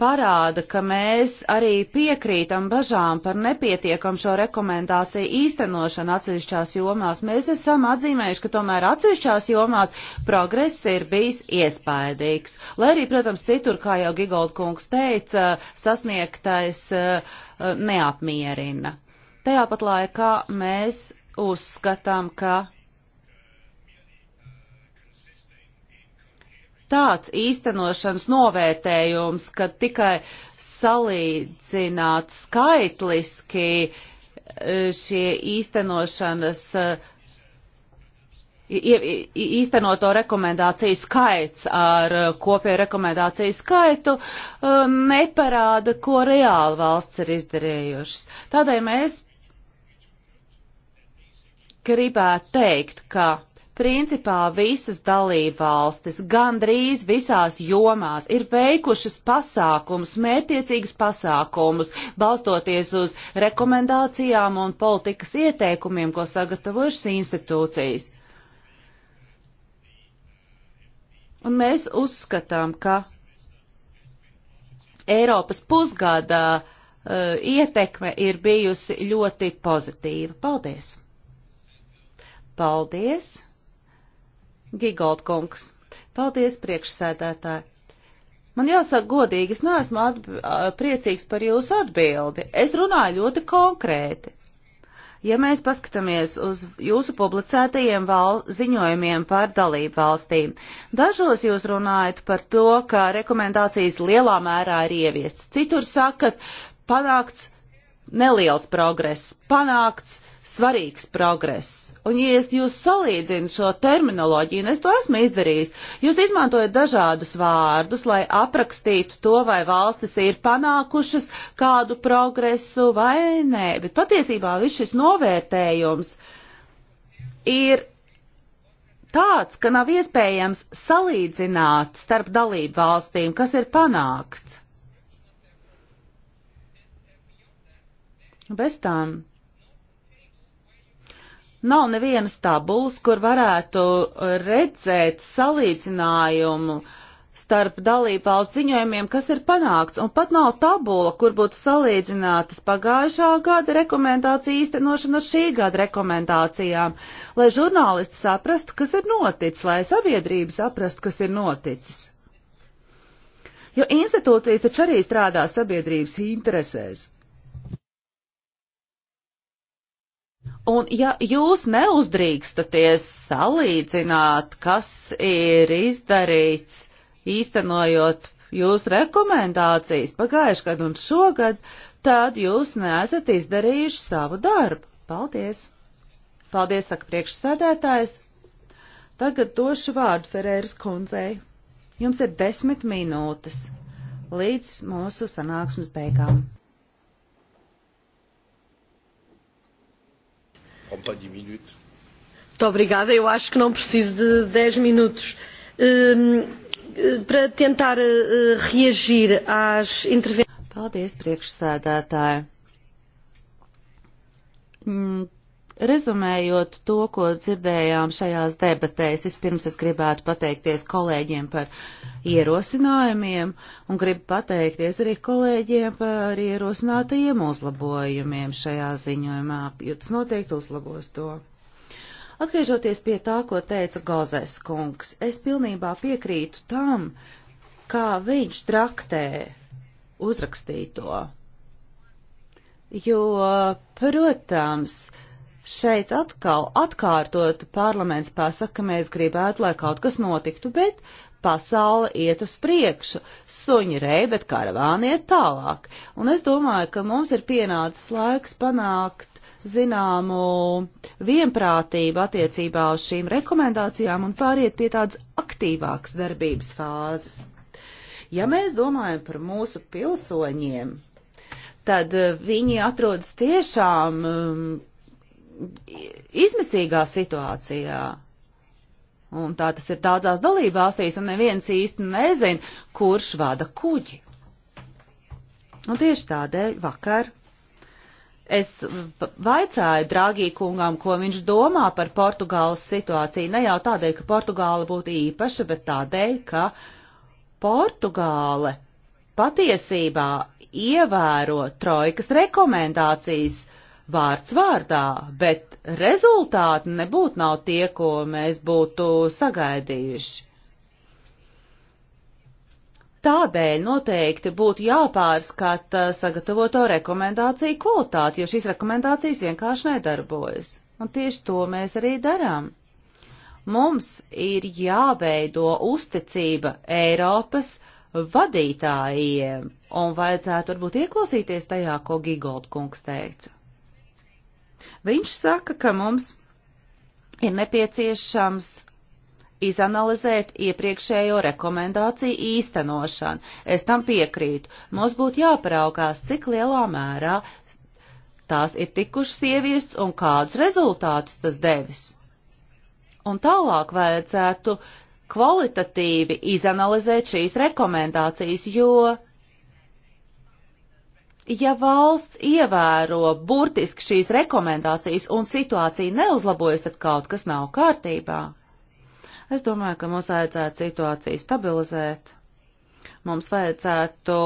C: parāda, ka mēs arī piekrītam bažām par nepietiekam šo rekomendāciju īstenošanu atsevišķās jomās. Mēs esam atzīmējuši, ka tomēr atsevišķās jomās progress ir bijis iespaidīgs. Lai arī, protams, citur, kā jau Gigold kungs teica, sasniegtais eh, eh, neapmierina. Tajāpat laikā mēs uzskatām, ka tāds īstenošanas novērtējums, ka tikai salīdzināt skaitliski e, šie īstenošanas e, īstenoto rekomendāciju skaits ar e, kopēju rekomendāciju skaitu neparāda, ko reāli valsts ir izdarījušas. Tādēļ mēs gribētu teikt, ka Principā visas dalībvalstis gandrīz visās jomās ir veikušas pasākumus, mētiecīgus pasākumus, balstoties uz rekomendācijām un politikas ieteikumiem, ko sagatavojušas institūcijas. Un mēs uzskatām, ka Eiropas pusgada uh, ietekme ir bijusi ļoti pozitīva. Paldies! Paldies! Gigoldkungs. Paldies, priekšsēdētāji. Man jāsaka godīgi, es neesmu priecīgs par jūsu atbildi. Es runāju ļoti konkrēti. Ja mēs paskatāmies uz jūsu publicētajiem val ziņojumiem par dalību valstīm, dažos jūs runājat par to, ka rekomendācijas lielā mērā ir ieviestas. Citur sakat, panākts neliels progress, panākts uh, svarīgs progress. Un, ja es jūs salīdzinu šo terminoloģiju, un es to esmu izdarījis, jūs izmantojat dažādus vārdus, lai aprakstītu to, vai valstis ir panākušas kādu progresu vai nē. Bet patiesībā viss šis novērtējums ir tāds, ka nav iespējams salīdzināt starp dalību valstīm, kas ir panākts. Bez tām Nav nevienas tabulas, kur varētu redzēt salīdzinājumu starp dalību valsts ziņojumiem, kas ir panākts, un pat nav tabula, kur būtu salīdzinātas pagājušā gada rekomendācija īstenošana ar šī gada rekomendācijām, lai žurnālisti saprastu, kas ir noticis, lai sabiedrība saprastu, kas ir noticis. Jo institūcijas taču arī strādā sabiedrības interesēs. Un ja jūs neuzdrīkstaties salīdzināt, kas ir izdarīts īstenojot jūsu rekomendācijas pagājušajā gadā un šogad, tad jūs neesat izdarījuši savu darbu. Paldies! Paldies, saka priekšsēdētājs. Tagad došu vārdu Ferēras kundzei. Jums ir desmit minūtes līdz mūsu sanāksmes beigām.
B: prends pas dix minutes.
A: Muito obrigada. Eu acho que não preciso de dez minutos. Para tentar eh,
C: reagir às intervenções. Paldies, priekšsēdētāji. Rezumējot to, ko dzirdējām šajās debatēs, vispirms es gribētu pateikties kolēģiem par ierosinājumiem un gribu pateikties arī kolēģiem par ierosinātajiem uzlabojumiem šajā ziņojumā, jo tas noteikti uzlabos to. Atgriežoties pie tā, ko teica Gozes kungs, es pilnībā piekrītu tam, kā viņš traktē uzrakstīto. Jo, protams, uh, šeit atkal atkārtot parlaments pasaka, ka mēs gribētu, lai kaut kas notiktu, bet pasaule iet uz priekšu, suņi rei, bet karavāni iet tālāk. Un es domāju, ka mums ir pienācis laiks panākt zināmu vienprātību attiecībā uz šīm rekomendācijām un pāriet pie tādas aktīvākas darbības fāzes. Ja mēs domājam par mūsu pilsoņiem, tad viņi atrodas tiešām um, izmisīgā situācijā. Un tā tas ir daudzās dalībvalstīs, un neviens īsti nezin, kurš vada kuģi. Un tieši tādēļ vakar es vaicāju Dragī kungam, ko viņš domā par Portugāles situāciju. Ne jau tādēļ, ka Portugāla būtu īpaša, bet tādēļ, ka Portugāle patiesībā ievēro trojkas rekomendācijas vārds vārdā, bet rezultāti nebūtu nav tie, ko mēs būtu sagaidījuši. Tādēļ noteikti būtu jāpārskata sagatavoto rekomendāciju kvalitāti, jo šīs rekomendācijas vienkārši nedarbojas. Un tieši to mēs arī darām. Mums ir jāveido uzticība Eiropas vadītājiem, un vajadzētu varbūt ieklausīties tajā, ko Gigold kungs teica. Viņš saka, ka mums ir nepieciešams izanalizēt iepriekšējo rekomendāciju īstenošanu. Es tam piekrītu. Mums būtu jāparaukās, cik lielā mērā tās ir tikušas ieviests un kādus rezultātus tas devis. Un tālāk vajadzētu kvalitatīvi izanalizēt šīs rekomendācijas, jo ja valsts ievēro burtiski šīs rekomendācijas un situācija neuzlabojas, tad kaut kas nav kārtībā. Es domāju, ka mums vajadzētu situāciju stabilizēt. Mums vajadzētu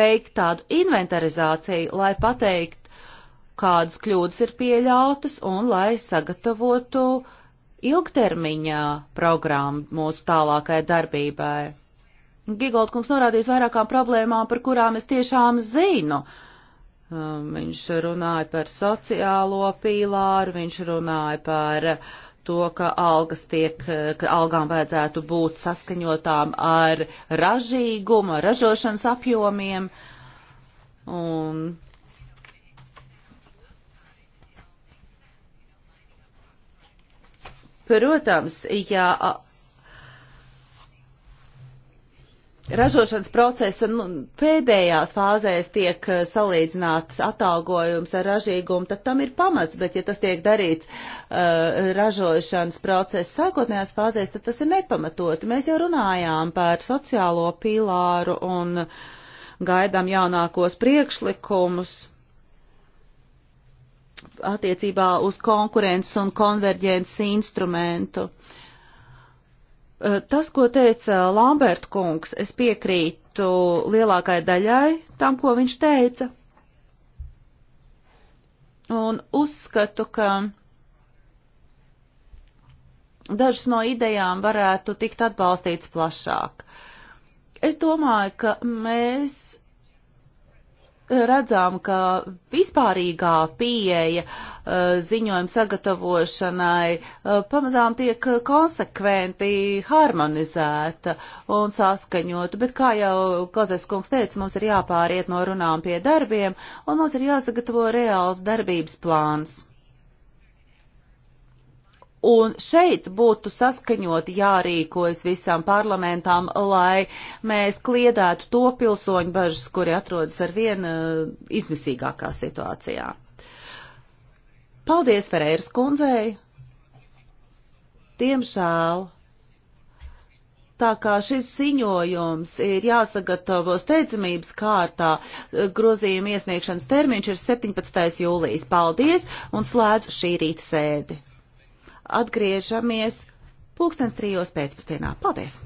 C: veikt tādu inventarizāciju, lai pateikt, kādas kļūdas ir pieļautas un lai sagatavotu ilgtermiņā programmu mūsu tālākai darbībai. Gigaldkungs norādījis vairākām problēmām, par kurām es tiešām zinu. Um, viņš runāja par sociālo pīlāru, viņš runāja par to, ka algas tiek, ka algām vajadzētu būt saskaņotām ar ražīgumu, ar ražošanas apjomiem. Un Protams, ja ražošanas procesa nu, pēdējās fāzēs tiek eh, salīdzināts atalgojums ar ražīgumu, tad tam ir pamats, bet ja tas tiek darīts uh, ražošanas procesa sākotnējās fāzēs, tad tas ir nepamatoti. Mēs jau runājām par sociālo pīlāru un gaidām jaunākos priekšlikumus attiecībā uz konkurences un konverģences instrumentu. Uh, Eh, tas, ko teica Lambert kungs, es piekrītu lielākai daļai tam, ko viņš teica. Un uzskatu, ka dažas no idejām varētu tikt atbalstītas plašāk. Es domāju, ka mēs redzam, ka vispārīgā pieeja uh, ziņojuma sagatavošanai uh, pamazām tiek konsekventi harmonizēta un saskaņota, bet kā jau Kozes kungs teica, mums ir jāpāriet no runām pie darbiem un mums ir jāsagatavo reāls darbības plāns. Un šeit būtu saskaņoti jārīkojas visām parlamentām, lai mēs kliedētu to pilsoņu bažas, kuri atrodas ar vien eh, izmisīgākā situācijā. Paldies Ferēras kundzei! Diemžēl Tā kā šis ziņojums ir jāsagatavo steidzamības kārtā, eh, grozījuma iesniegšanas termiņš ir 17. jūlijas. Paldies un slēdz šī rīta sēdi atgriežamies pulkstens trijos pēcpusdienā. Paldies!